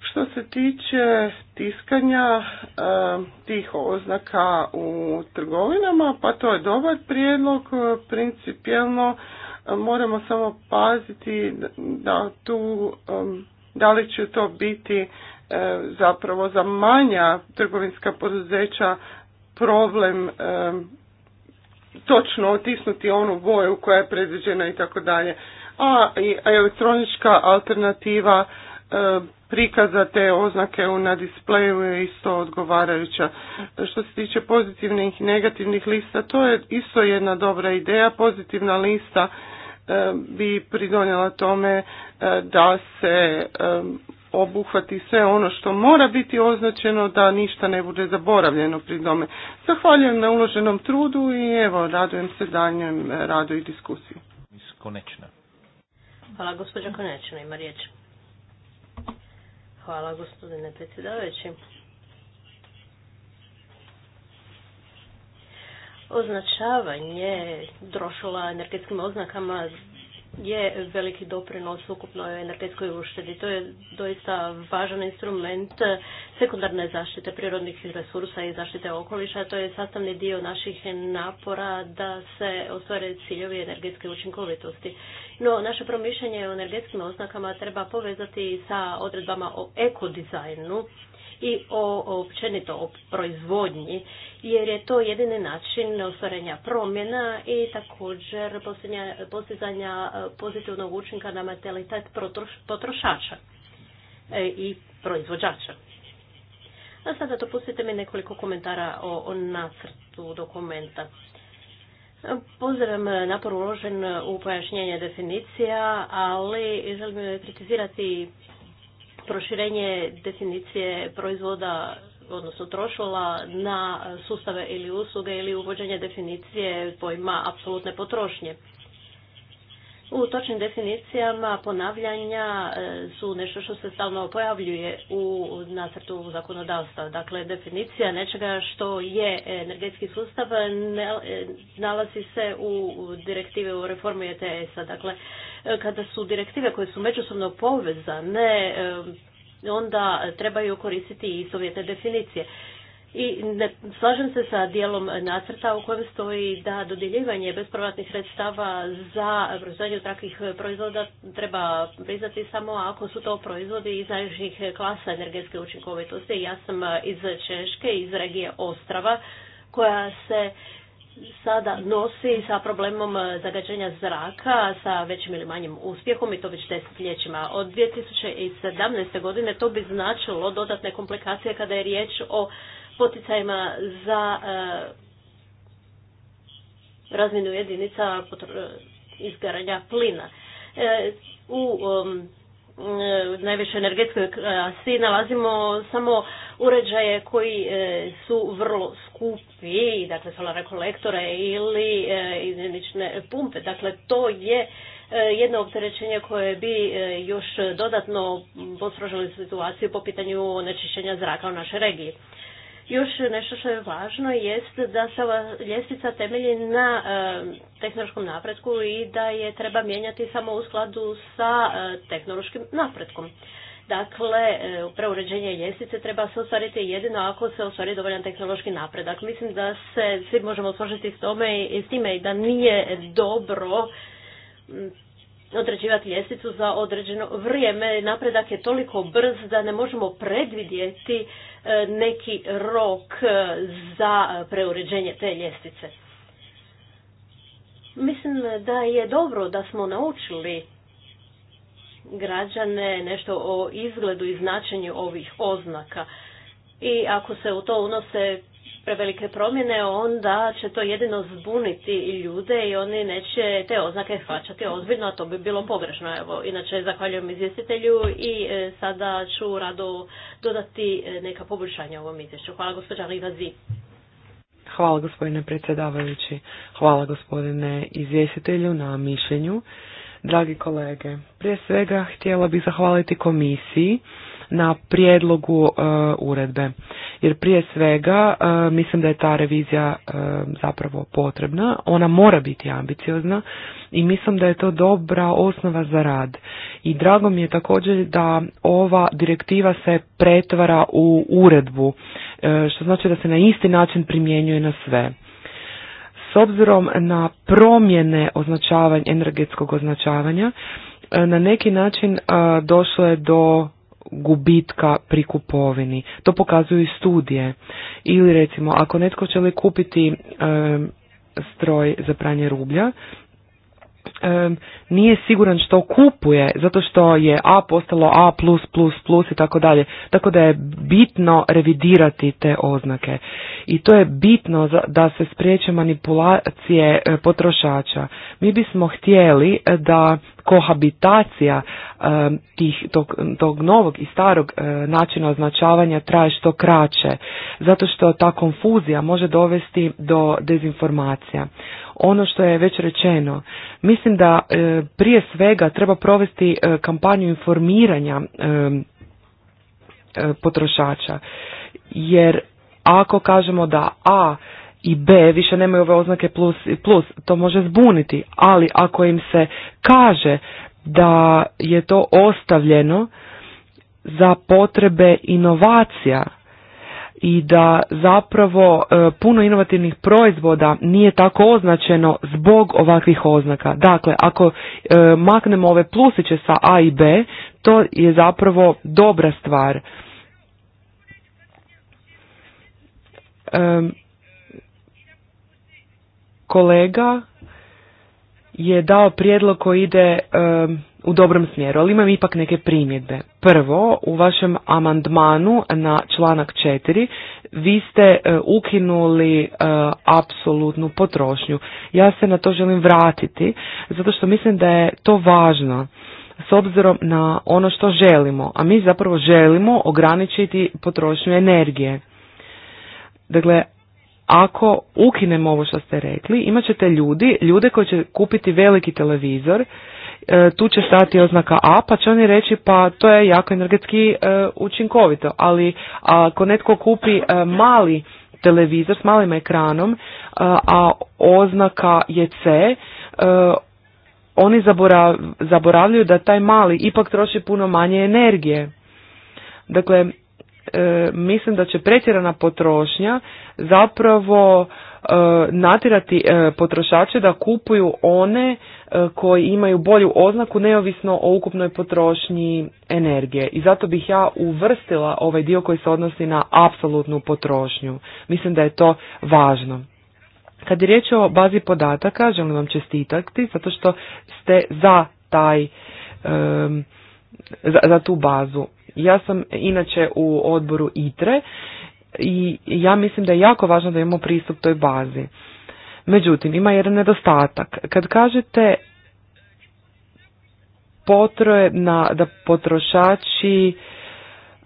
Što se tiče tiskanja e, tih oznaka u trgovinama, pa to je dobar prijedlog, principijelno moramo samo paziti da tu da li će to biti E, zapravo za manja trgovinska poduzeća problem e, točno otisnuti onu boju koja je predviđena i tako dalje. A elektronička alternativa e, prikaza te oznake na displeju je isto odgovarajuća. Što se tiče pozitivnih i negativnih lista, to je isto jedna dobra ideja. Pozitivna lista bi pridonjela tome da se obuhvati sve ono što mora biti označeno da ništa ne bude zaboravljeno pri tome. Zahvaljujem na uloženom trudu i evo, radujem se daljnjem eh, radu i diskusiji. Konečna. Hvala gospođa Konečna, ima riječ. Hvala gospodine predsjedavajući. Označavanje drošula energetskim oznakama je veliki doprinos ukupnoj energetskoj uštedi. To je doista važan instrument sekundarne zaštite prirodnih resursa i zaštite okoliša. To je sastavni dio naših napora da se ostvare ciljevi energetske učinkovitosti. No, naše promišljanje o energetskim oznakama treba povezati sa odredbama o ekodizajnu i o općenito o proizvodnji, jer je to jedini način ostvarenja promjena i također postizanja e, pozitivnog učinka na mentalitet potrošača e, i proizvođača. A sada dopustite mi nekoliko komentara o, nacrtu dokumenta. Pozdravim napor uložen u pojašnjenje definicija, ali želim kritizirati proširenje definicije proizvoda odnosno trošula na sustave ili usluge ili uvođenje definicije pojma apsolutne potrošnje. U točnim definicijama ponavljanja e, su nešto što se stalno pojavljuje u nacrtu zakonodavstva. Dakle, definicija nečega što je energetski sustav e, nalazi se u direktive u reformu ETS-a. Dakle, E, kada su direktive koje su međusobno povezane, e, onda trebaju koristiti i sovjetne definicije. I slažem se sa dijelom nacrta u kojem stoji da dodjeljivanje bespovratnih sredstava za proizvodnju takvih proizvoda treba priznati samo ako su to proizvodi iz najžih klasa energetske učinkovitosti. Ja sam iz Češke, iz regije Ostrava, koja se sada nosi sa problemom e, zagađenja zraka sa većim ili manjim uspjehom i to već desetljećima. Od 2017. godine to bi značilo dodatne komplikacije kada je riječ o poticajima za e, razminu jedinica e, izgaranja plina. u um, E, najviše energetskoj klasi nalazimo samo uređaje koji e, su vrlo skupi, dakle solare kolektore ili e, izmjenične pumpe. Dakle, to je jedno opterećenje koje bi još dodatno postrožilo situaciju po pitanju onečišćenja zraka u našoj regiji. Još nešto što je važno jest da se ova ljestvica temelji na e, tehnološkom napretku i da je treba mijenjati samo u skladu sa e, tehnološkim napretkom. Dakle, e, preuređenje ljestvice treba se ostvariti jedino ako se ostvari dovoljan tehnološki napredak. Mislim da se svi možemo složiti s, tome, s time i da nije dobro određivati ljestvicu za određeno vrijeme. Napredak je toliko brz da ne možemo predvidjeti neki rok e, za preuređenje te ljestvice. Mislim da je dobro da smo naučili građane nešto o izgledu i značenju ovih oznaka. I ako se u to unose prevelike promjene, onda će to jedino zbuniti i ljude i oni neće te oznake shvaćati ozbiljno, a to bi bilo pogrešno. Evo, inače, zahvaljujem izvjestitelju i e, sada ću rado dodati e, neka poboljšanja ovom izvješću. Hvala gospođa Hvala gospodine predsjedavajući, hvala gospodine izvjestitelju na mišljenju. Dragi kolege, prije svega htjela bih zahvaliti komisiji na prijedlogu e, uredbe. Jer prije svega e, mislim da je ta revizija e, zapravo potrebna, ona mora biti ambiciozna i mislim da je to dobra osnova za rad. I drago mi je također da ova direktiva se pretvara u uredbu, što znači da se na isti način primjenjuje na sve. S obzirom na promjene označavanja, energetskog označavanja, na neki način došlo je do gubitka pri kupovini. To pokazuju i studije. Ili recimo, ako netko želi kupiti stroj za pranje rublja, nije siguran što kupuje zato što je A postalo A+++ i tako dalje. Tako da je bitno revidirati te oznake. I to je bitno da se spriječe manipulacije e, potrošača. Mi bismo htjeli e, da kohabitacija e, tih, tog novog i starog načina označavanja traje što kraće, zato što ta konfuzija može dovesti do dezinformacija ono što je već rečeno. Mislim da e, prije svega treba provesti e, kampanju informiranja e, potrošača. Jer ako kažemo da A i B više nemaju ove oznake plus i plus, to može zbuniti, ali ako im se kaže da je to ostavljeno za potrebe inovacija, i da zapravo e, puno inovativnih proizvoda nije tako označeno zbog ovakvih oznaka. Dakle, ako e, maknemo ove plusiće sa A i B, to je zapravo dobra stvar. E, kolega je dao prijedlog koji ide u dobrom smjeru, ali imam ipak neke primjedbe. Prvo, u vašem amandmanu na članak 4 vi ste e, ukinuli e, apsolutnu potrošnju. Ja se na to želim vratiti zato što mislim da je to važno s obzirom na ono što želimo, a mi zapravo želimo ograničiti potrošnju energije. Dakle, ako ukinemo ovo što ste rekli, imat ćete ljudi, ljude koji će kupiti veliki televizor E, tu će stati oznaka A, pa će oni reći pa to je jako energetski e, učinkovito, ali ako netko kupi e, mali televizor s malim ekranom, a oznaka je C, oni zaboravljaju da taj mali ipak troši puno manje energije. Dakle, mislim da će pretjerana potrošnja zapravo E, natirati e, potrošače da kupuju one e, koji imaju bolju oznaku neovisno o ukupnoj potrošnji energije. I zato bih ja uvrstila ovaj dio koji se odnosi na apsolutnu potrošnju. Mislim da je to važno. Kad je riječ o bazi podataka, želim vam čestitati zato što ste za taj za, za tu bazu. Ja sam inače u odboru ITRE i ja mislim da je jako važno da imamo pristup toj bazi. Međutim, ima jedan nedostatak. Kad kažete potroje na, da potrošači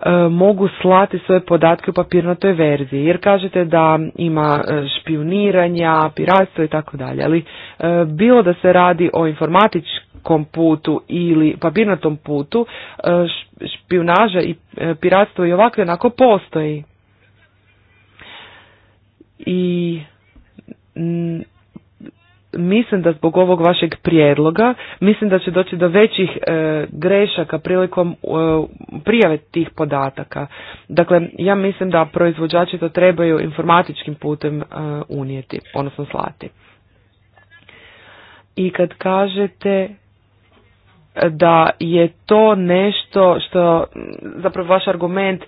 e, mogu slati svoje podatke u papirnatoj verziji, jer kažete da ima e, špioniranja, piratstvo i tako dalje, ali e, bilo da se radi o informatičkom putu ili papirnatom putu, špionaža i piratstvo i ovako onako postoji i mislim da zbog ovog vašeg prijedloga mislim da će doći do većih e, grešaka prilikom e, prijave tih podataka dakle ja mislim da proizvođači to trebaju informatičkim putem e, unijeti odnosno slati i kad kažete da je to nešto što zapravo vaš argument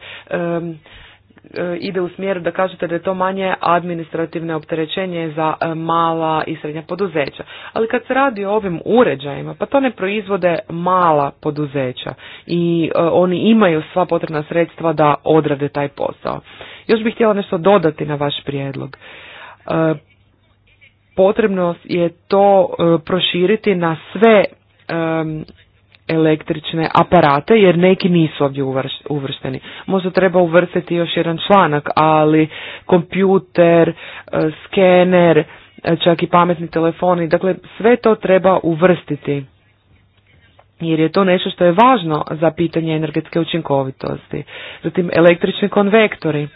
E, ide u smjeru da kažete da je to manje administrativne opterećenje za e, mala i srednja poduzeća. Ali kad se radi o ovim uređajima, pa to ne proizvode mala poduzeća i e, oni imaju sva potrebna sredstva da odrade taj posao. Još bih htjela nešto dodati na vaš prijedlog. Potrebno je to proširiti na sve električne aparate jer neki nisu ovdje uvršteni. Možda treba uvrstiti još jedan članak, ali kompjuter, e, skener, e, čak i pametni telefoni, dakle sve to treba uvrstiti jer je to nešto što je važno za pitanje energetske učinkovitosti. Zatim električni konvektori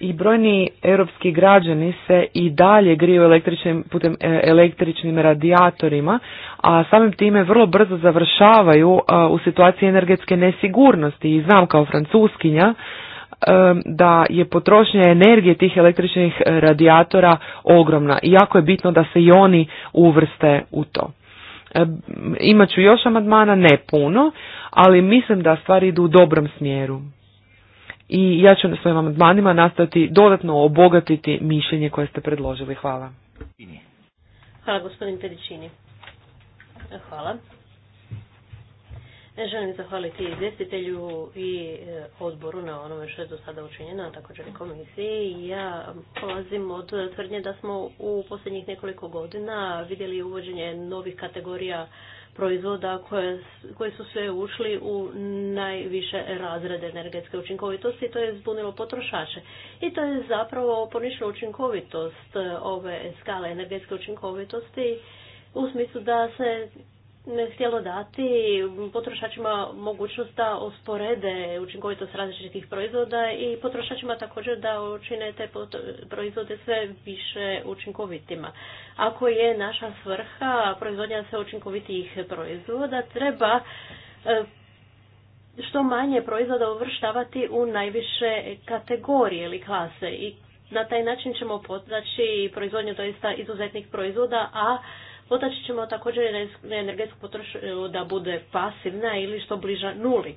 i brojni europski građani se i dalje griju električnim, putem e, električnim radijatorima, a samim time vrlo brzo završavaju e, u situaciji energetske nesigurnosti i znam kao francuskinja e, da je potrošnja energije tih električnih radijatora ogromna i jako je bitno da se i oni uvrste u to. Imaću još amandmana, ne puno, ali mislim da stvari idu u dobrom smjeru i ja ću na svojim amandmanima nastaviti dodatno obogatiti mišljenje koje ste predložili. Hvala. Hvala gospodin Pedicini. Hvala. E, želim zahvaliti izvjestitelju i e, odboru na onome što je do sada učinjeno, a također i komisiji. Ja polazim od tvrdnje da smo u posljednjih nekoliko godina vidjeli uvođenje novih kategorija proizvoda koje, koji su sve ušli u najviše razrede energetske učinkovitosti to je zbunilo potrošače. I to je zapravo ponišlo učinkovitost eh, ove skale energetske učinkovitosti u smislu da se htjelo dati potrošačima mogućnost da osporede učinkovitost različitih proizvoda i potrošačima također da učine te proizvode sve više učinkovitima. Ako je naša svrha proizvodnja sve učinkovitijih proizvoda, treba e, što manje proizvoda uvrštavati u najviše kategorije ili klase i na taj način ćemo potaći proizvodnju doista izuzetnih proizvoda, a Potaći ćemo također energetsku potrošnju da bude pasivna ili što bliža nuli.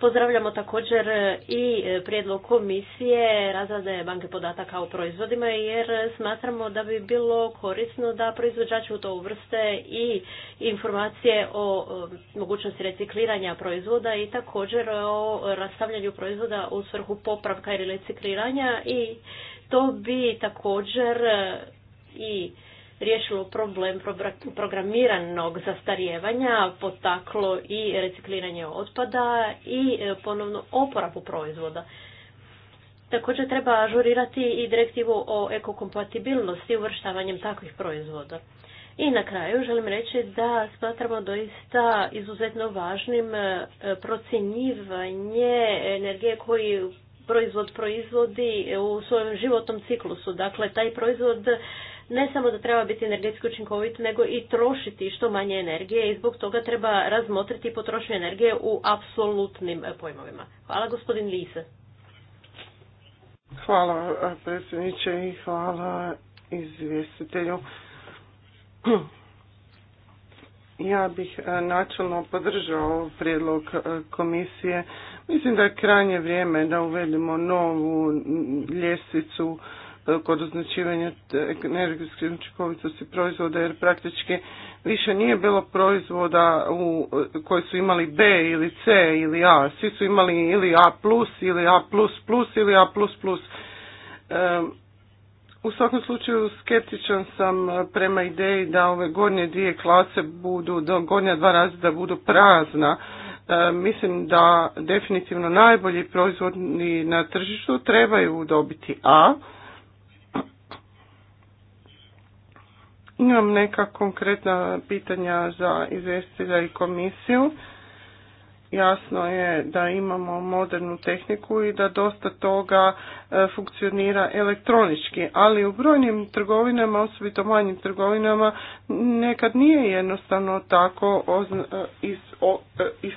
Pozdravljamo također e, i e, prijedlog komisije razrade banke podataka o proizvodima jer smatramo da bi bilo korisno da proizvođači u to uvrste i informacije o e, mogućnosti recikliranja proizvoda i također o rastavljanju proizvoda u svrhu popravka ili recikliranja i to bi također i riješilo problem programiranog zastarijevanja, potaklo i recikliranje otpada i e, ponovno oporabu proizvoda. Također treba ažurirati i direktivu o ekokompatibilnosti uvrštavanjem takvih proizvoda. I na kraju želim reći da smatramo doista izuzetno važnim e, procjenjivanje energije koji proizvod proizvodi u svojem životnom ciklusu. Dakle, taj proizvod ne samo da treba biti energetski učinkovit, nego i trošiti što manje energije i zbog toga treba razmotriti potrošnju energije u apsolutnim e, pojmovima. Hvala gospodin Lise. Hvala e, predsjedniče i hvala izvjestitelju. Ja bih e, načelno podržao prijedlog komisije. Mislim da je krajnje vrijeme da uvedemo novu ljestvicu kod označivanja energijske učinkovitosti proizvoda jer praktički više nije bilo proizvoda u, koji su imali B ili C ili A. Svi su imali ili A+, plus ili A++, plus plus ili A++. plus plus u svakom slučaju skeptičan sam e, prema ideji da ove gornje dvije klase budu, da gornja dva razreda budu prazna. E, mislim da definitivno najbolji proizvodni na tržištu trebaju dobiti A, Imam neka konkretna pitanja za izvjestitelja i komisiju. Jasno je da imamo modernu tehniku i da dosta toga e, funkcionira elektronički, ali u brojnim trgovinama, osobito manjim trgovinama, nekad nije jednostavno tako e, e,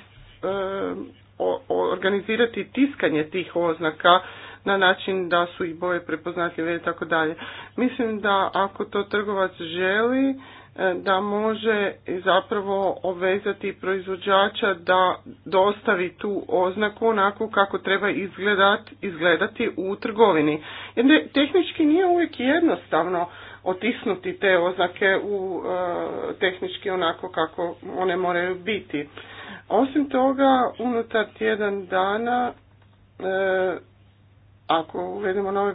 organizirati tiskanje tih oznaka na način da su i boje prepoznatljive i tako dalje. Mislim da ako to trgovac želi, e, da može zapravo obvezati proizvođača da dostavi tu oznaku onako kako treba izgledat, izgledati u trgovini. Jer tehnički nije uvijek jednostavno otisnuti te oznake u e, tehnički onako kako one moraju biti. Osim toga, unutar tjedan dana e, ako uvedemo novi,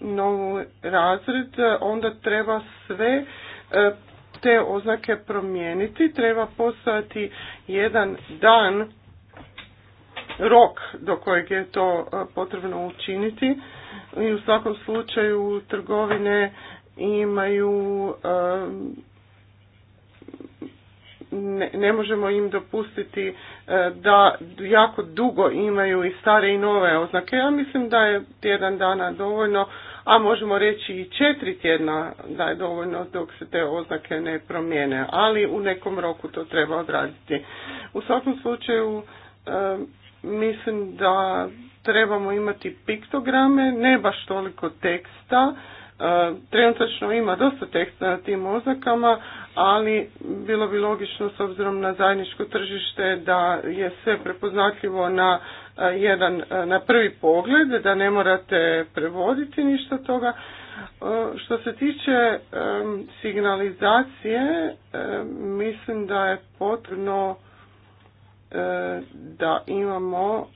novi razred, onda treba sve e, te oznake promijeniti. Treba postojati jedan dan, rok do kojeg je to e, potrebno učiniti. I u svakom slučaju trgovine imaju e, ne možemo im dopustiti e, da jako dugo imaju i stare i nove oznake. Ja mislim da je tjedan dana dovoljno, a možemo reći i četiri tjedna da je dovoljno dok se te oznake ne promijene, ali u nekom roku to treba odraditi. U svakom slučaju e, mislim da trebamo imati piktograme, ne baš toliko teksta, e, trenutačno ima dosta teksta na tim oznakama, ali bilo bi logično s obzirom na zajedničko tržište da je sve prepoznatljivo na e, jedan e, na prvi pogled, da ne morate prevoditi ništa toga. E, što se tiče signalizacije, mislim da je potrebno da imamo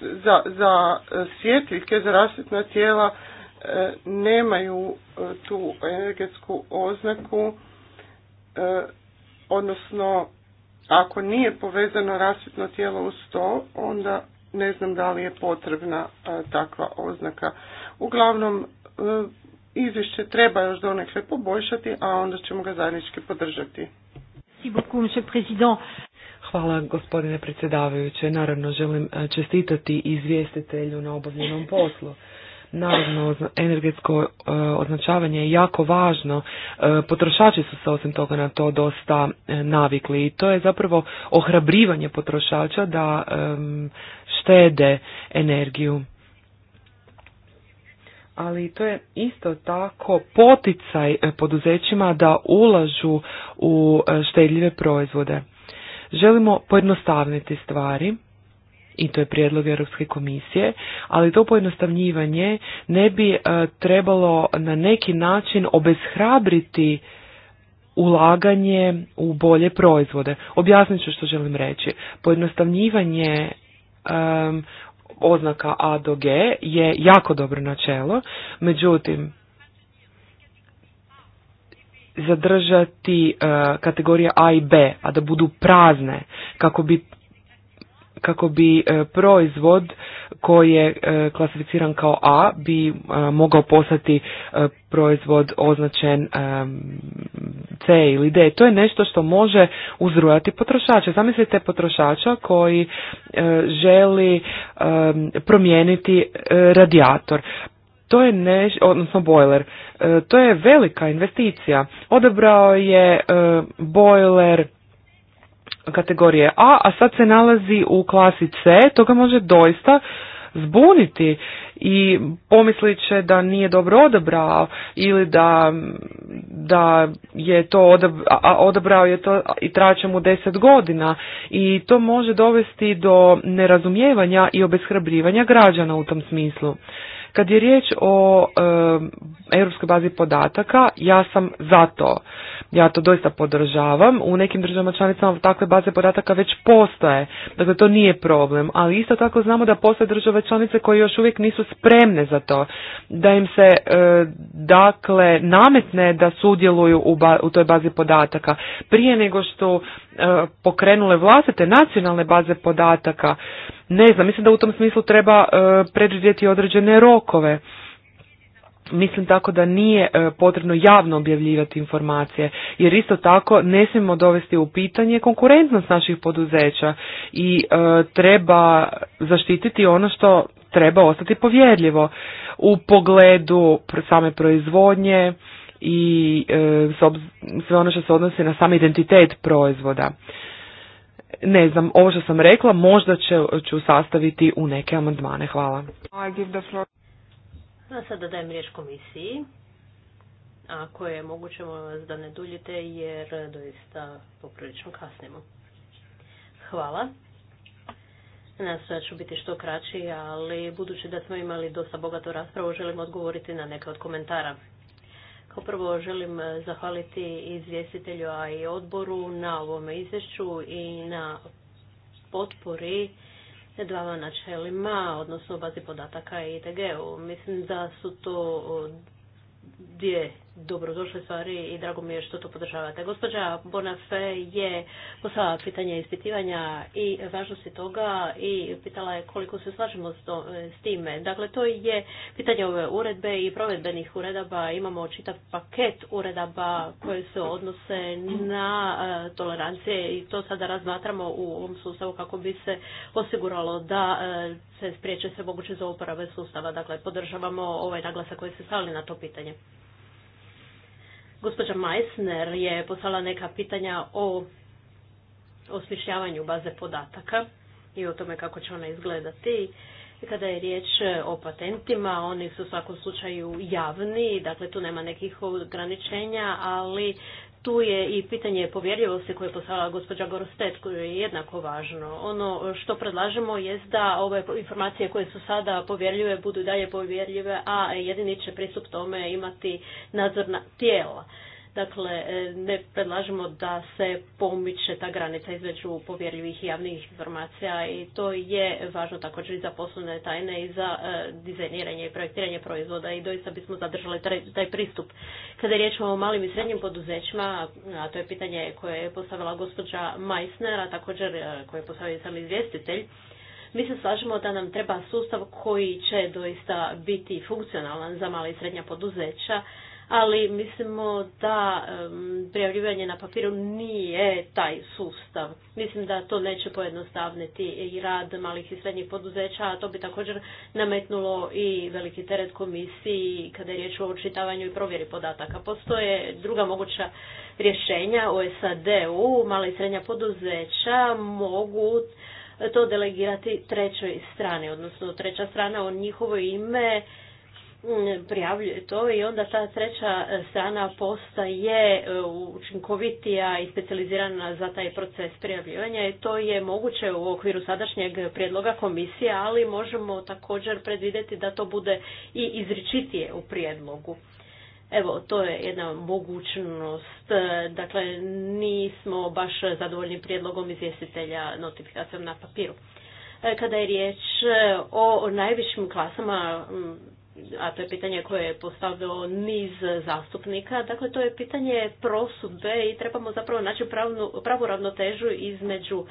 za, za za rasvjetna tijela E, nemaju e, tu energetsku oznaku, e, odnosno ako nije povezano rasvjetno tijelo uz to, onda ne znam da li je potrebna takva oznaka. Uglavnom, izvješće treba još donekle poboljšati, a onda ćemo ga zajednički podržati. Hvala gospodine predsjedavajuće. Naravno želim čestitati izvjestitelju na obavljenom poslu. Naravno, energetsko e, označavanje je jako važno. E, potrošači su se osim toga na to dosta e, navikli i to je zapravo ohrabrivanje potrošača da štede energiju. Ali to je isto tako poticaj poduzećima da ulažu u štedljive proizvode. Želimo pojednostavniti stvari i to je prijedlog Europske komisije, ali to pojednostavnjivanje ne bi e, trebalo na neki način obeshrabriti ulaganje u bolje proizvode. Objasnit ću što želim reći. Pojednostavnjivanje oznaka A do G je jako dobro načelo, međutim, zadržati e, kategorije A i B, a da budu prazne kako bi kako bi e, proizvod koji je e, klasificiran kao A bi e, mogao postati proizvod označen C ili D. To je nešto što može uzrujati potrošača. Zamislite potrošača koji želi promijeniti radijator to je neš, odnosno bojler, to je velika investicija. Odabrao je bojler kategorije A, a sad se nalazi u klasi C, to ga može doista zbuniti i pomislit će da nije dobro odabrao ili da, da je to odabrao, odabrao je to i traće mu deset godina i to može dovesti do nerazumijevanja i obeshrabrivanja građana u tom smislu. Kad je riječ o europskoj bazi podataka, ja sam za to. Ja to doista podržavam. U nekim državama članicama takve baze podataka već postoje. Dakle, to nije problem. Ali isto tako znamo da postoje države članice koje još uvijek nisu spremne za to. Da im se, e, dakle, nametne da sudjeluju u, ba, u toj bazi podataka. Prije nego što E, pokrenule vlastite nacionalne baze podataka. Ne znam, mislim da u tom smislu treba e, predvidjeti određene rokove. Mislim tako da nije e, potrebno javno objavljivati informacije, jer isto tako ne smijemo dovesti u pitanje konkurentnost naših poduzeća i treba zaštititi ono što treba ostati povjerljivo u pogledu same proizvodnje, i e, sve ono što se odnosi na sam identitet proizvoda. Ne znam, ovo što sam rekla možda ću sastaviti u neke amandmane. Hvala. A sada dajem riječ komisiji. Ako je moguće, molim vas da ne duljite jer doista poprilično kasnimo. Hvala. Nastojat ću biti što kraći, ali budući da smo imali dosta bogatu raspravu, želim odgovoriti na neke od komentara. Kao prvo želim eh, zahvaliti izvjestitelju, a i odboru na ovome izvješću i na potpori dvama načelima, odnosno bazi podataka i ITG-u. Mislim da su to eh, dvije dobrodošle stvari i drago mi je što to podržavate. Gospođa Bonafe je postavila pitanje ispitivanja i važnosti toga i pitala je koliko se slažemo s, time. Dakle, to je pitanje ove uredbe i provedbenih uredaba. Imamo čitav paket uredaba koje se odnose na e, tolerancije i to sada razmatramo u ovom sustavu kako bi se osiguralo da e, se spriječe sve moguće uporabe sustava. Dakle, podržavamo ovaj naglasak koji se stavili na to pitanje. Gospođa Meissner je poslala neka pitanja o osmišljavanju baze podataka i o tome kako će ona izgledati. Kada je riječ o patentima, oni su u svakom slučaju javni, dakle tu nema nekih ograničenja, ali tu je i pitanje povjerljivosti koje je postavila gospođa Gorostet, koje je jednako važno. Ono što predlažemo je da ove informacije koje su sada povjerljive budu dalje povjerljive, a jedini će pristup tome imati nadzorna tijela. Dakle, e, ne predlažemo da se pomiče ta granica između povjerljivih i javnih informacija i to je važno također i za poslovne tajne i za e, dizajniranje i projektiranje proizvoda i doista bismo zadržali taj pristup. Kada je riječ o malim i srednjim poduzećima, a to je pitanje koje je postavila gospođa Meissner, a također e, koje je postavio sam izvjestitelj, mi se slažemo da nam treba sustav koji će doista biti funkcionalan za mala i srednja poduzeća ali mislimo da prijavljivanje na papiru nije taj sustav. Mislim da to neće pojednostavniti i rad malih i srednjih poduzeća, a to bi također nametnulo i veliki teret komisiji kada je riječ o očitavanju i provjeri podataka. Postoje druga moguća rješenja u SAD-u, mala i srednja poduzeća mogu to delegirati trećoj strani, odnosno treća strana o njihovo ime prijavljuje to i onda ta treća strana postaje e, učinkovitija i specijalizirana za taj proces prijavljivanja i to je moguće u okviru sadašnjeg prijedloga komisije, ali možemo također predvidjeti da to bude i izričitije u prijedlogu. Evo, to je jedna mogućnost. E, dakle, nismo baš zadovoljni prijedlogom izvjestitelja notifikacijom na papiru. E, kada je riječ o najvišim klasama a to je pitanje koje je postavilo niz zastupnika. Dakle, to je pitanje prosudbe i trebamo zapravo naći pravu ravnotežu između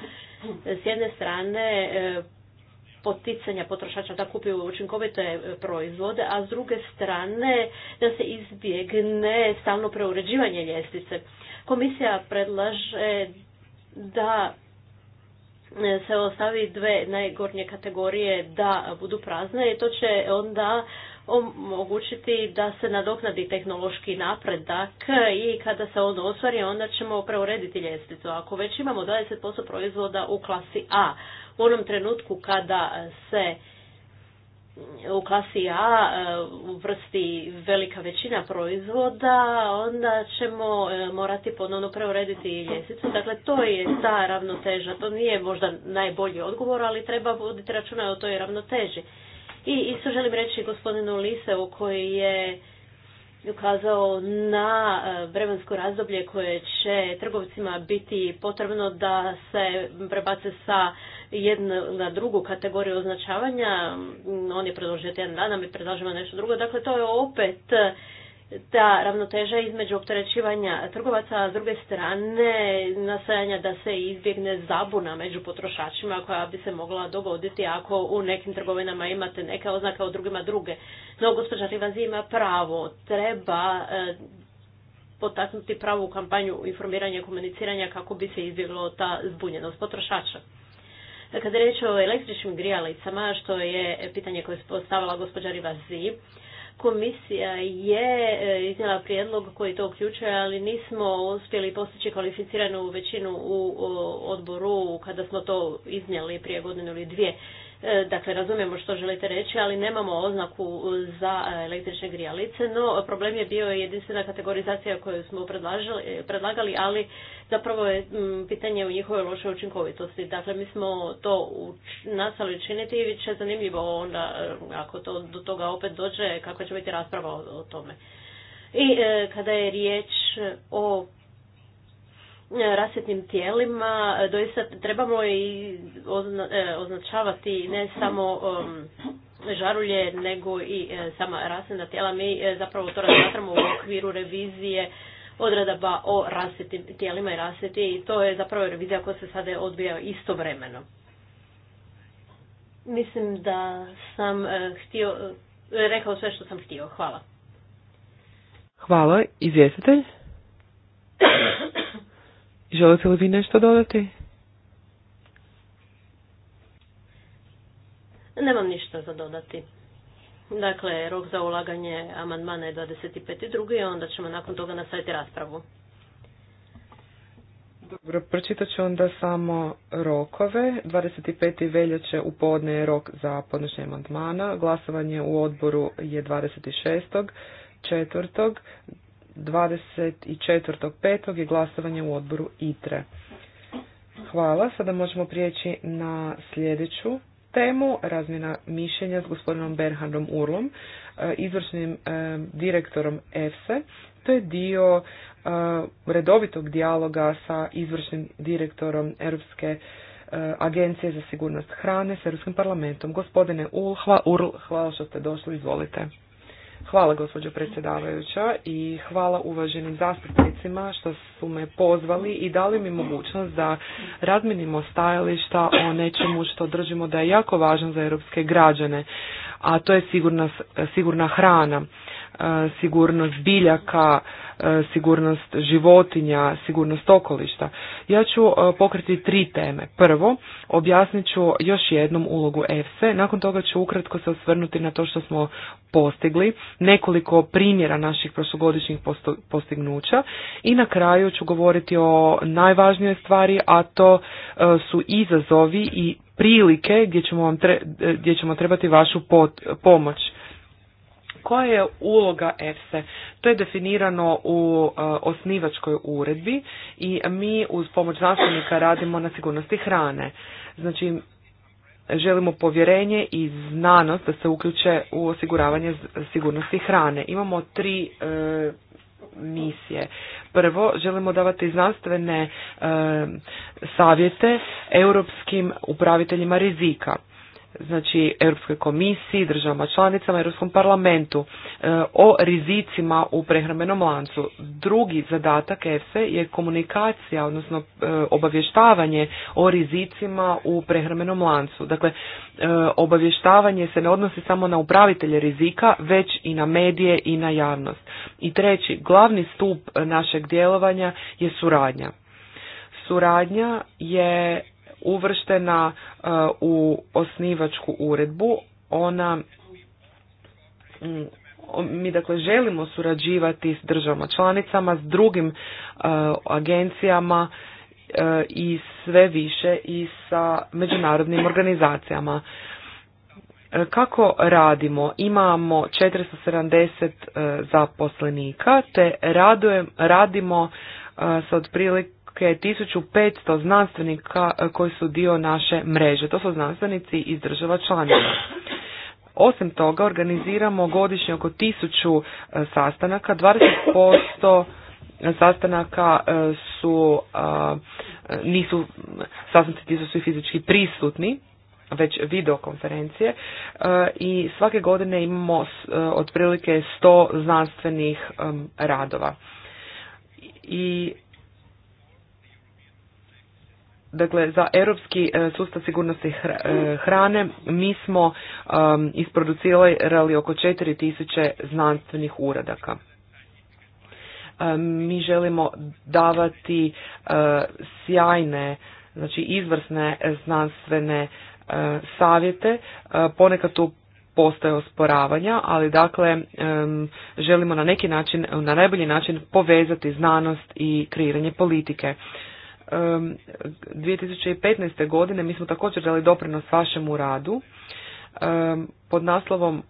s jedne strane e, poticanja potrošača da kupuju učinkovite e, proizvode, a s druge strane da se izbjegne stalno preuređivanje ljestvice. Komisija predlaže da e, se ostavi dve najgornje kategorije da budu prazne i to će onda omogućiti da se nadoknadi tehnološki napredak i kada se on ostvari onda ćemo preurediti ljestvicu. Ako već imamo 20% proizvoda u klasi A, u onom trenutku kada se u klasi A e, uvrsti velika većina proizvoda, onda ćemo e, morati ponovno preurediti ljestvicu. Dakle, to je ta ravnoteža. To nije možda najbolji odgovor, ali treba voditi računa o toj ravnoteži. I isto želim reći gospodinu Liseu koji je ukazao na e, vremensko razdoblje koje će trgovcima biti potrebno da se prebace sa jednu na drugu kategoriju označavanja. On je predložio jedan dan, a mi predlažemo nešto drugo. Dakle, to je opet ta ravnoteža između opterećivanja trgovaca, a s druge strane nasajanja da se izbjegne zabuna među potrošačima koja bi se mogla dogoditi ako u nekim trgovinama imate neke oznake, a u drugima druge. No, gospođa Rivazi ima pravo, treba e, potaknuti pravu kampanju informiranja i komuniciranja kako bi se izbjeglo ta zbunjenost potrošača. Kada je o električnim grijalicama, što je pitanje koje je postavila gospođa Rivazi, Komisija je e, iznijela prijedlog koji to uključuje, ali nismo uspjeli postići kvalificiranu većinu u odboru kada smo to iznijeli prije godinu ili dvije. E, dakle, razumijemo što želite reći, ali nemamo oznaku za električne grijalice, no problem je bio jedinstvena kategorizacija koju smo predlagali, ali zapravo je pitanje u njihovoj lošoj učinkovitosti. Dakle, mi smo to nastali činiti i bit će zanimljivo onda, e, ako to do toga opet dođe, kako će biti rasprava o, tome. I e, kada je riječ o E, rasvjetnim tijelima e, doista trebamo i e, označavati ne samo um, žarulje nego i sama rasvjetna tijela. Mi zapravo to razmatramo u okviru revizije odredaba o rasvjetnim tijelima i rasvjeti i to je zapravo revizija koja se sada odbija istovremeno. Mislim da sam htio, rekao sve što sam htio. Hvala. Hvala. Izvjestitelj? Želite li vi nešto dodati? Nemam ništa za dodati. Dakle, rok za ulaganje amandmana je 25.2. onda ćemo nakon toga nastaviti raspravu. Dobro, pročitat ću onda samo rokove. 25. veljače u podne je rok za podnošenje amandmana. Glasovanje u odboru je 26. četvrtog. 24.5. je glasovanje u odboru ITRE. Hvala. Sada možemo prijeći na sljedeću temu razmjena mišljenja s gospodinom Berhandom Urlom, eh, izvršnim eh, direktorom EFSE. To je dio eh, redovitog dijaloga sa izvršnim direktorom Europske agencije za sigurnost hrane s Europskim parlamentom. Gospodine Url, hvala što ste došli, izvolite. Hvala gospođo predsjedavajuća i hvala uvaženim zastupnicima što su me pozvali i dali mi mogućnost da razminimo stajališta o nečemu što držimo da je jako važno za europske građane, a to je sigurna, sigurna hrana. E, sigurnost biljaka, e, sigurnost životinja, sigurnost okolišta. Ja ću e, pokriti tri teme. Prvo, objasnit ću još jednom ulogu EFSE, nakon toga ću ukratko se osvrnuti na to što smo postigli, nekoliko primjera naših prošlogodišnjih postignuća i na kraju ću govoriti o najvažnijoj stvari, a to su izazovi i prilike gdje ćemo, trebati vašu pomoć koja je uloga EFSE? To je definirano u e, osnivačkoj uredbi i mi uz pomoć znanstvenika radimo na sigurnosti hrane. Znači, želimo povjerenje i znanost da se uključe u osiguravanje sigurnosti hrane. Imamo tri e, misije. Prvo, želimo davati znanstvene e, savjete europskim upraviteljima rizika znači Europskoj komisiji, državama članicama, Europskom parlamentu e, o rizicima u prehrambenom lancu. Drugi zadatak EFSE je komunikacija, odnosno e, obavještavanje o rizicima u prehrambenom lancu. Dakle, e, obavještavanje se ne odnosi samo na upravitelje rizika, već i na medije i na javnost. I treći, glavni stup našeg djelovanja je suradnja. Suradnja je uvrštena e, u osnivačku uredbu. Ona mm, mi dakle želimo surađivati s državama članicama, s drugim e, agencijama e, i sve više i sa međunarodnim organizacijama. kako radimo? Imamo 470 zaposlenika te radimo sa otprilike je 1500 znanstvenika e, koji su dio naše mreže. To su znanstvenici iz država članica. Osim toga, organiziramo godišnje oko 1000 e, sastanaka, 20% sastanaka e, su, nisu, sastanci ti su fizički prisutni, već videokonferencije i svake godine imamo otprilike 100 znanstvenih radova. I Dakle, za europski e, sustav sigurnosti e, hrane mi smo isproducirali oko 4000 znanstvenih uradaka. mi želimo davati e, sjajne, znači izvrsne znanstvene savjete, ponekad tu postoje osporavanja, ali dakle želimo na neki način, na najbolji način povezati znanost i kreiranje politike. 2015. godine mi smo također dali doprinos vašemu radu pod naslovom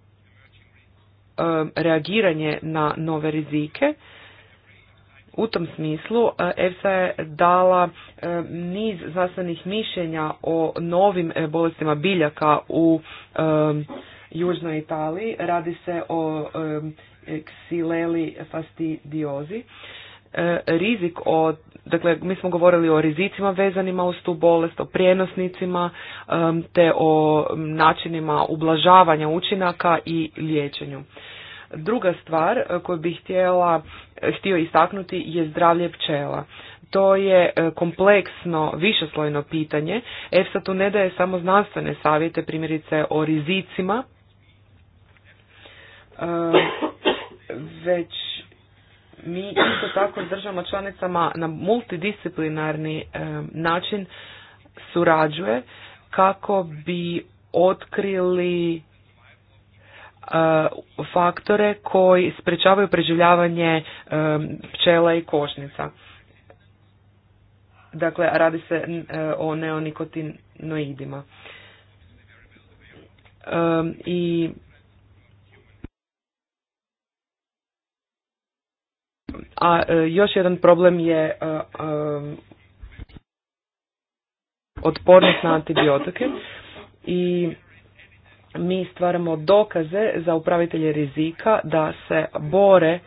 reagiranje na nove rizike. U tom smislu eh, EFSA je dala niz znanstvenih mišljenja o novim eh, bolestima biljaka u Južnoj Italiji. Radi se o ksileli fastidiozi. E, rizik od Dakle, mi smo govorili o rizicima vezanima uz tu bolest, o prijenosnicima, e, te o načinima ublažavanja učinaka i liječenju. Druga stvar e, koju bih htjela, htio istaknuti je zdravlje pčela. To je kompleksno, višeslojno pitanje. EFSA tu ne daje samo znanstvene savjete, primjerice o rizicima, već mi isto tako s državama članicama na multidisciplinarni način surađuje kako bi otkrili eh, faktore koji sprečavaju preživljavanje pčela i košnica. Dakle, radi se e, o neonikotinoidima. I A e, još jedan problem je e, e, otpornost na antibiotike i mi stvaramo dokaze za upravitelje rizika da se bore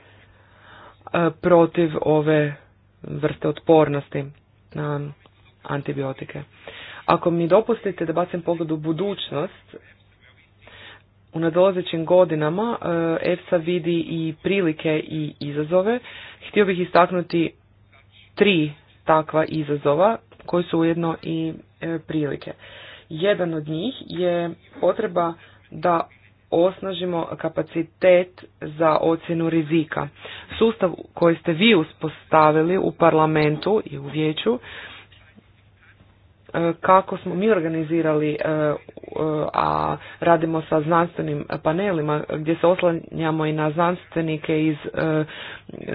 protiv ove vrste otpornosti na antibiotike. Ako mi dopustite da bacim pogled u budućnost, u nadolazećim godinama e, EFSA vidi i prilike i izazove. Htio bih istaknuti tri takva izazova koji su ujedno i e, prilike. Jedan od njih je potreba da osnažimo kapacitet za ocjenu rizika. Sustav koji ste vi uspostavili u parlamentu i u vijeću e, kako smo mi organizirali E, a radimo sa znanstvenim panelima gdje se oslanjamo i na znanstvenike iz e,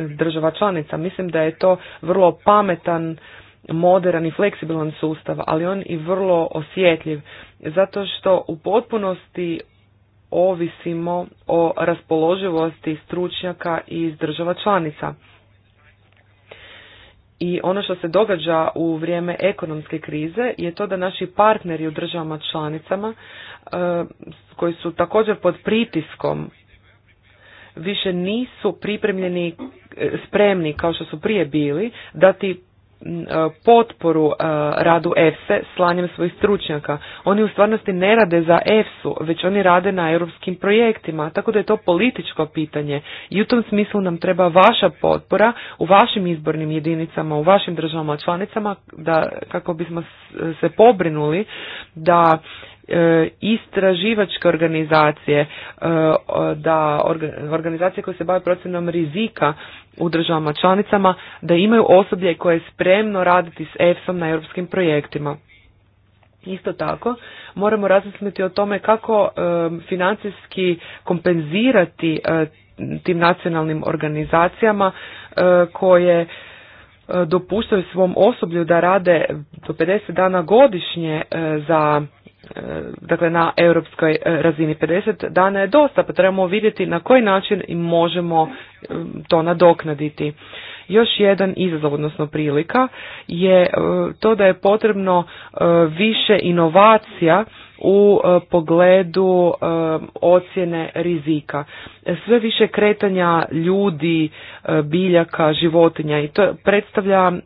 država članica. Mislim da je to vrlo pametan, moderan i fleksibilan sustav, ali on i vrlo osjetljiv, zato što u potpunosti ovisimo o raspoloživosti stručnjaka iz država članica i ono što se događa u vrijeme ekonomske krize je to da naši partneri u državama članicama e, koji su također pod pritiskom više nisu pripremljeni e, spremni kao što su prije bili dati E, potporu e, radu EFSE slanjem svojih stručnjaka. Oni u stvarnosti ne rade za EFSU, već oni rade na europskim projektima, tako da je to političko pitanje. I u tom smislu nam treba vaša potpora u vašim izbornim jedinicama, u vašim državama članicama, da, kako bismo se pobrinuli da E, istraživačke organizacije, e, da organizacije koje se bave procjenom rizika u državama članicama, da imaju osoblje koje je spremno raditi s EFSA-om na europskim projektima. Isto tako, moramo razmisliti o tome kako e, financijski kompenzirati tim nacionalnim organizacijama koje dopuštaju svom osoblju da rade do 50 dana godišnje za E, dakle na europskoj e, razini 50 dana je dosta, pa trebamo vidjeti na koji način možemo e, to nadoknaditi. Još jedan izazov, odnosno prilika, je to da je potrebno više inovacija u pogledu ocjene rizika sve više kretanja ljudi, e, biljaka, životinja i to predstavlja e,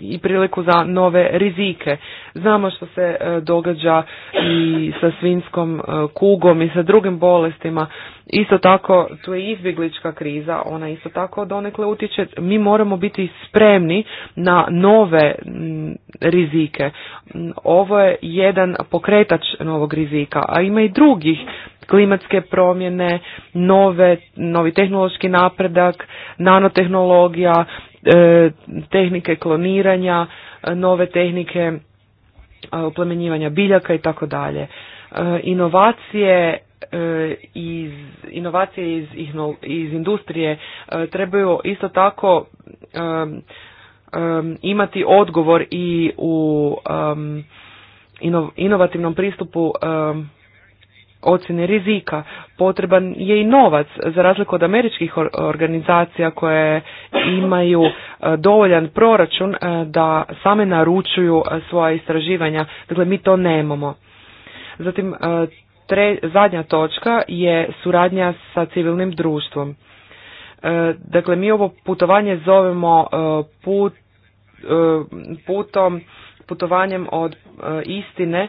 i priliku za nove rizike. Znamo što se e, događa i sa svinskom kugom i sa drugim bolestima. Isto tako, tu je izbjeglička kriza, ona isto tako donekle utječe. Mi moramo biti spremni na nove rizike. Ovo je jedan pokretač novog rizika, a ima i drugih klimatske promjene, nove, novi tehnološki napredak, nanotehnologija, e, tehnike kloniranja, e, nove tehnike e, oplemenjivanja biljaka i tako dalje. Inovacije iz inovacije iz, iz industrije trebaju isto tako imati odgovor i u inovativnom pristupu ocjene rizika. Potreban je i novac, za razliku od američkih organizacija koje imaju e, dovoljan proračun e, da same naručuju e, svoja istraživanja. Dakle, mi to nemamo. Zatim, tre, zadnja točka je suradnja sa civilnim društvom. Dakle, mi ovo putovanje zovemo put, putom, putovanjem od istine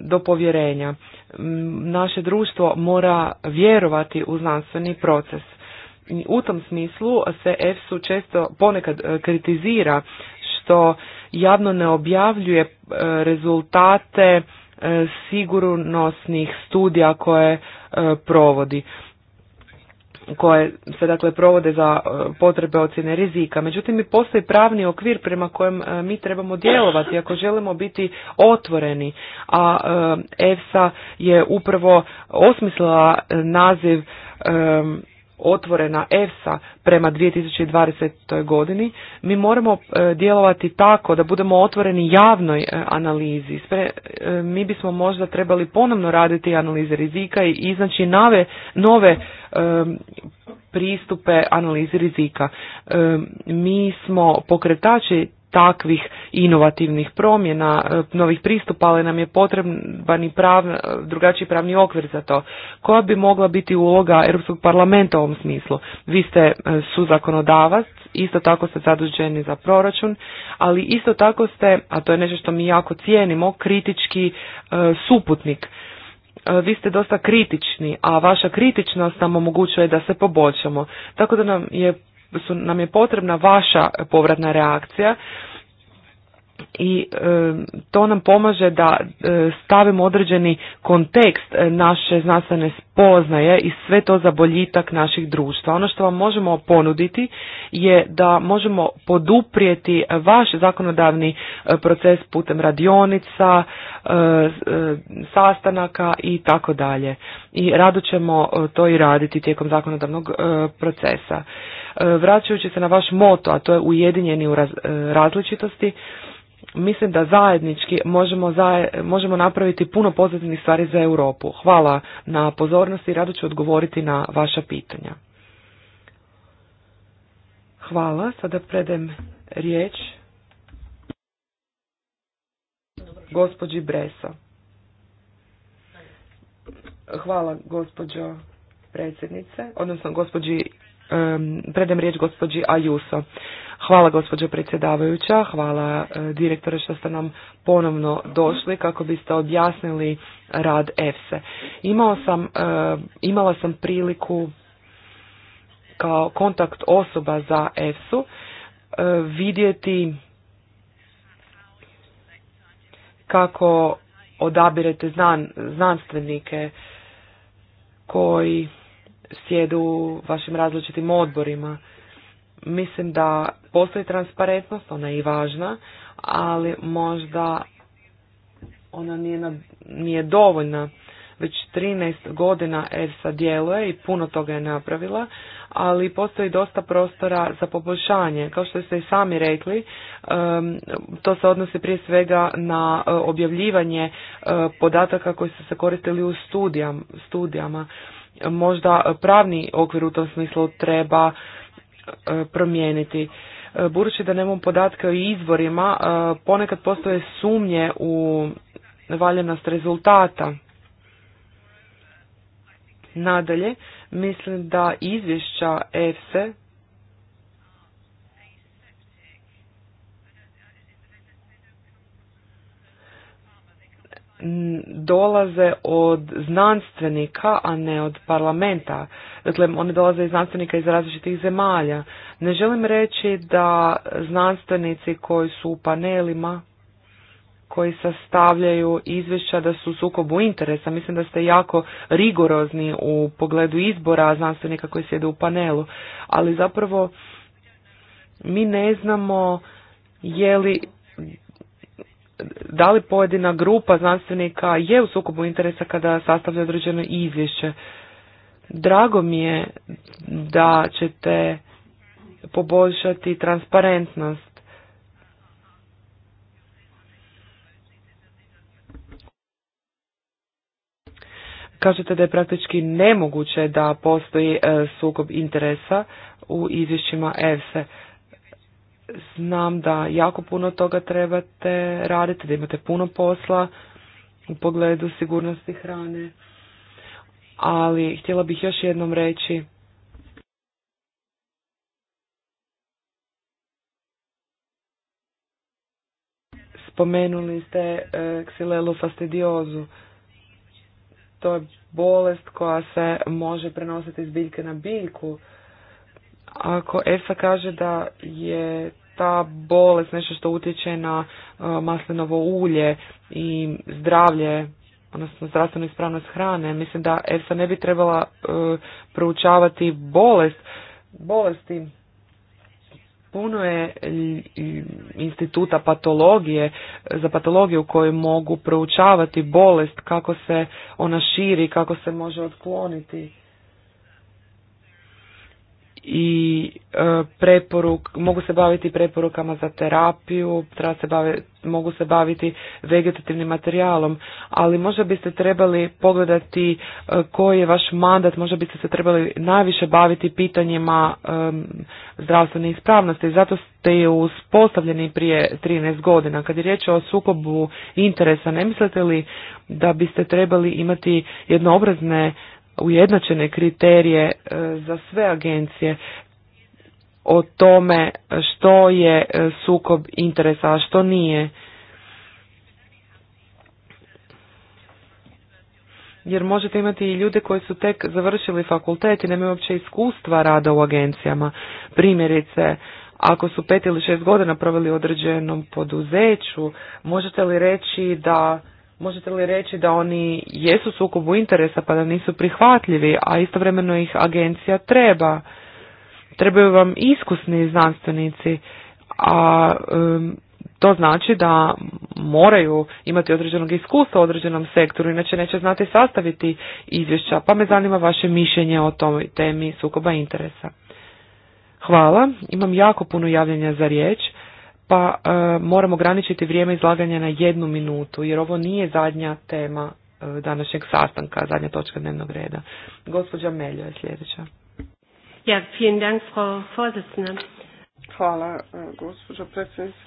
do povjerenja. Naše društvo mora vjerovati u znanstveni proces. U tom smislu se EFSU često ponekad e, kritizira što javno ne objavljuje e, rezultate e, sigurnosnih studija koje provodi koje se dakle provode za e, potrebe ocjene rizika. Međutim, i postoji pravni okvir prema kojem e, mi trebamo djelovati ako želimo biti otvoreni, a e, EFSA je upravo osmislila naziv otvorena EFSA prema 2020. godini, mi moramo e, djelovati tako da budemo otvoreni javnoj e, analizi. E, mi bismo možda trebali ponovno raditi analize rizika i iznaći nove, nove pristupe analizi rizika. Mi smo pokretači takvih inovativnih promjena, e, novih pristupa, ali nam je potreban i prav, e, drugačiji pravni okvir za to. Koja bi mogla biti uloga Europskog parlamenta u ovom smislu? Vi ste e, su zakonodavac, isto tako ste zaduženi za proračun, ali isto tako ste, a to je nešto što mi jako cijenimo, kritički suputnik vi ste dosta kritični, a vaša kritičnost nam omogućuje da se poboljšamo. Tako da nam je nam je potrebna vaša povratna reakcija i e, to nam pomaže da e, stavimo određeni kontekst e, naše znanstvene spoznaje i sve to za boljitak naših društva. Ono što vam možemo ponuditi je da možemo poduprijeti vaš zakonodavni proces putem radionica, sastanaka i tako dalje. I rado ćemo to i raditi tijekom zakonodavnog procesa. E, vraćajući se na vaš moto, a to je ujedinjeni u e, različitosti, mislim da zajednički možemo, zaje, možemo napraviti puno pozitivnih stvari za Europu. Hvala na pozornosti i rado ću odgovoriti na vaša pitanja. Hvala, sada predem riječ gospođi Bresa. Hvala gospođo predsjednice, odnosno gospođi predem riječ gospođi Ajuso. Hvala gospođo predsjedavajuća, hvala e, direktore što ste nam ponovno došli kako biste objasnili rad EFSE. Imao sam, e, imala sam priliku kao kontakt osoba za EFSU e, vidjeti kako odabirete znan, znanstvenike koji Sjedu u vašim različitim odborima. Mislim da postoji transparentnost, ona je i važna, ali možda ona nije, nije dovoljna. Već 13 godina ESA djeluje i puno toga je napravila, ali postoji dosta prostora za poboljšanje. Kao što ste i sami rekli, to se odnosi prije svega na e, objavljivanje e, podataka koji su se koristili u studijama možda pravni okvir u tom smislu treba e, promijeniti. E, budući da nemam podatke o izvorima, e, ponekad postoje sumnje u valjanost rezultata. Nadalje, mislim da izvješća EFSE dolaze od znanstvenika, a ne od parlamenta. Dakle, one dolaze iz znanstvenika iz različitih zemalja. Ne želim reći da znanstvenici koji su u panelima, koji sastavljaju izvješća da su u sukobu interesa. Mislim da ste jako rigorozni u pogledu izbora znanstvenika koji sjede u panelu. Ali zapravo mi ne znamo je li da li pojedina grupa znanstvenika je u sukobu interesa kada sastavlja određeno izvješće. Drago mi je da ćete poboljšati transparentnost. Kažete da je praktički nemoguće da postoji e, sukob interesa u izvješćima EFSE znam da jako puno toga trebate raditi, da imate puno posla u pogledu sigurnosti hrane. Ali htjela bih još jednom reći spomenuli ste e, ksilelu fastidiozu. To je bolest koja se može prenositi iz biljke na biljku. Ako ESA kaže da je ta bolest nešto što utječe na e, maslinovo ulje i zdravlje, odnosno zdravstvenu ispravnost hrane, mislim da ESA ne bi trebala e, proučavati bolest, bolesti puno je instituta patologije, za patologiju kojoj mogu proučavati bolest, kako se ona širi, kako se može otkloniti i e, preporuk, mogu se baviti preporukama za terapiju, treba se mogu se baviti vegetativnim materijalom, ali možda biste trebali pogledati e, koji je vaš mandat, možda biste se trebali najviše baviti pitanjima e, zdravstvene ispravnosti, zato ste je uspostavljeni prije 13 godina. Kad je riječ o sukobu interesa, ne mislite li da biste trebali imati jednoobrazne ujednačene kriterije e, za sve agencije o tome što je e, sukob interesa, a što nije. Jer možete imati i ljude koji su tek završili fakultet i nemaju uopće iskustva rada u agencijama. Primjerice, ako su pet ili šest godina proveli određenom poduzeću, možete li reći da Možete li reći da oni jesu sukobu interesa pa da nisu prihvatljivi, a istovremeno ih agencija treba? Trebaju vam iskusni znanstvenici, a to znači da moraju imati određenog iskustva u određenom sektoru, inače neće znati sastaviti izvješća, pa me zanima vaše mišljenje o toj temi sukoba interesa. Hvala, imam jako puno javljanja za riječ pa moramo e, moram ograničiti vrijeme izlaganja na jednu minutu, jer ovo nije zadnja tema e, današnjeg sastanka, zadnja točka dnevnog reda. Gospođa Meljo je sljedeća. Ja, vielen Dank, Hvala, e, gospođo predsjednice.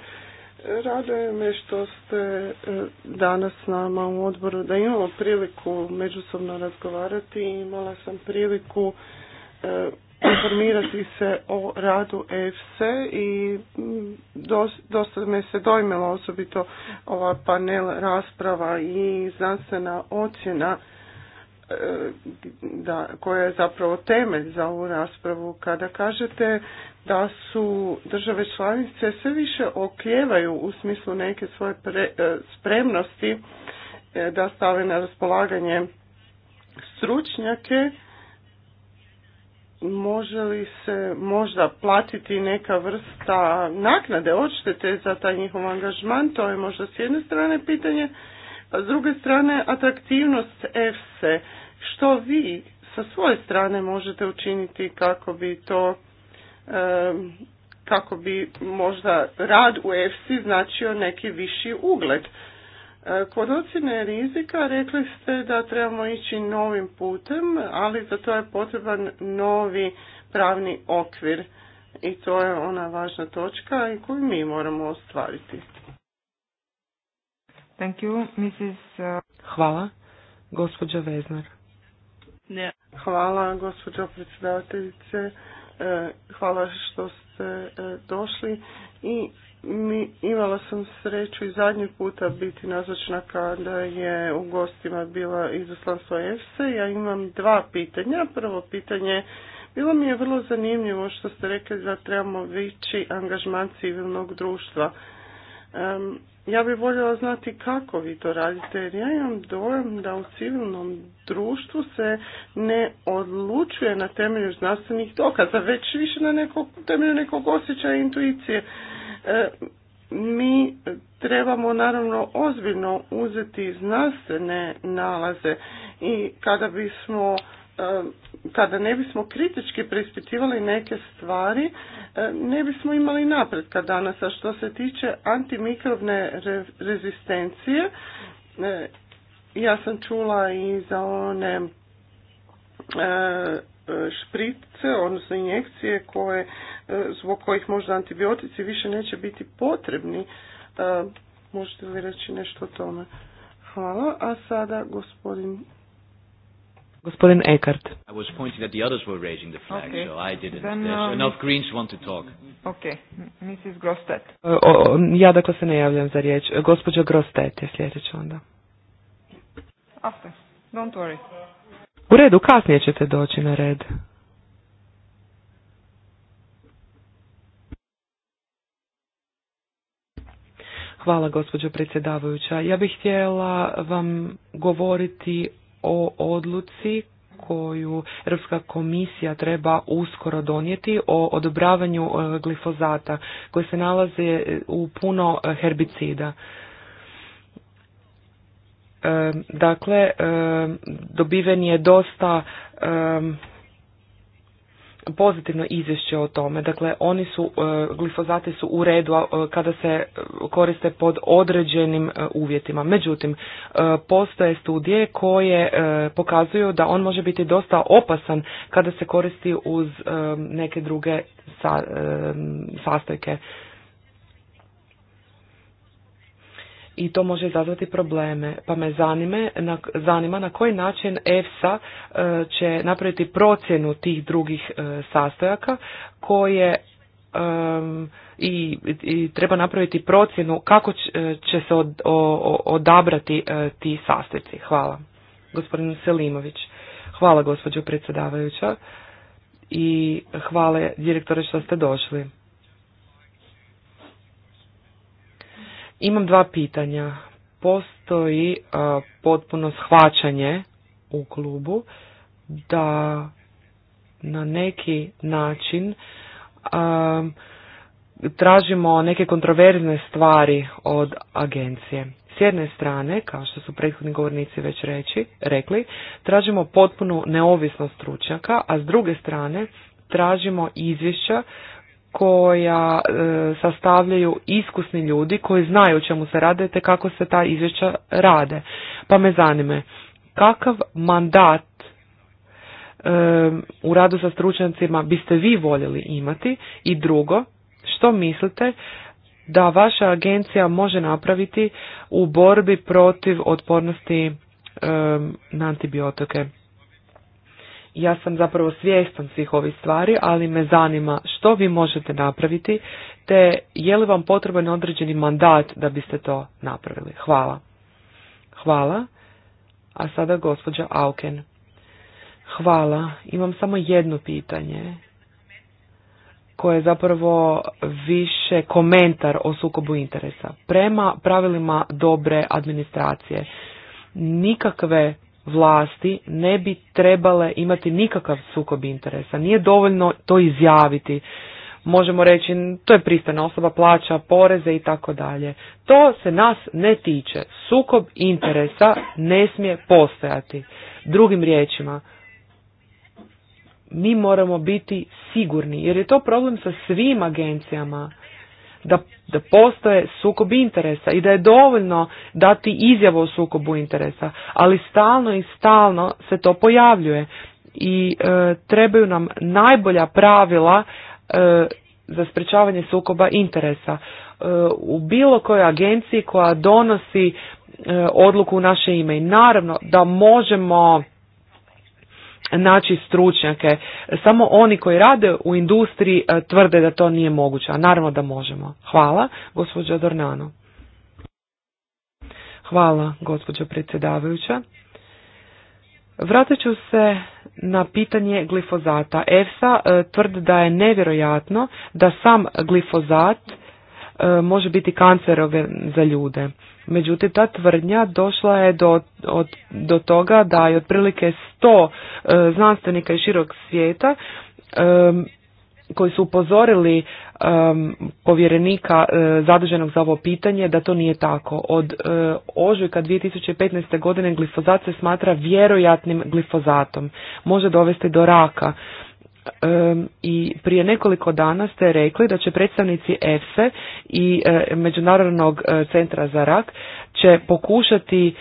Rado me što ste danas s nama u odboru, da imamo priliku međusobno razgovarati. Imala sam priliku informirati se o radu EFC i mm, dosta me se dojmila osobito ova panel rasprava i znanstvena ocjena e, koja je zapravo temelj za ovu raspravu kada kažete da su države članice sve više okljevaju u smislu neke svoje e, spremnosti e, da stave na raspolaganje stručnjake može li se možda platiti neka vrsta naknade, odštete za taj njihov angažman, to je možda s jedne strane pitanje, a s druge strane atraktivnost EFSE, što vi sa svoje strane možete učiniti kako bi to kako bi možda rad u EFSI značio neki viši ugled. Kod ocjene rizika rekli ste da trebamo ići novim putem, ali za to je potreban novi pravni okvir i to je ona važna točka i koju mi moramo ostvariti. Thank you, Mrs. Uh, hvala, gospođa Veznar. Ne. Hvala, gospođo predsjedateljice. E, hvala što ste e, došli i mi, imala sam sreću i zadnji puta biti nazočna kada je u gostima bila izoslanstvo EFSE. Ja imam dva pitanja. Prvo pitanje, bilo mi je vrlo zanimljivo što ste rekli da trebamo vići angažman civilnog društva. ja bih voljela znati kako vi to radite, jer ja imam dojam da u civilnom društvu se ne odlučuje na temelju znanstvenih dokaza, već više na nekog, temelju nekog osjećaja i intuicije. E, mi trebamo naravno ozbiljno uzeti znanstvene nalaze i kada bismo e, kada ne bismo kritički preispitivali neke stvari, e, ne bismo imali napretka danas. A što se tiče antimikrobne rezistencije, ja sam čula i za one šprice, odnosno injekcije koje zbog kojih možda antibiotici više neće biti potrebni. E, možete li reći nešto o tome? Hvala. A sada gospodin Gospodin Eckart. I was pointing that the others were raising the flag, so I didn't. Um, enough Greens want to talk. Okay. Mrs. Grostet. E, ja dakle se ne javljam za riječ. E, Gospodja Grostet je sljedeća onda. After. Don't worry. U redu, kasnije ćete doći na red. Hvala, gospođo predsjedavajuća. Ja bih htjela vam govoriti o odluci koju Europska komisija treba uskoro donijeti o odobravanju e, glifozata koji se nalaze u puno herbicida. E, dakle, e, dobiven je dosta pozitivno izvješće o tome. Dakle, oni su, e, glifozati su u redu e, kada se koriste pod određenim e, uvjetima. Međutim, postoje studije koje pokazuju da on može biti dosta opasan kada se koristi uz neke druge sastojke i to može izazvati probleme. Pa me zanime, na, zanima na koji način EFSA e, će napraviti procjenu tih drugih e, sastojaka koje i, i treba napraviti procjenu kako e, će se odabrati e, ti sastojci. Hvala. Gospodin Selimović. Hvala gospođo predsjedavajuća i hvala direktore što ste došli. Imam dva pitanja. Postoji e, potpuno shvaćanje u klubu da na neki način a, e, tražimo neke kontroverzne stvari od agencije. S jedne strane, kao što su prethodni govornici već rekli, tražimo potpunu neovisnost stručnjaka, a s druge strane tražimo izvješća koja e, sastavljaju iskusni ljudi koji znaju čemu se rade te kako se ta izvješća rade. Pa me zanime, kakav mandat e, u radu sa stručnjacima biste vi voljeli imati i drugo, što mislite da vaša agencija može napraviti u borbi protiv otpornosti e, na antibiotike? ja sam zapravo svjestan svih ovih stvari, ali me zanima što vi možete napraviti, te je li vam potreban određeni mandat da biste to napravili. Hvala. Hvala. A sada gospođa Auken. Hvala. Imam samo jedno pitanje koje je zapravo više komentar o sukobu interesa. Prema pravilima dobre administracije, nikakve vlasti ne bi trebale imati nikakav sukob interesa. Nije dovoljno to izjaviti. Možemo reći, to je pristana osoba, plaća poreze i tako dalje. To se nas ne tiče. Sukob interesa ne smije postojati. Drugim riječima, mi moramo biti sigurni, jer je to problem sa svim agencijama da, da postoje sukob interesa i da je dovoljno dati izjavu o sukobu interesa, ali stalno i stalno se to pojavljuje i e, trebaju nam najbolja pravila e, za sprečavanje sukoba interesa. E, u bilo kojoj agenciji koja donosi odluku u naše ime i naravno da možemo naći stručnjake. Samo oni koji rade u industriji e, tvrde da to nije moguće, a naravno da možemo. Hvala, gospođa Dornano. Hvala, gospođo predsjedavajuća. Vratit ću se na pitanje glifozata. EFSA e, tvrdi da je nevjerojatno da sam glifozat E, može biti kancerove za ljude. Međutim, ta tvrdnja došla je do, od, do toga da je otprilike 100 e, znanstvenika iz širog svijeta e, koji su upozorili povjerenika zaduženog za ovo pitanje da to nije tako. Od uh, ožujka 2015. godine glifozat se smatra vjerojatnim glifozatom. Može dovesti do raka i prije nekoliko dana ste rekli da će predstavnici EFSE i e, Međunarodnog e, centra za rak će pokušati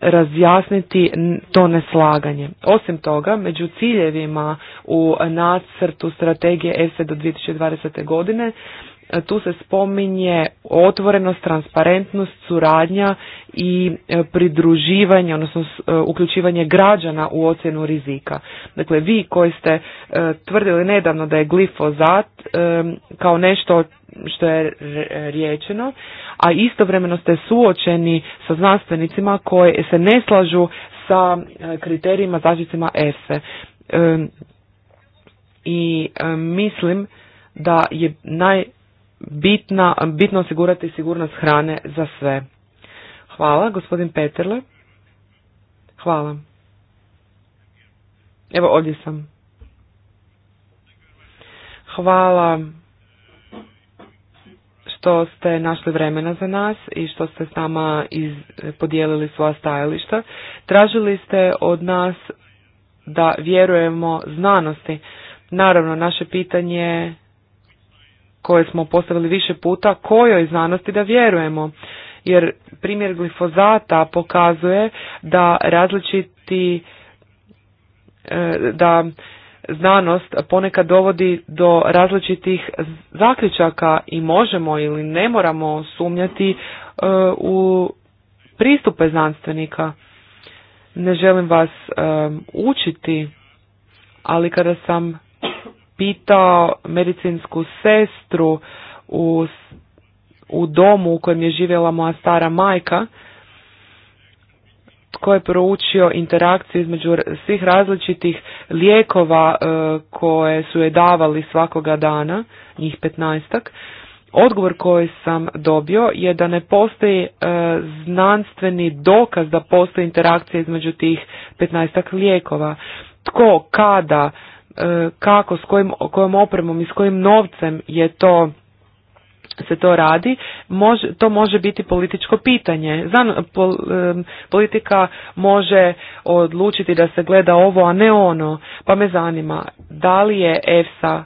razjasniti to neslaganje. Osim toga, među ciljevima u nacrtu strategije EFSE do 2020. godine tu se spominje otvorenost, transparentnost, suradnja i e, pridruživanje, odnosno e, uključivanje građana u ocjenu rizika. Dakle, vi koji ste e, tvrdili nedavno da je glifozat kao nešto što je riječeno, a istovremeno ste suočeni sa znanstvenicima koji se ne slažu sa kriterijima zažicima EFSE. I mislim da je naj bitna, bitno osigurati sigurnost hrane za sve. Hvala, gospodin Peterle. Hvala. Evo ovdje sam. Hvala što ste našli vremena za nas i što ste s nama iz, podijelili svoja stajališta. Tražili ste od nas da vjerujemo znanosti. Naravno, naše pitanje koje smo postavili više puta kojoj znanosti da vjerujemo jer primjer glifozata pokazuje da različiti e, da znanost ponekad dovodi do različitih zaključaka i možemo ili ne moramo sumnjati e, u pristupe znanstvenika. Ne želim vas e, učiti, ali kada sam pitao medicinsku sestru u, u domu u kojem je živjela moja stara majka tko je proučio interakciju između svih različitih lijekova e, koje su je davali svakoga dana, njih 15-ak, odgovor koji sam dobio je da ne postoji e, znanstveni dokaz da postoji interakcija između tih 15-ak lijekova. Tko, kada, E, kako, s kojim, kojom opremom i s kojim novcem je to se to radi, to može biti političko pitanje. Zan, e, politika može odlučiti da se gleda ovo, a ne ono. Pa me zanima, da li je EFSA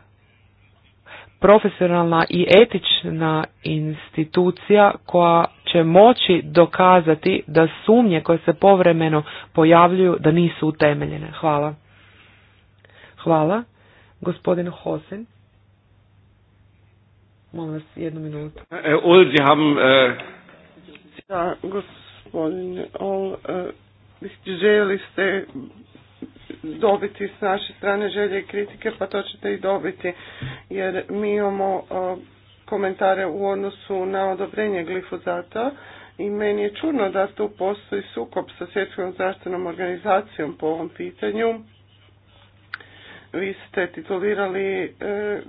profesionalna i etična institucija koja će moći dokazati da sumnje koje se povremeno pojavljuju da nisu utemeljene. Hvala. Hvala. Gospodin Hosen. Molim vas jednu minutu. E, e, da, gospodin Ol, e, želi ste dobiti s naše strane želje i kritike, pa to ćete i dobiti, jer mi imamo komentare u odnosu na odobrenje glifozata i meni je čudno da tu postoji sukob sa svjetskom zdravstvenom organizacijom po ovom pitanju vi ste titulirali e,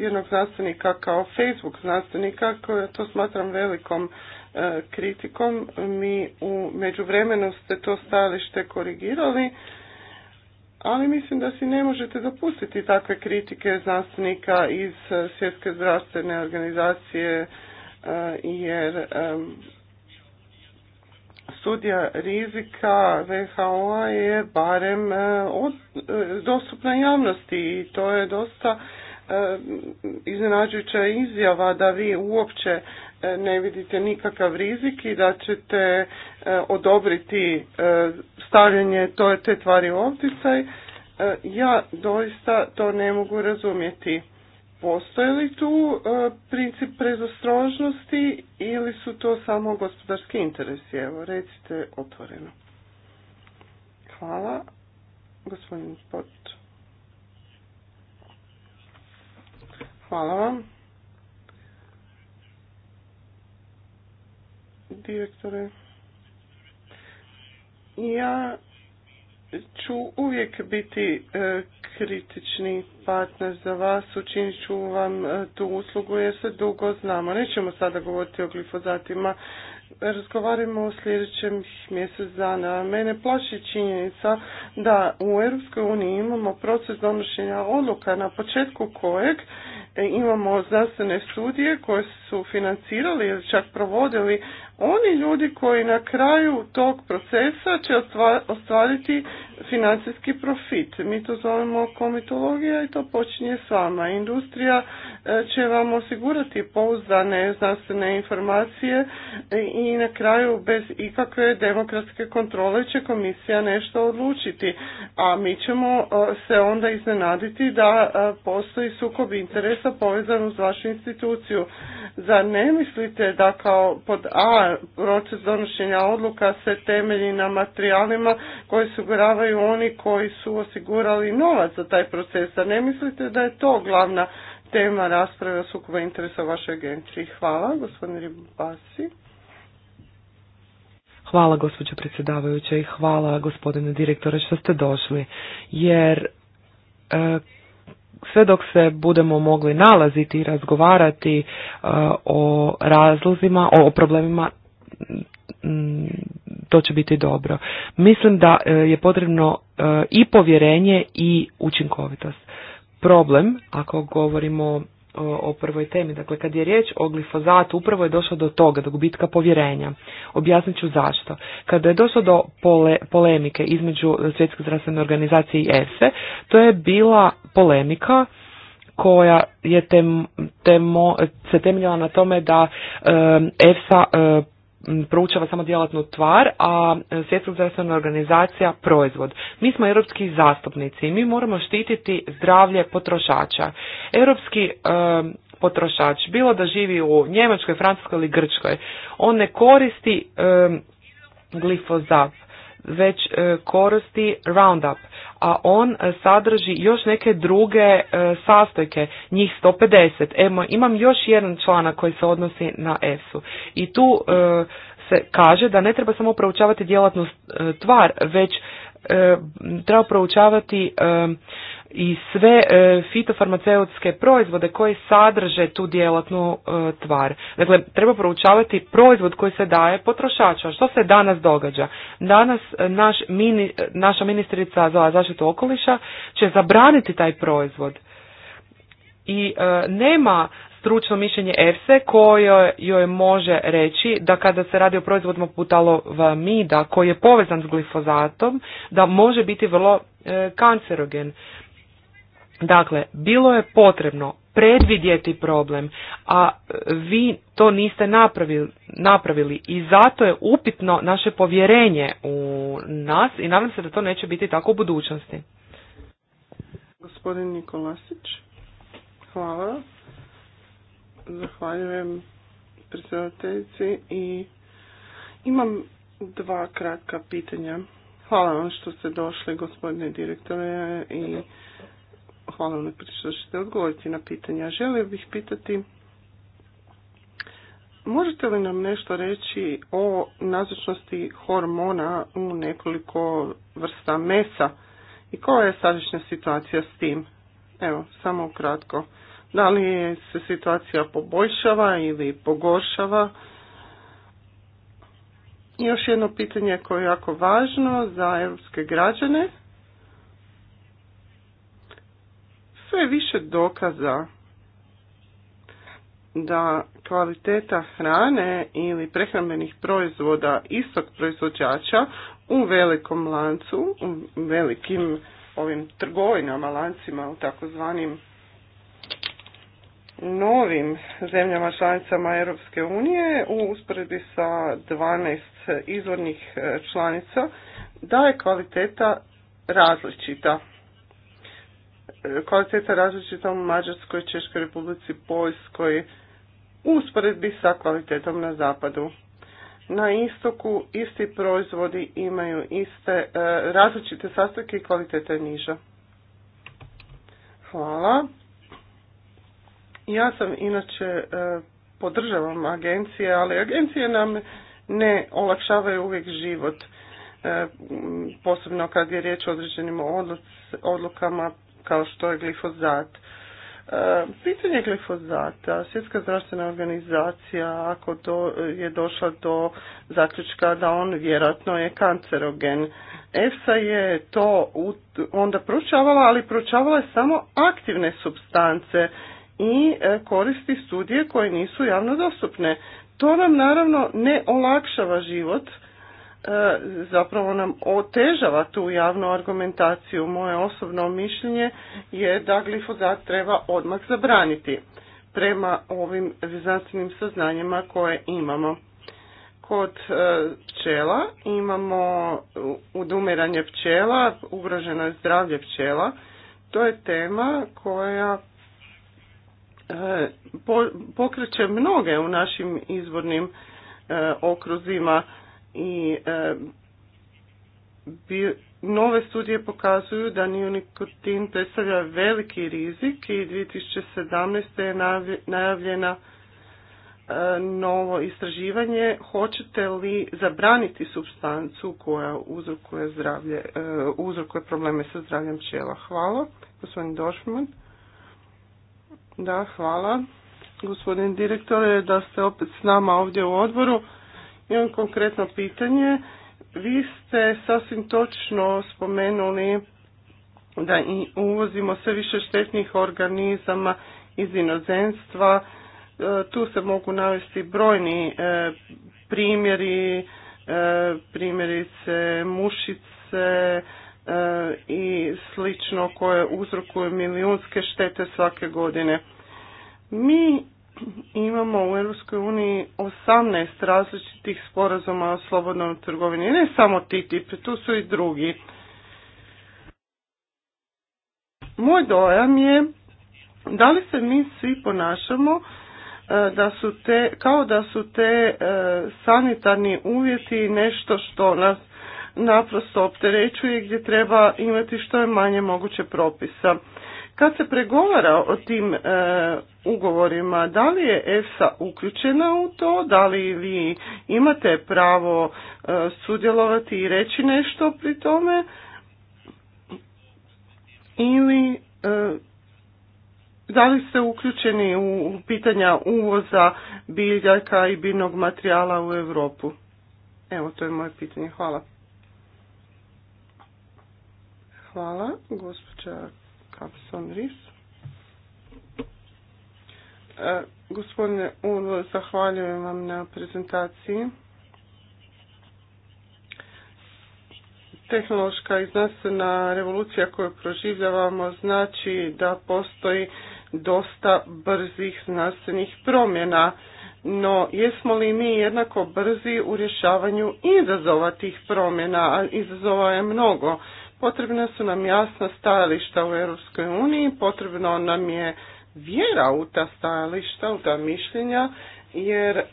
jednog znanstvenika kao Facebook znanstvenika, to smatram velikom e, kritikom. Mi u međuvremenu ste to stajalište korigirali, ali mislim da si ne možete dopustiti takve kritike znanstvenika iz Svjetske zdravstvene organizacije, e, jer studija rizika WHO-a je barem e, od, e, dostupna javnosti i to je dosta e, iznenađujuća izjava da vi uopće ne vidite nikakav rizik i da ćete odobriti stavljanje te tvari u opticaj. Ja doista to ne mogu razumjeti. Postoje li tu e, princip prezostrožnosti ili su to samo gospodarski interesi? Evo, recite otvoreno. Hvala. Gospodin Spot. Hvala vam. Direktore. Ja ću uvijek biti e, kritični partner za vas, učinit ću vam e, tu uslugu jer se dugo znamo. Nećemo sada govoriti o glifozatima, razgovarimo o sljedećem mjesec dana. Mene plaši činjenica da u EU imamo proces donošenja odluka na početku kojeg e, imamo znanstvene studije koje su financirali ili čak provodili oni ljudi koji na kraju tog procesa će ostvariti financijski profit. Mi to zovemo komitologija i to počinje s vama. Industrija e, će vam osigurati pouzdane znanstvene informacije i na kraju bez ikakve demokratske kontrole će komisija nešto odlučiti. A mi ćemo e, se onda iznenaditi da e, postoji sukob interesa povezan uz vašu instituciju. Zar ne mislite da kao pod A proces donošenja odluka se temelji na materijalima koji osiguravaju oni koji su osigurali novac za taj proces. A ne mislite da je to glavna tema rasprave o sukoba interesa u vašoj agenciji? Hvala, gospodine Ribasi. Hvala gospođo predsjedavajuća i hvala gospodine direktore što ste došli, jer e, sve dok se budemo mogli nalaziti i razgovarati e, o razlozima, o problemima, mm, to će biti dobro. Mislim da e, je potrebno e, i povjerenje i učinkovitost. Problem, ako govorimo o prvoj temi. Dakle, kad je riječ o glifozatu, upravo je došlo do toga, do gubitka povjerenja. Objasnit ću zašto. Kada je došlo do pole, polemike između Svjetske zdravstvene organizacije i ESE, to je bila polemika koja je temo, se temeljila na tome da EFSA proučava samo djelatnu tvar, a e, Svjetska zdravstvena organizacija proizvod. Mi smo europski zastupnici i mi moramo štititi zdravlje potrošača. Europski e, potrošač, bilo da živi u Njemačkoj, Francuskoj ili Grčkoj, on ne koristi e, glifoza već e, koristi Roundup, a on e, sadrži još neke druge e, sastojke, njih 150. Emo, imam još jedan članak koji se odnosi na EFSU i tu se kaže da ne treba samo proučavati djelatnost tvar, već treba proučavati i sve e, fitofarmaceutske proizvode koji sadrže tu djelatnu e, tvar. Dakle, treba proučavati proizvod koji se daje potrošaču. A što se danas događa? Danas e, naš mini, naša ministrica za zaštitu okoliša će zabraniti taj proizvod. I nema stručno mišljenje EFSE koje joj može reći da kada se radi o proizvodima putalovamida koji je povezan s glifozatom, da može biti vrlo kancerogen. Dakle, bilo je potrebno predvidjeti problem, a vi to niste napravili, napravili i zato je upitno naše povjerenje u nas i nadam se da to neće biti tako u budućnosti. Gospodin Nikolasić, hvala. Zahvaljujem predsjedateljici i imam dva kratka pitanja. Hvala vam što ste došli gospodine direktore i Hvala vam što ćete odgovoriti na pitanja. Želio bih pitati Možete li nam nešto reći o nazočnosti hormona u nekoliko vrsta mesa i koja je sadašnja situacija s tim? Evo, samo ukratko. Da li se situacija poboljšava ili pogoršava? još jedno pitanje koje je jako važno za europske građane, Sve više dokaza da kvaliteta hrane ili prehrambenih proizvoda istog proizvođača u velikom lancu, u velikim ovim trgovinama, lancima u takozvanim novim zemljama članicama Europske unije u usporedbi sa 12 izvornih e, članica da je kvaliteta različita kvaliteta različita u Mađarskoj, Češkoj republici, Poljskoj, usporedbi sa kvalitetom na zapadu. Na istoku isti proizvodi imaju iste e, različite sastojke i kvalitete niža. Hvala. Ja sam inače e, podržavam agencije, ali agencije nam ne olakšavaju uvijek život, e, posebno kad je riječ o određenim odlukama kao što je glifozat. E, pitanje glifozata, Svjetska zdravstvena organizacija ako do, je došla do zaključka da on vjerojatno je kancerogen. EFSA je to onda proučavala, ali proučavala je samo aktivne substance i e, koristi studije koje nisu javno dostupne. To nam naravno ne olakšava život E, zapravo nam otežava tu javnu argumentaciju. Moje osobno mišljenje je da glifozat treba odmah zabraniti prema ovim znanstvenim saznanjima koje imamo. Kod e, pčela imamo udumiranje pčela, ugroženo je zdravlje pčela. To je tema koja e, pokreće mnoge u našim izbornim okruzima i e, nove studije pokazuju da nikotin predstavlja veliki rizik i 2017. je najavljena e, novo istraživanje. Hoćete li zabraniti substancu koja uzrokuje, zdravlje, e, uzrokuje probleme sa zdravljem čela? Hvala. Gospodin Došman. Da, hvala. Gospodin direktore, da ste opet s nama ovdje u odboru. Imam konkretno pitanje. Vi ste sasvim točno spomenuli da uvozimo sve više štetnih organizama iz inozemstva. E, tu se mogu navesti brojni e, primjeri, e, primjerice mušice i slično koje uzrokuju milijunske štete svake godine. Mi imamo u EU uniji 18 različitih sporazuma o slobodnoj trgovini, ne samo TTIP, tu su i drugi. Moj dojam je da li se mi svi ponašamo e, da su te, kao da su te e, sanitarni uvjeti nešto što nas naprosto opterećuje gdje treba imati što je manje moguće propisa. Kad se pregovara o tim e, ugovorima. Da li je ESA uključena u to? Da li vi imate pravo e, sudjelovati i reći nešto pri tome? Ili e, da li ste uključeni u pitanja uvoza biljaka i biljnog materijala u Europu? Evo, to je moje pitanje. Hvala. Hvala, gospođa Kapson-Ris. E, gospodine zahvaljujem vam na prezentaciji. Tehnološka i znanstvena revolucija koju proživljavamo znači da postoji dosta brzih znanstvenih promjena, no jesmo li mi jednako brzi u rješavanju izazova tih promjena, a izazova je mnogo. Potrebna su nam jasna stajališta u Europskoj uniji, potrebno nam je vjera u ta stajališta, u ta mišljenja, jer e,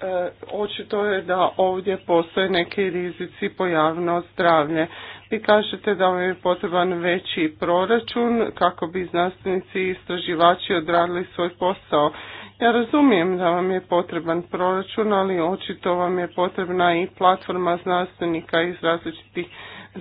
očito je da ovdje postoje neki rizici po javno zdravlje. Vi kažete da vam je potreban veći proračun kako bi znanstvenici i istraživači odradili svoj posao. Ja razumijem da vam je potreban proračun, ali očito vam je potrebna i platforma znanstvenika iz različitih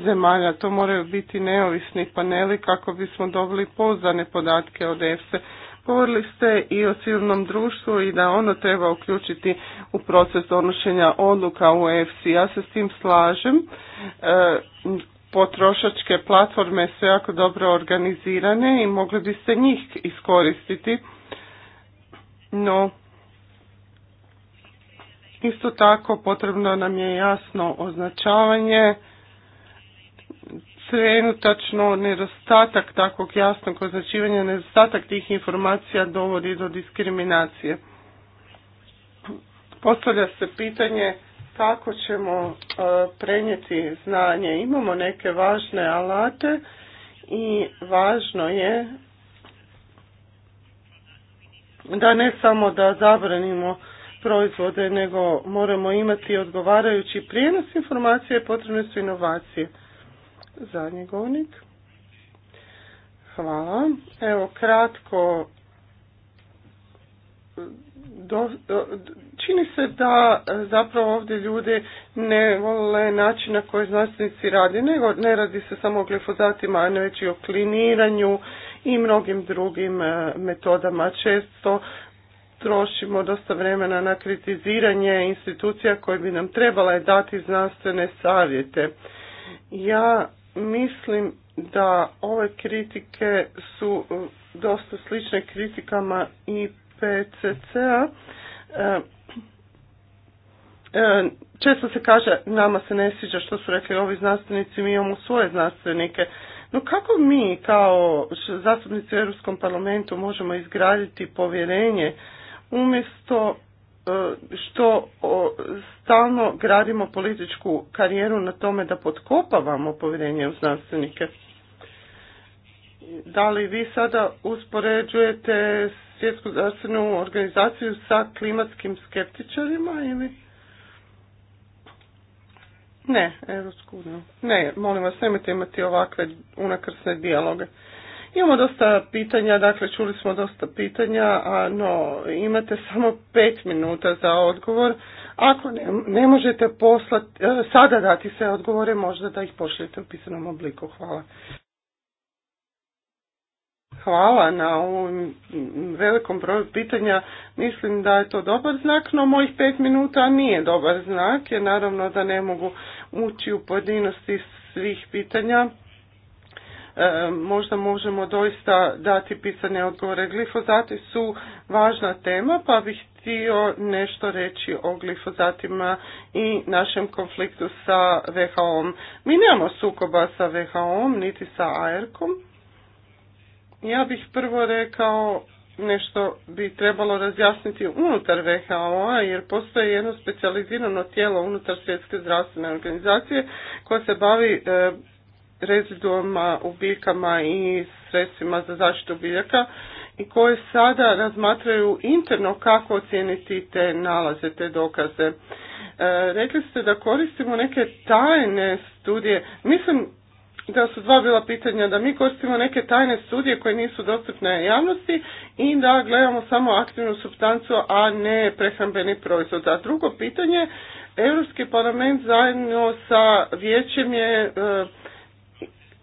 zemalja. To moraju biti neovisni paneli kako bismo dobili pouzdane podatke od EFSE Govorili ste i o civilnom društvu i da ono treba uključiti u proces donošenja odluka u EFC. Ja se s tim slažem. E, potrošačke platforme su jako dobro organizirane i mogli biste njih iskoristiti. No, isto tako potrebno nam je jasno označavanje trenutačno nedostatak takvog jasnog označivanja, nedostatak tih informacija dovodi do diskriminacije. Postavlja se pitanje kako ćemo e, prenijeti znanje. Imamo neke važne alate i važno je da ne samo da zabranimo proizvode, nego moramo imati odgovarajući prijenos informacije, potrebne su inovacije zadnji govornik. Hvala. Evo kratko do, čini se da zapravo ovdje ljudi ne vole način na koji znanstvenici radi, nego ne radi se samo o glifozatima, već i o kliniranju i mnogim drugim e, metodama. Često trošimo dosta vremena na kritiziranje institucija koje bi nam trebala dati znanstvene savjete. Ja mislim da ove kritike su e, dosta slične kritikama i PCC-a. E, e, često se kaže nama se ne sviđa što su rekli ovi znanstvenici, mi imamo svoje znanstvenike. No kako mi kao zastupnici u Europskom parlamentu možemo izgraditi povjerenje umjesto što stalno gradimo političku karijeru na tome da potkopavamo povjerenje u znanstvenike. Da li vi sada uspoređujete svjetsku zdravstvenu organizaciju sa klimatskim skeptičarima ili? Ne, Europsku Ne, molim vas, nemojte imati ovakve unakrsne dijaloge. Imamo dosta pitanja, dakle čuli smo dosta pitanja, a no imate samo pet minuta za odgovor. Ako ne, ne možete poslati, e, sada dati sve odgovore, možda da ih pošljete u pisanom obliku. Hvala. Hvala na ovom velikom broju pitanja. Mislim da je to dobar znak, no mojih pet minuta nije dobar znak, jer naravno da ne mogu ući u pojedinosti svih pitanja. E, možda možemo doista dati pisane odgovore. Glifozati su važna tema pa bih htio nešto reći o glifozatima i našem konfliktu sa VHO-om. Mi nemamo sukoba sa VHO-om niti sa ARK-om. Ja bih prvo rekao nešto bi trebalo razjasniti unutar WHO-a jer postoji jedno specijalizirano tijelo unutar svjetske zdravstvene organizacije koje se bavi e, u biljkama i sredstvima za zaštitu biljaka i koje sada razmatraju interno kako ocijeniti te nalaze, te dokaze. E, rekli ste da koristimo neke tajne studije. Mislim da su dva bila pitanja, da mi koristimo neke tajne studije koje nisu dostupne javnosti i da gledamo samo aktivnu substancu, a ne prehrambeni proizvod. A drugo pitanje, Europski parlament zajedno sa vijećem je e,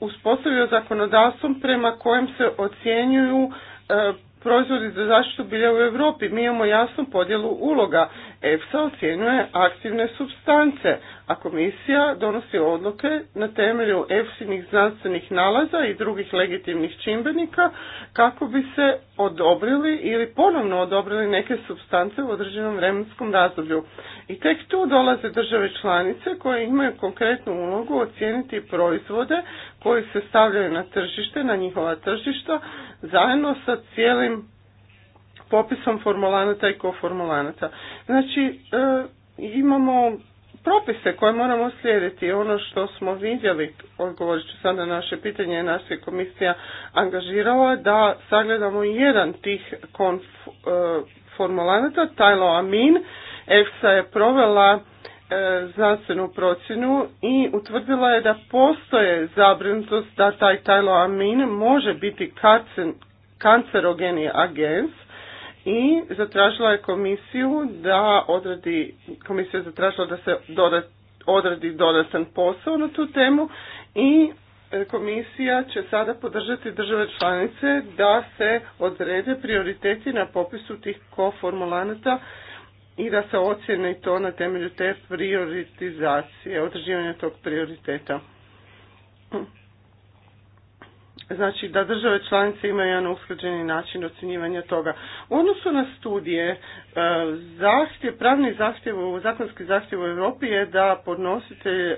uspostavio zakonodavstvom prema kojem se ocjenjuju e, proizvodi za zaštitu bilja u Europi. Mi imamo jasnu podjelu uloga. EFSA ocjenjuje aktivne substance, a komisija donosi odluke na temelju EFSInih znanstvenih nalaza i drugih legitimnih čimbenika kako bi se odobrili ili ponovno odobrili neke substance u određenom vremenskom razdoblju. I tek tu dolaze države članice koje imaju konkretnu ulogu ocijeniti proizvode koji se stavljaju na tržište, na njihova tržišta, zajedno sa cijelim popisom formulanata i koformulanata. Znači, e, imamo propise koje moramo slijediti. Ono što smo vidjeli, odgovorit ću sada na naše pitanje, naša komisija angažirala da sagledamo jedan tih konf, e, formulanata, tajloamin. EFSA je provela e, znanstvenu procjenu i utvrdila je da postoje zabrinutost da taj tajloamin može biti kancerogeni agens i zatražila je komisiju da odradi, komisija je zatražila da se odradi dodatan posao na tu temu i e, komisija će sada podržati države članice da se odrede prioriteti na popisu tih koformulanata i da se ocjene i to na temelju te prioritizacije, određivanja tog prioriteta. Znači da države članice imaju jedan usklađeni način ocjenjivanja toga. U odnosu na studije, e, zahtjev, pravni zahtjev, zakonski zahtjev u Europi je da podnosite e,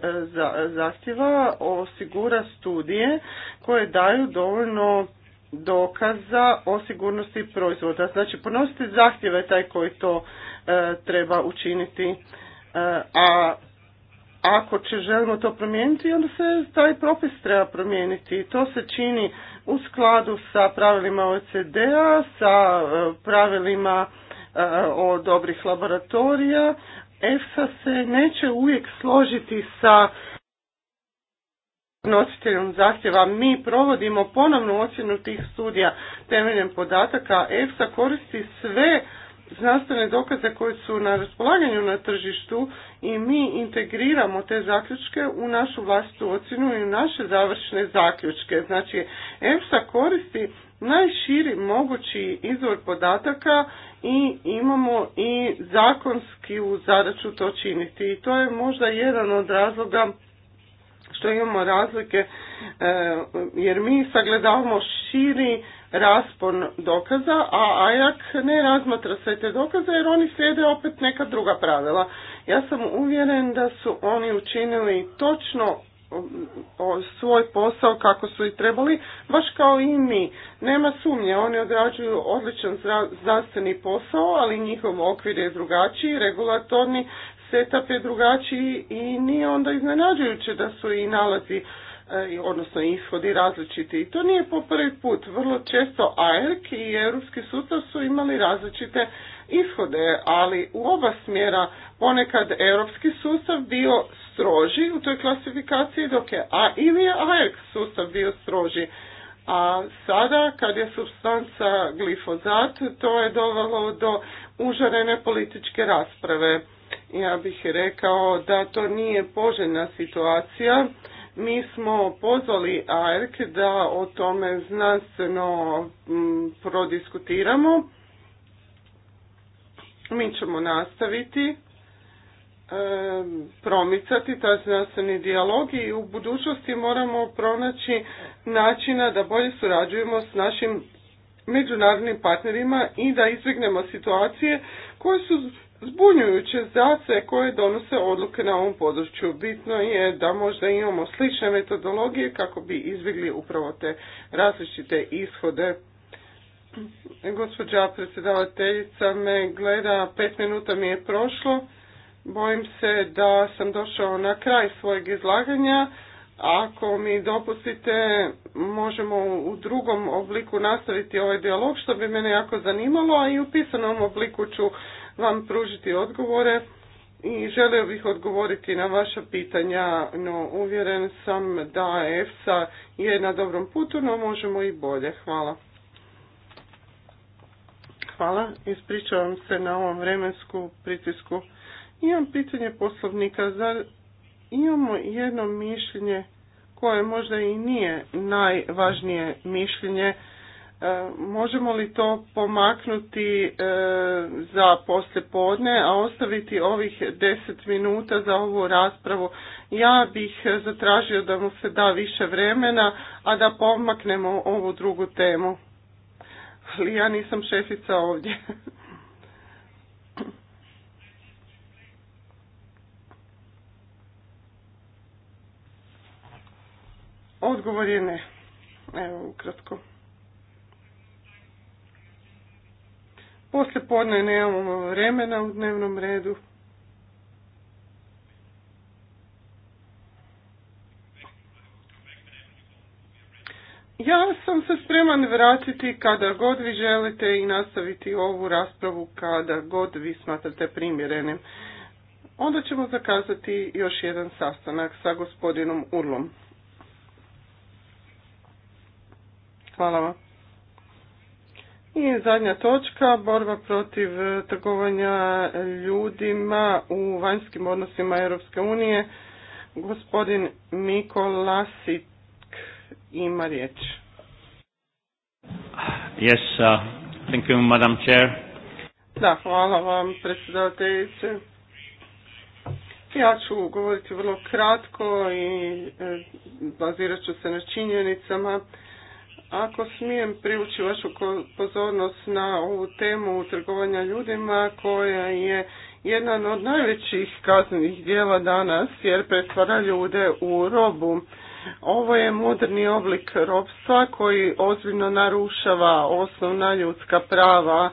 zahtjeva osigura studije koje daju dovoljno dokaza o sigurnosti proizvoda. Znači podnosite zahtjeve taj koji to e, treba učiniti. A ako će želimo to promijeniti, onda se taj propis treba promijeniti i to se čini u skladu sa pravilima OECD-a, sa e, pravilima e, o dobrih laboratorija. EFSA se neće uvijek složiti sa nositeljom zahtjeva. Mi provodimo ponovnu ocjenu tih studija temeljem podataka. EFSA koristi sve znanstvene dokaze koji su na raspolaganju na tržištu i mi integriramo te zaključke u našu vlastitu ocjenu i u naše završne zaključke. Znači, EFSA koristi najširi mogući izvor podataka i imamo i zakonski u zadaću to činiti. I to je možda jedan od razloga što imamo razlike e, jer mi sagledavamo širi raspon dokaza, a Ajak ne razmatra sve te dokaze jer oni slijede opet neka druga pravila. Ja sam uvjeren da su oni učinili točno um, svoj posao kako su i trebali, baš kao i mi. Nema sumnje, oni odrađuju odličan znanstveni posao, ali njihov okvir je drugačiji, regulatorni setup je drugačiji i nije onda iznenađujuće da su i nalazi E, odnosno ishodi različiti. I to nije po prvi put. Vrlo često AERK i Europski sustav su imali različite ishode, ali u oba smjera ponekad Europski sustav bio stroži u toj klasifikaciji dok je a ili AERK sustav bio stroži. A sada kad je substanca glifozat, to je dovelo do užarene političke rasprave. Ja bih rekao da to nije poželjna situacija mi smo pozvali ARK da o tome znanstveno prodiskutiramo. Mi ćemo nastaviti e, promicati taj znanstveni dijalog i u budućnosti moramo pronaći načina da bolje surađujemo s našim međunarodnim partnerima i da izbjegnemo situacije koje su zbunjujuće za sve koje donose odluke na ovom području. Bitno je da možda imamo slične metodologije kako bi izbjegli upravo te različite ishode. Gospođa predsjedavateljica me gleda, pet minuta mi je prošlo. Bojim se da sam došao na kraj svojeg izlaganja. Ako mi dopustite, možemo u drugom obliku nastaviti ovaj dijalog, što bi mene jako zanimalo, a i u pisanom obliku ću vam pružiti odgovore i želio bih odgovoriti na vaša pitanja, no uvjeren sam da EFSA je na dobrom putu, no možemo i bolje. Hvala. Hvala, ispričavam se na ovom vremensku pritisku. Imam pitanje poslovnika, zar imamo jedno mišljenje koje možda i nije najvažnije mišljenje E, možemo li to pomaknuti e, za poslijepodne, a ostaviti ovih deset minuta za ovu raspravu? Ja bih zatražio da mu se da više vremena, a da pomaknemo ovu drugu temu. Ali ja nisam šefica ovdje. Odgovor je ne. Evo, ukratko. Poslije podne nemamo vremena u dnevnom redu. Ja sam se spreman vratiti kada god vi želite i nastaviti ovu raspravu kada god vi smatrate primjerenim. Onda ćemo zakazati još jedan sastanak sa gospodinom Urlom. Hvala vam. I zadnja točka, borba protiv e, trgovanja ljudima u vanjskim odnosima Europske unije. Gospodin Miko Lasik ima riječ. Yes, uh, thank you, Madam Chair. Da, hvala vam, predsjedateljice. Ja ću govoriti vrlo kratko i e, bazirat ću se na činjenicama. Ako smijem privući vašu pozornost na ovu temu trgovanja ljudima koja je jedna od najvećih kaznenih dijela danas jer pretvara ljude u robu. Ovo je moderni oblik robstva koji ozbiljno narušava osnovna ljudska prava.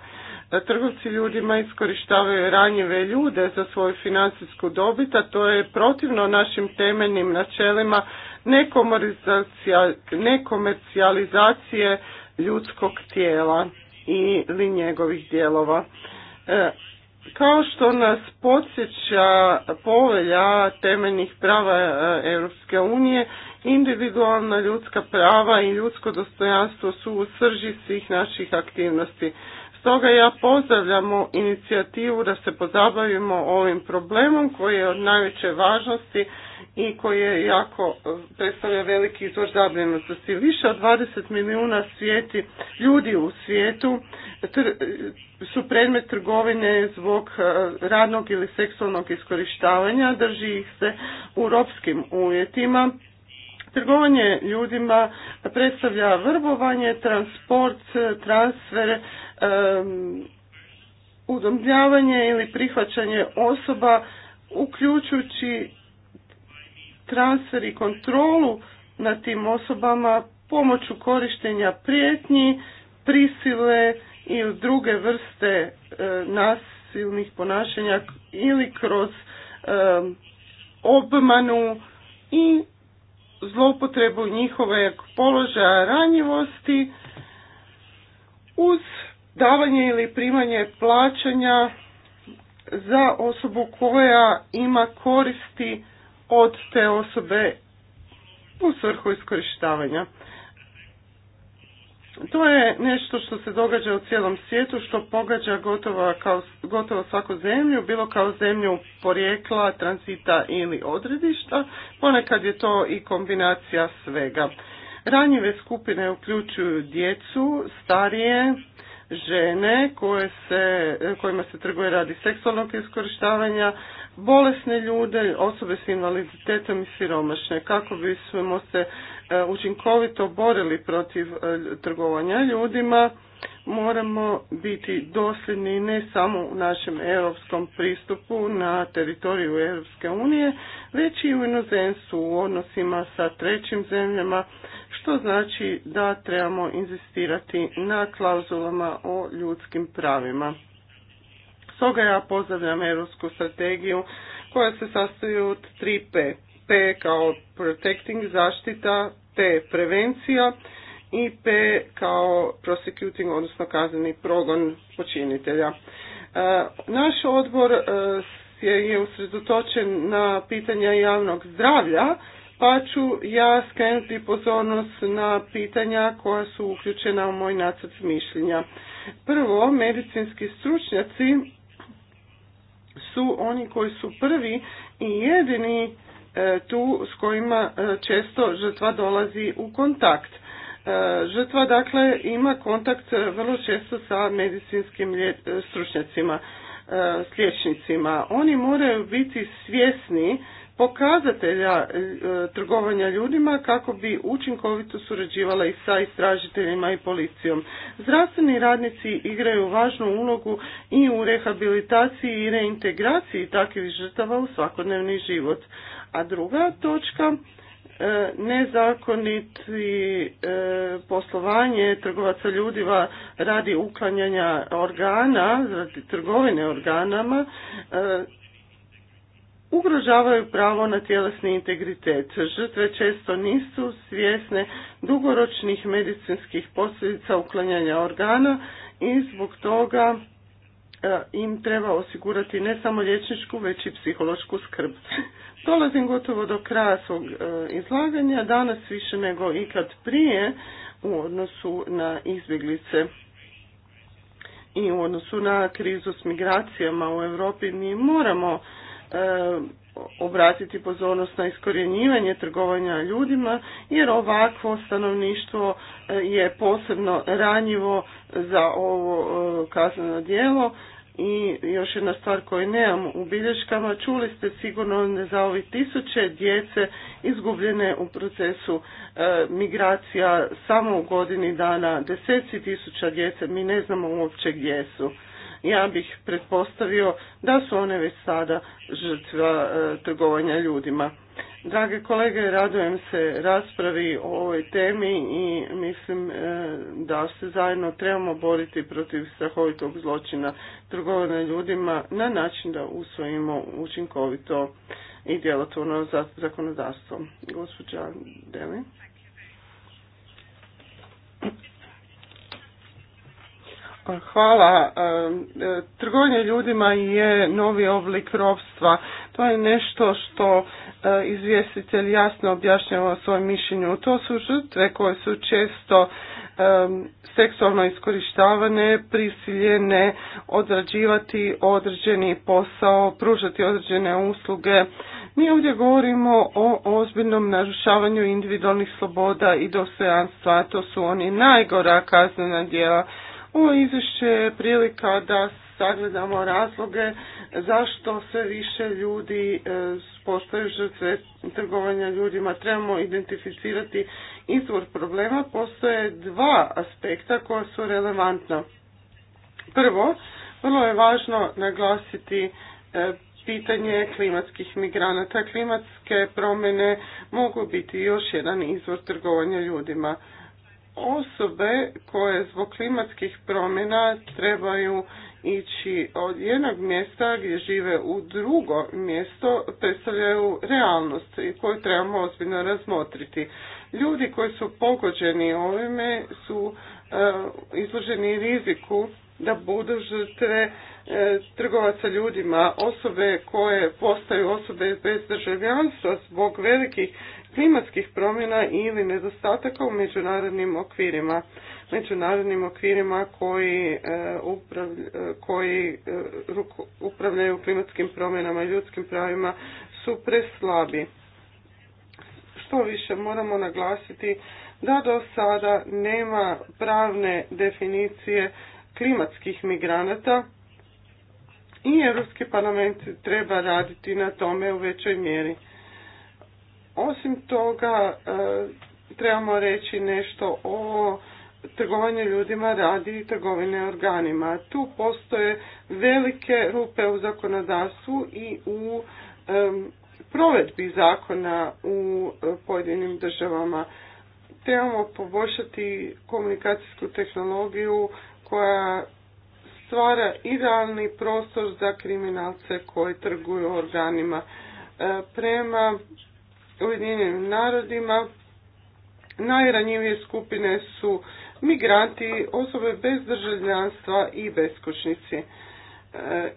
Trgovci ljudima iskorištavaju ranjive ljude za svoju financijsku dobit, a to je protivno našim temeljnim načelima nekomercijalizacije ljudskog tijela ili njegovih dijelova. E, kao što nas podsjeća povelja temeljnih prava e, Europske unije, individualna ljudska prava i ljudsko dostojanstvo su u srži svih naših aktivnosti. Stoga ja pozdravljamo inicijativu da se pozabavimo ovim problemom koji je od najveće važnosti i koji je jako predstavlja veliki izvor zabrinutosti. Više od 20 milijuna svijeti, ljudi u svijetu su predmet trgovine zbog e, radnog ili seksualnog iskorištavanja, drži ih se u ropskim uvjetima. Trgovanje ljudima predstavlja vrbovanje, transport, transfer, um, udomljavanje ili prihvaćanje osoba uključujući transfer i kontrolu nad tim osobama pomoću korištenja prijetnji, prisile ili druge vrste e, nasilnih ponašanja ili kroz obmanu i zlopotrebu njihove položaja ranjivosti uz davanje ili primanje plaćanja za osobu koja ima koristi od te osobe u svrhu iskorištavanja. To je nešto što se događa u cijelom svijetu, što pogađa gotovo, gotovo svaku zemlju, bilo kao zemlju porijekla, transita ili odredišta, ponekad je to i kombinacija svega. Ranjive skupine uključuju djecu, starije, žene koje se, kojima se trguje radi seksualnog iskorištavanja, bolesne ljude, osobe s invaliditetom i siromašne, kako bismo se E, učinkovito borili protiv e, trgovanja ljudima, moramo biti dosljedni ne samo u našem europskom pristupu na teritoriju Europske unije, već i u inozemstvu u odnosima sa trećim zemljama, što znači da trebamo inzistirati na klauzulama o ljudskim pravima. Stoga ja pozdravljam europsku strategiju koja se sastoji od 3P. P kao protecting zaštita, P prevencija i P kao prosecuting, odnosno kazneni progon počinitelja. E, naš odbor e, je usredotočen na pitanja javnog zdravlja, pa ću ja skrenuti pozornost na pitanja koja su uključena u moj nacrt mišljenja. Prvo, medicinski stručnjaci su oni koji su prvi i jedini E, tu s kojima e, često žrtva dolazi u kontakt. E, žrtva dakle ima kontakt vrlo često sa medicinskim stručnjacima, s liječnicima. Oni moraju biti svjesni pokazatelja trgovanja ljudima kako bi učinkovito surađivala i sa istražiteljima i policijom. Zdravstveni radnici igraju važnu ulogu i u rehabilitaciji i reintegraciji takvih žrtava u svakodnevni život. A druga točka, e, nezakoniti e, poslovanje trgovaca ljudiva radi uklanjanja organa, radi trgovine organama, e, ugrožavaju pravo na tjelesni integritet. Žrtve često nisu svjesne dugoročnih medicinskih posljedica uklanjanja organa i zbog toga im treba osigurati ne samo liječničku, već i psihološku skrb. Dolazim gotovo do kraja svog e, izlaganja, danas više nego ikad prije u odnosu na izbjeglice i u odnosu na krizu s migracijama u Europi mi moramo e, obratiti pozornost na iskorjenjivanje trgovanja ljudima jer ovakvo stanovništvo e, je posebno ranjivo za ovo kazneno djelo i još jedna stvar koju nemam u bilješkama, čuli ste sigurno za ovi tisuće djece izgubljene u procesu e, migracija samo u godini dana, deseci tisuća djece, mi ne znamo uopće gdje su. Ja bih pretpostavio da su one već sada žrtva e, trgovanja ljudima. Drage kolege, radujem se raspravi o ovoj temi i mislim e, da se zajedno trebamo boriti protiv strahovitog zločina trgovanja ljudima na način da usvojimo učinkovito i djelotvorno zakonodavstvo. Gospođa Deli. Hvala. E, e, trgovanje ljudima je novi oblik ropstva. To je nešto što E, izvjestitelj jasno objašnjava o svojem mišljenju. To su žrtve koje su često e, seksualno iskorištavane, prisiljene odrađivati određeni posao, pružati određene usluge. Mi ovdje govorimo o ozbiljnom narušavanju individualnih sloboda i dostojanstva, to su oni najgora kaznena djela. Ovo izvješće je prilika da sagledamo razloge zašto sve više ljudi e, postaju žrtve trgovanja ljudima. Trebamo identificirati izvor problema. Postoje dva aspekta koja su relevantna. Prvo, vrlo je važno naglasiti e, pitanje klimatskih migranata. Klimatske promjene mogu biti još jedan izvor trgovanja ljudima. Osobe koje zbog klimatskih promjena trebaju ići od jednog mjesta gdje žive u drugo mjesto predstavljaju realnost i koju trebamo ozbiljno razmotriti. Ljudi koji su pogođeni ovime su e, izloženi riziku da budu žrtve e, trgovaca ljudima, osobe koje postaju osobe bez državljanstva zbog velikih klimatskih promjena ili nedostataka u međunarodnim okvirima. Međunarodnim okvirima koji, e, e, koji e, upravljaju klimatskim promjenama i ljudskim pravima su preslabi. Što više moramo naglasiti da do sada nema pravne definicije klimatskih migranata i Europski parlament treba raditi na tome u većoj mjeri. Osim toga, e, trebamo reći nešto o trgovanju ljudima radi i trgovine organima. Tu postoje velike rupe u zakonodavstvu i u e, provedbi zakona u e, pojedinim državama. Trebamo poboljšati komunikacijsku tehnologiju koja stvara idealni prostor za kriminalce koji trguju organima. Prema Ujedinjenim narodima najranjivije skupine su migranti, osobe bez državljanstva i beskućnici. E,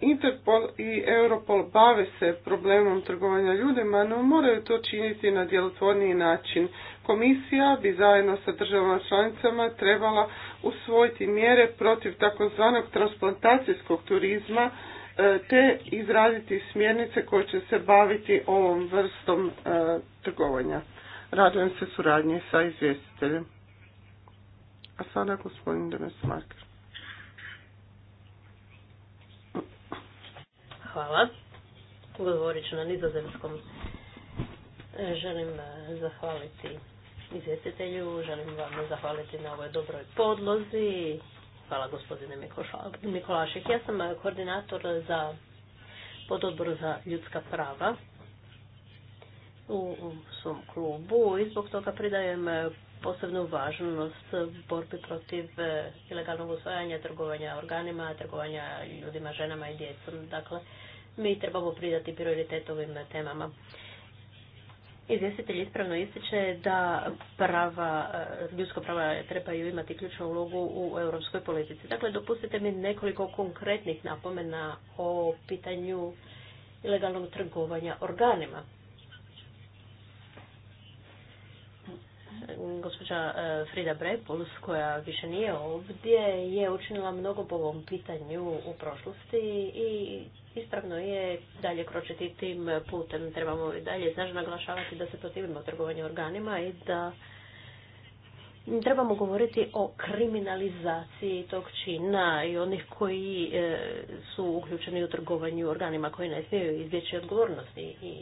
Interpol i Europol bave se problemom trgovanja ljudima, no moraju to činiti na djelotvorniji način. Komisija bi zajedno sa državama članicama trebala usvojiti mjere protiv takozvanog transplantacijskog turizma, E, te izraditi smjernice koje će se baviti ovom vrstom e, trgovanja. Radujem se suradnje sa izvjestiteljem. A sada gospodin Demes Marker. Hvala. Govorit ću na nizozemskom. E, želim zahvaliti izvjestitelju, želim vam zahvaliti na ovoj dobroj podlozi Hvala gospodine Mikolašek. Ja sam eh, koordinator za pododbor za ljudska prava u svom klubu i zbog toga pridajem eh, posebnu važnost borbi protiv eh, ilegalnog usvajanja, trgovanja organima, trgovanja ljudima, ženama i djecom. Dakle, mi trebamo pridati prioritet ovim temama. Izvjestitelj ispravno ističe da prava, e, ljudsko prava trebaju imati ključnu ulogu u europskoj politici. Dakle, dopustite mi nekoliko konkretnih napomena o pitanju ilegalnog trgovanja organima. gospođa e, Frida Brepuls, koja više nije ovdje, je učinila mnogo po ovom pitanju u prošlosti i ispravno je dalje kročiti tim putem. Trebamo i dalje snažno naglašavati da se protivimo trgovanju organima i da trebamo govoriti o kriminalizaciji tog čina i onih koji e, su uključeni u trgovanju organima koji ne smiju izbjeći odgovornosti i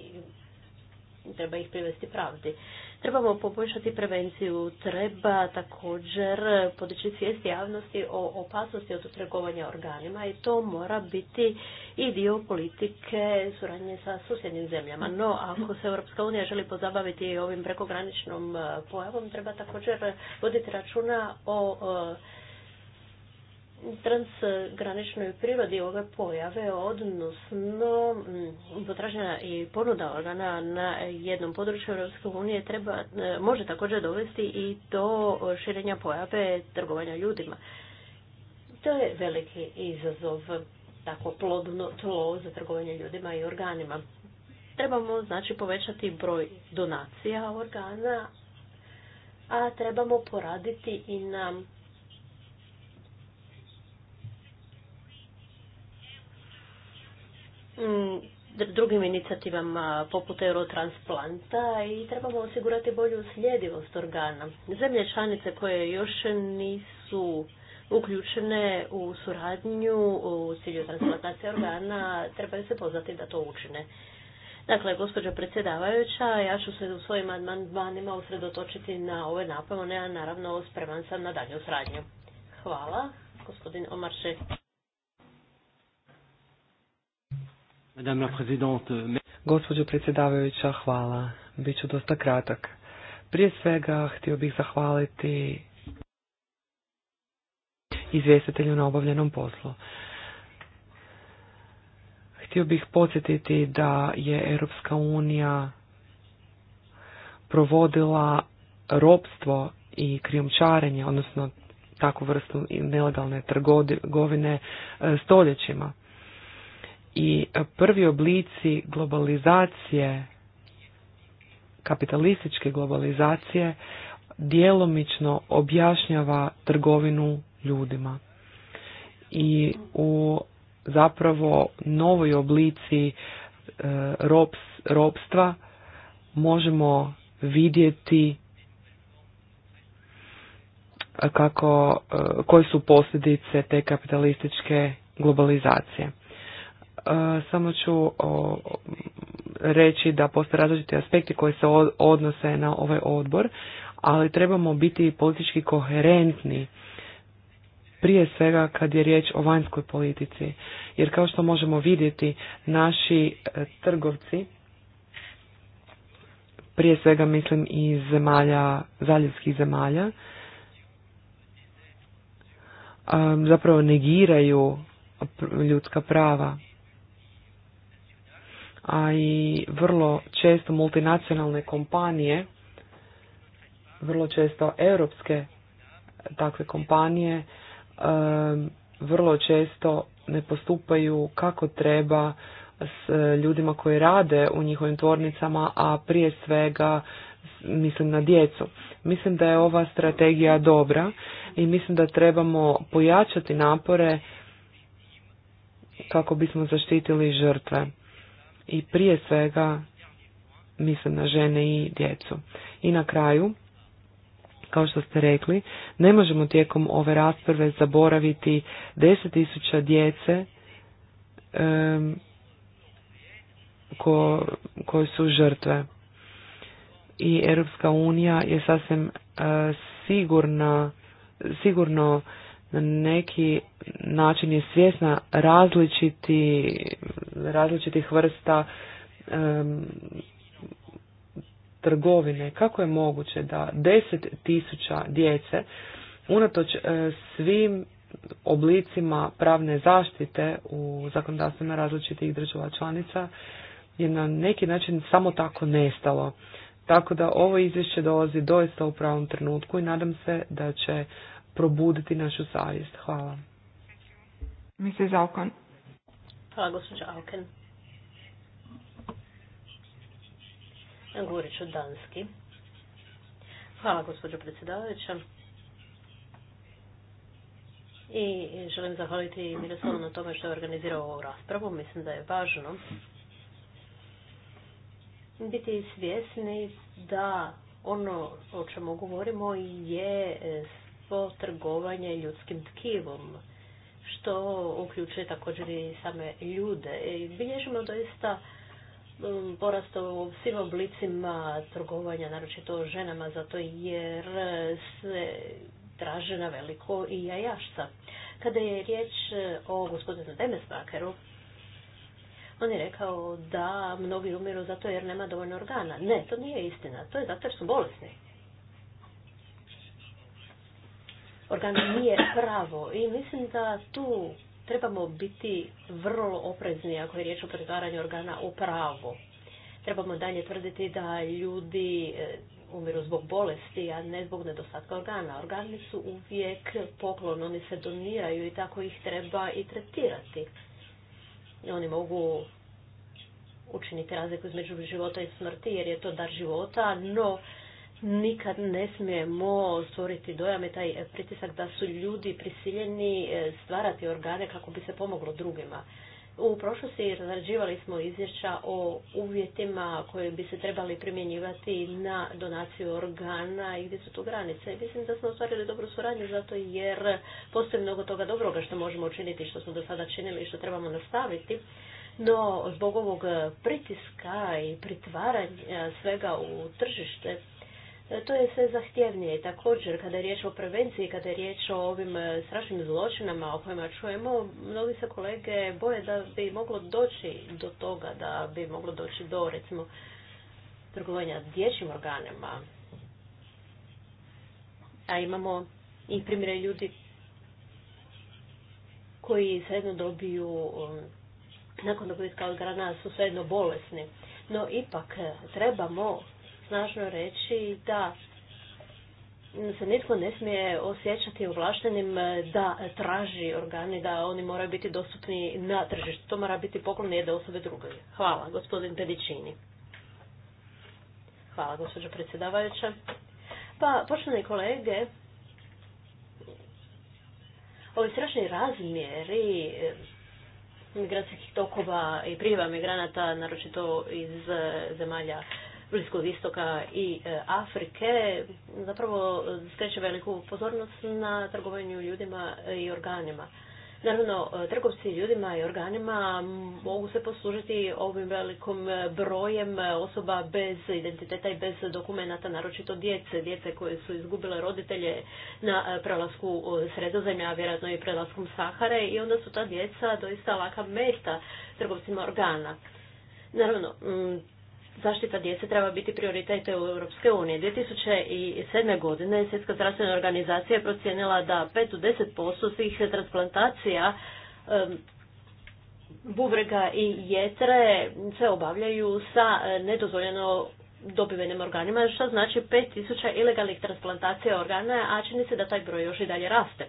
treba ih privesti pravdi. Trebamo poboljšati prevenciju, treba također podići svijest javnosti o opasnosti od trgovanja organima i to mora biti i dio politike suradnje sa susjednim zemljama. No, ako se Europska unija želi pozabaviti ovim prekograničnom pojavom, treba također voditi računa o transgraničnoj prirodi ove pojave, odnosno mm, potražnja i ponuda organa na jednom području Europske unije treba, e, može također dovesti i do širenja pojave trgovanja ljudima. To je veliki izazov, tako plodno tlo za trgovanje ljudima i organima. Trebamo znači povećati broj donacija organa, a trebamo poraditi i na Mm, drugim inicijativama poput eurotransplanta i trebamo osigurati bolju sljedivost organa. Zemlje članice koje još nisu uključene u suradnju u cilju transplantacije organa trebaju se pozvati da to učine. Dakle, gospođo predsjedavajuća, ja ću se u svojim amandmanima usredotočiti na ove napomene, a naravno spreman sam na dalju suradnju. Hvala, gospodin Omarše. Euh, Gospođo predsjedavajuća, hvala. Biću dosta kratak. Prije svega htio bih zahvaliti izvjestitelju na obavljenom poslu. Htio bih podsjetiti da je Europska unija provodila ropstvo i krijumčarenje, odnosno takvu vrstu nelegalne trgovine e, stoljećima i prvi oblici globalizacije, kapitalističke globalizacije, djelomično objašnjava trgovinu ljudima. I u zapravo novoj oblici e, ropstva možemo vidjeti e, kako, e, koje su posljedice te kapitalističke globalizacije. E, samo ću reći da postoje različiti aspekti koji se odnose na ovaj odbor, ali trebamo biti politički koherentni prije svega kad je riječ o vanjskoj politici. Jer kao što možemo vidjeti, naši e, trgovci, prije svega mislim iz zemalja, zaljevskih zemalja, e, zapravo negiraju ljudska prava a i vrlo često multinacionalne kompanije, vrlo često europske takve kompanije, vrlo često ne postupaju kako treba s ljudima koji rade u njihovim tvornicama, a prije svega mislim na djecu. Mislim da je ova strategija dobra i mislim da trebamo pojačati napore kako bismo zaštitili žrtve i prije svega mislim na žene i djecu. I na kraju, kao što ste rekli, ne možemo tijekom ove rasprave zaboraviti deset tisuća djece ko, koje su žrtve. I Europska unija je sasvim e, sigurna, sigurno na neki način je svjesna različiti, različitih vrsta trgovine. Kako je moguće da deset tisuća djece unatoč e, svim oblicima pravne zaštite u zakonodavstvima različitih država članica je na neki način samo tako nestalo. Tako da ovo izvješće dolazi doista u pravom trenutku i nadam se da će probuditi našu savjest. Hvala. Mrs. Alkan. Hvala, gospođa Alken. Govorit ću danski. Hvala, gospođo predsjedavajuća. I želim zahvaliti Miroslavu na tome što je organizirao ovu raspravu. Mislim da je važno biti svjesni da ono o čemu govorimo je trgovanje ljudskim tkivom, što uključuje također i same ljude. I bilježimo doista mm, porast u svim oblicima trgovanja, naročito ženama, zato jer se traže na veliko i jajašca. Kada je riječ eh, o gospodinu Demesbakeru, on je rekao da mnogi umiru zato jer nema dovoljno organa. Ne, to nije istina. To je zato jer su bolesni. Organ nije pravo i mislim da tu trebamo biti vrlo oprezni ako je riječ o pretvaranju organa u pravo. Trebamo dalje tvrditi da ljudi e, umiru zbog bolesti, a ne zbog nedostatka organa. Organi su uvijek poklon, oni se doniraju i tako ih treba i tretirati. Oni mogu učiniti razliku između života i smrti jer je to dar života, no nikad ne smijemo stvoriti dojam i taj pritisak da su ljudi prisiljeni e, stvarati organe kako bi se pomoglo drugima. U prošlosti razrađivali smo izvješća o uvjetima koje bi se trebali primjenjivati na donaciju organa i gdje su tu granice. Mislim da smo ostvarili dobru suradnju zato jer postoji mnogo toga dobroga što možemo učiniti, što smo do sada činili i što trebamo nastaviti. No, zbog ovog pritiska i pritvaranja svega u tržište, E, to je sve zahtjevnije. Također, kada je riječ o prevenciji, kada je riječ o ovim e, strašnim zločinama o kojima čujemo, mnogi se kolege boje da bi moglo doći do toga, da bi moglo doći do, recimo, trgovanja dječjim organima. A imamo i primjere ljudi koji svejedno dobiju, um, nakon dobitka od grana su svejedno bolesni. No ipak e, trebamo snažno reći da se nitko ne smije osjećati ovlaštenim da traži organi, da oni moraju biti dostupni na tržištu. To mora biti poklon jedne osobe drugoj. Hvala, gospodin Pedičini. Hvala, gospođo predsjedavajuća. Pa, poštovani kolege, ovi strašni razmjeri eh, migracijskih tokova i prijeva migranata, naročito iz eh, zemalja Bliskog istoka i e, Afrike zapravo e, skreće veliku pozornost na trgovanju ljudima i organima. Naravno, e, trgovci ljudima i organima mogu se poslužiti ovim velikom brojem osoba bez identiteta i bez dokumenata, naročito djece, djece koje su izgubile roditelje na prelasku sredozemlja, a vjerojatno i prelaskom Sahare i onda su ta djeca doista laka meta trgovcima organa. Naravno, zaštita djece treba biti prioritet Europske unije. 2007. godine Svjetska zdravstvena organizacija je procijenila da 5 do 10% svih transplantacija bubrega i jetre se obavljaju sa e, nedozvoljeno dobivenim organima, što znači 5000 ilegalnih transplantacija organa, a čini se da taj broj još i dalje raste.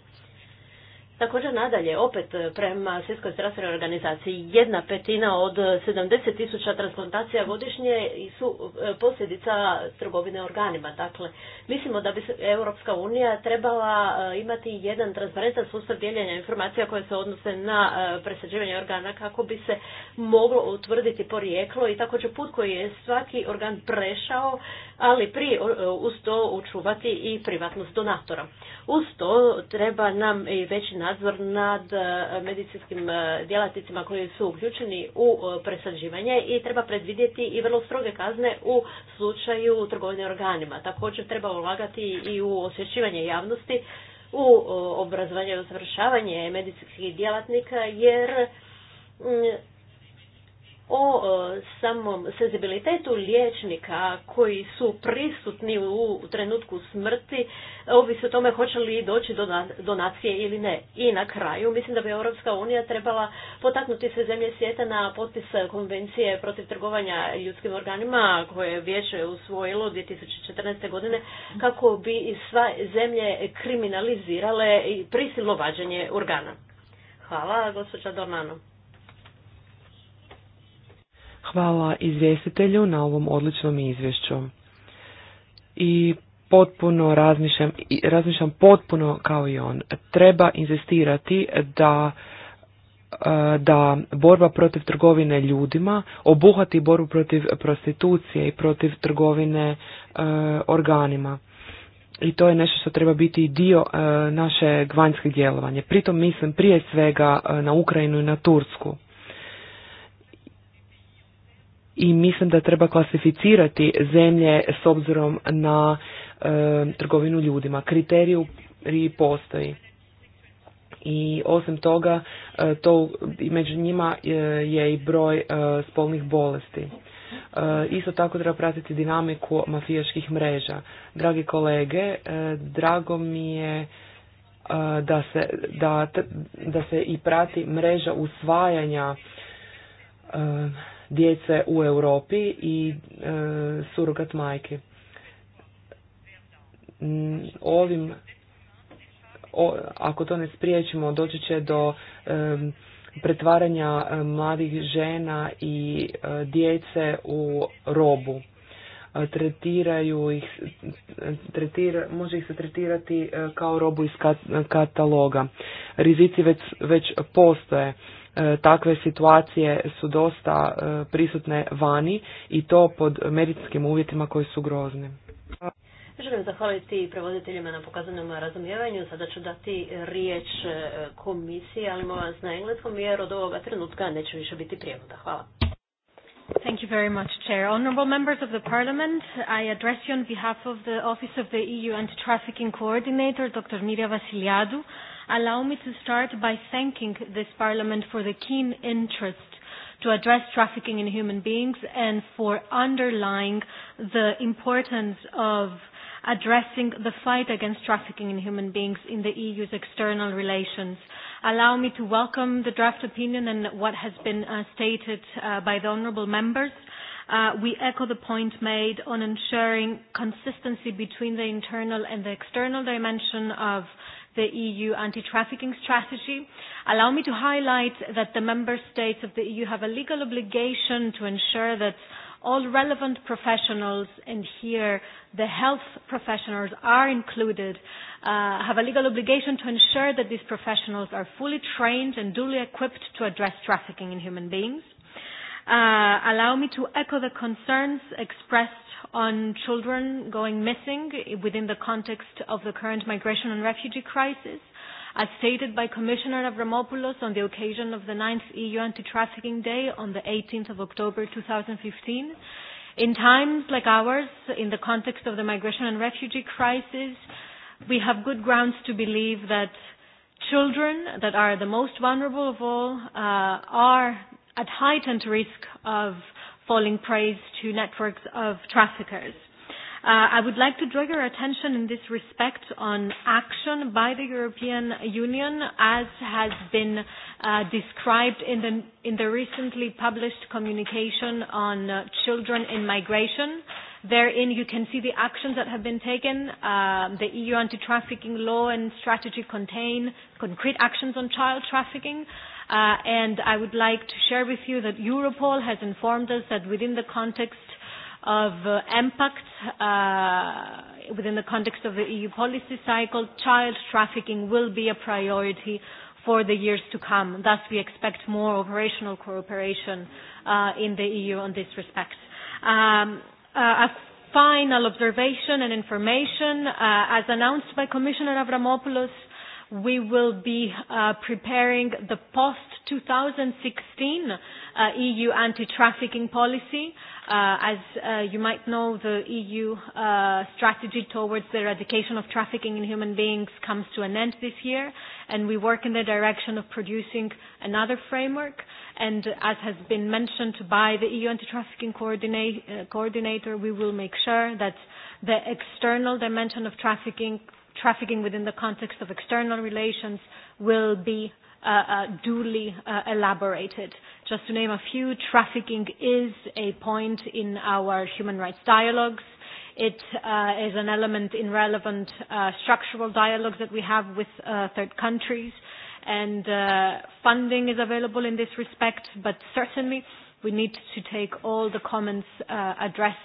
Također nadalje, opet eh, prema Svjetskoj zdravstvenoj organizaciji, jedna petina od 70 tisuća transplantacija godišnje su eh, posljedica trgovine organima. Dakle, mislimo da bi Europska unija trebala eh, imati jedan transparentan sustav dijeljenja informacija koje se odnose na presađivanje organa kako bi se moglo utvrditi porijeklo i također put koji je svaki organ prešao, ali prije uz to učuvati i privatnost donatora. Uz to treba nam i veći nadzor nad e, medicinskim e, djelatnicima koji su uključeni u e, presađivanje i treba predvidjeti i vrlo stroge kazne u slučaju trgovine organima. Također treba ulagati i u osvješćivanje javnosti, u obrazovanje i usavršavanje medicinskih djelatnika jer o e, samom senzibilitetu liječnika koji su prisutni u trenutku smrti, ovisi o tome hoće li doći do donacije ili ne. I na kraju mislim da bi Europska unija trebala potaknuti sve zemlje svijeta na potpis konvencije protiv trgovanja ljudskim organima koje je vijeće usvojilo 2014. godine kako bi sva zemlje kriminalizirale prisilno vađenje organa. Hvala, gospođa Dornano. Hvala izvjestitelju na ovom odličnom izvješću. I potpuno razmišljam, razmišljam potpuno kao i on. Treba inzistirati da e, da borba protiv trgovine ljudima obuhati borbu protiv prostitucije i protiv trgovine e, organima. I to je nešto što treba biti dio e, naše gvanjske vanjskog djelovanja. Pritom mislim prije svega na Ukrajinu i na Tursku i mislim da treba klasificirati zemlje s obzirom na e, trgovinu ljudima. Kriteriju postoji. I osim toga, e, to među njima e, je i broj spolnih bolesti. Isto tako treba pratiti dinamiku mafijaških mreža. Dragi kolege, drago mi je da se, da, da se i prati mreža usvajanja djece u Europi i e, surogat majke. Mm, ovim, o, ako to ne spriječimo, doći će do e, pretvaranja e, mladih žena i e, djece u robu. Tretiraju ih, tretira, može ih se tretirati kao robu iz kataloga. Rizici već, već postoje E, takve situacije su dosta e, prisutne vani i to pod medicinskim uvjetima koji su grozni. Želim zahvaliti prevoditeljima na pokazanom razumijevanju. Sada ću dati riječ e, komisiji, ali molim vas na engleskom jer od ovoga trenutka neće više biti prijevoda. Hvala. Thank you very much, Chair. Honorable members of the Parliament, I address you on behalf of the Office of the EU Anti-Trafficking Coordinator, Dr. Mirja Vasiliadu, allow me to start by thanking this Parliament for the keen interest to address trafficking in human beings and for underlying the importance of addressing the fight against trafficking in human beings in the EU's external relations. Allow me to welcome the draft opinion and what has been uh, stated uh, by the honourable members. Uh, we echo the point made on ensuring consistency between the internal and the external dimension of the EU anti-trafficking strategy. Allow me to highlight that the member states of the EU have a legal obligation to ensure that all relevant professionals, and here the health professionals are included, uh, have a legal obligation to ensure that these professionals are fully trained and duly equipped to address trafficking in human beings. Uh, allow me to echo the concerns expressed on children going missing within the context of the current migration and refugee crisis. As stated by Commissioner Avramopoulos on the occasion of the 9th EU Anti-Trafficking Day on the 18th of October 2015, in times like ours, in the context of the migration and refugee crisis, we have good grounds to believe that children that are the most vulnerable of all uh, are at heightened risk of falling prey to networks of traffickers. Uh, I would like to draw your attention in this respect on action by the European Union as has been uh, described in the, in the recently published communication on uh, children in migration. Therein you can see the actions that have been taken. Uh, the EU anti-trafficking law and strategy contain concrete actions on child trafficking. Uh, and I would like to share with you that Europol has informed us that within the context of uh, impact, uh, within the context of the EU policy cycle, child trafficking will be a priority for the years to come. Thus, we expect more operational cooperation uh, in the EU on this respect. Um, uh, a final observation and information, uh, as announced by Commissioner Avramopoulos, we will be uh, preparing the post-2016 uh, EU anti-trafficking policy. Uh, as uh, you might know, the EU uh, strategy towards the eradication of trafficking in human beings comes to an end this year, and we work in the direction of producing another framework. And as has been mentioned by the EU anti-trafficking uh, coordinator, we will make sure that the external dimension of trafficking trafficking within the context of external relations will be uh, uh, duly uh, elaborated. Just to name a few, trafficking is a point in our human rights dialogues. It uh, is an element in relevant uh, structural dialogues that we have with uh, third countries, and uh, funding is available in this respect, but certainly we need to take all the comments uh, addressed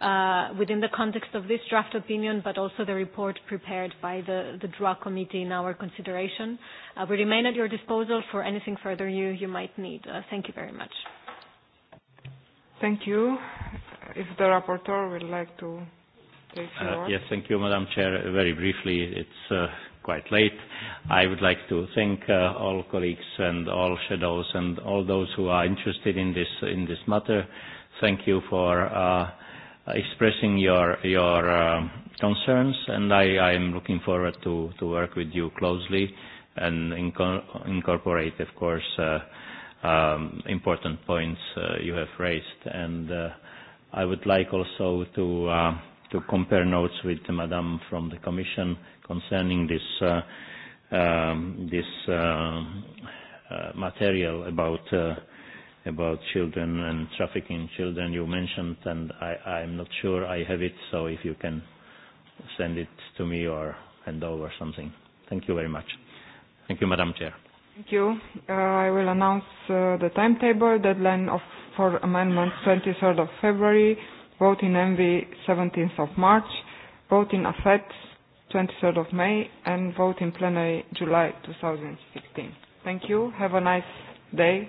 uh, within the context of this draft opinion, but also the report prepared by the, the DRA committee in our consideration. Uh, we remain at your disposal for anything further you, you might need. Uh, thank you very much. Thank you. If the rapporteur would like to take the uh, Yes, thank you, Madam Chair. Very briefly, it's uh, quite late. I would like to thank uh, all colleagues and all shadows and all those who are interested in this in this matter. Thank you for uh, Uh, expressing your your um, concerns, and I, I am looking forward to, to work with you closely and incorporate, of course, uh, um, important points uh, you have raised. And uh, I would like also to uh, to compare notes with Madame from the Commission concerning this uh, um, this um, uh, material about. Uh, about children and trafficking children you mentioned, and I, I'm not sure I have it, so if you can send it to me or hand over something. Thank you very much. Thank you, Madam Chair. Thank you. Uh, I will announce uh, the timetable, deadline of, for amendments 23rd of February, vote in MV 17th of March, vote in AFET 23rd of May, and vote in plenary July 2016. Thank you. Have a nice day.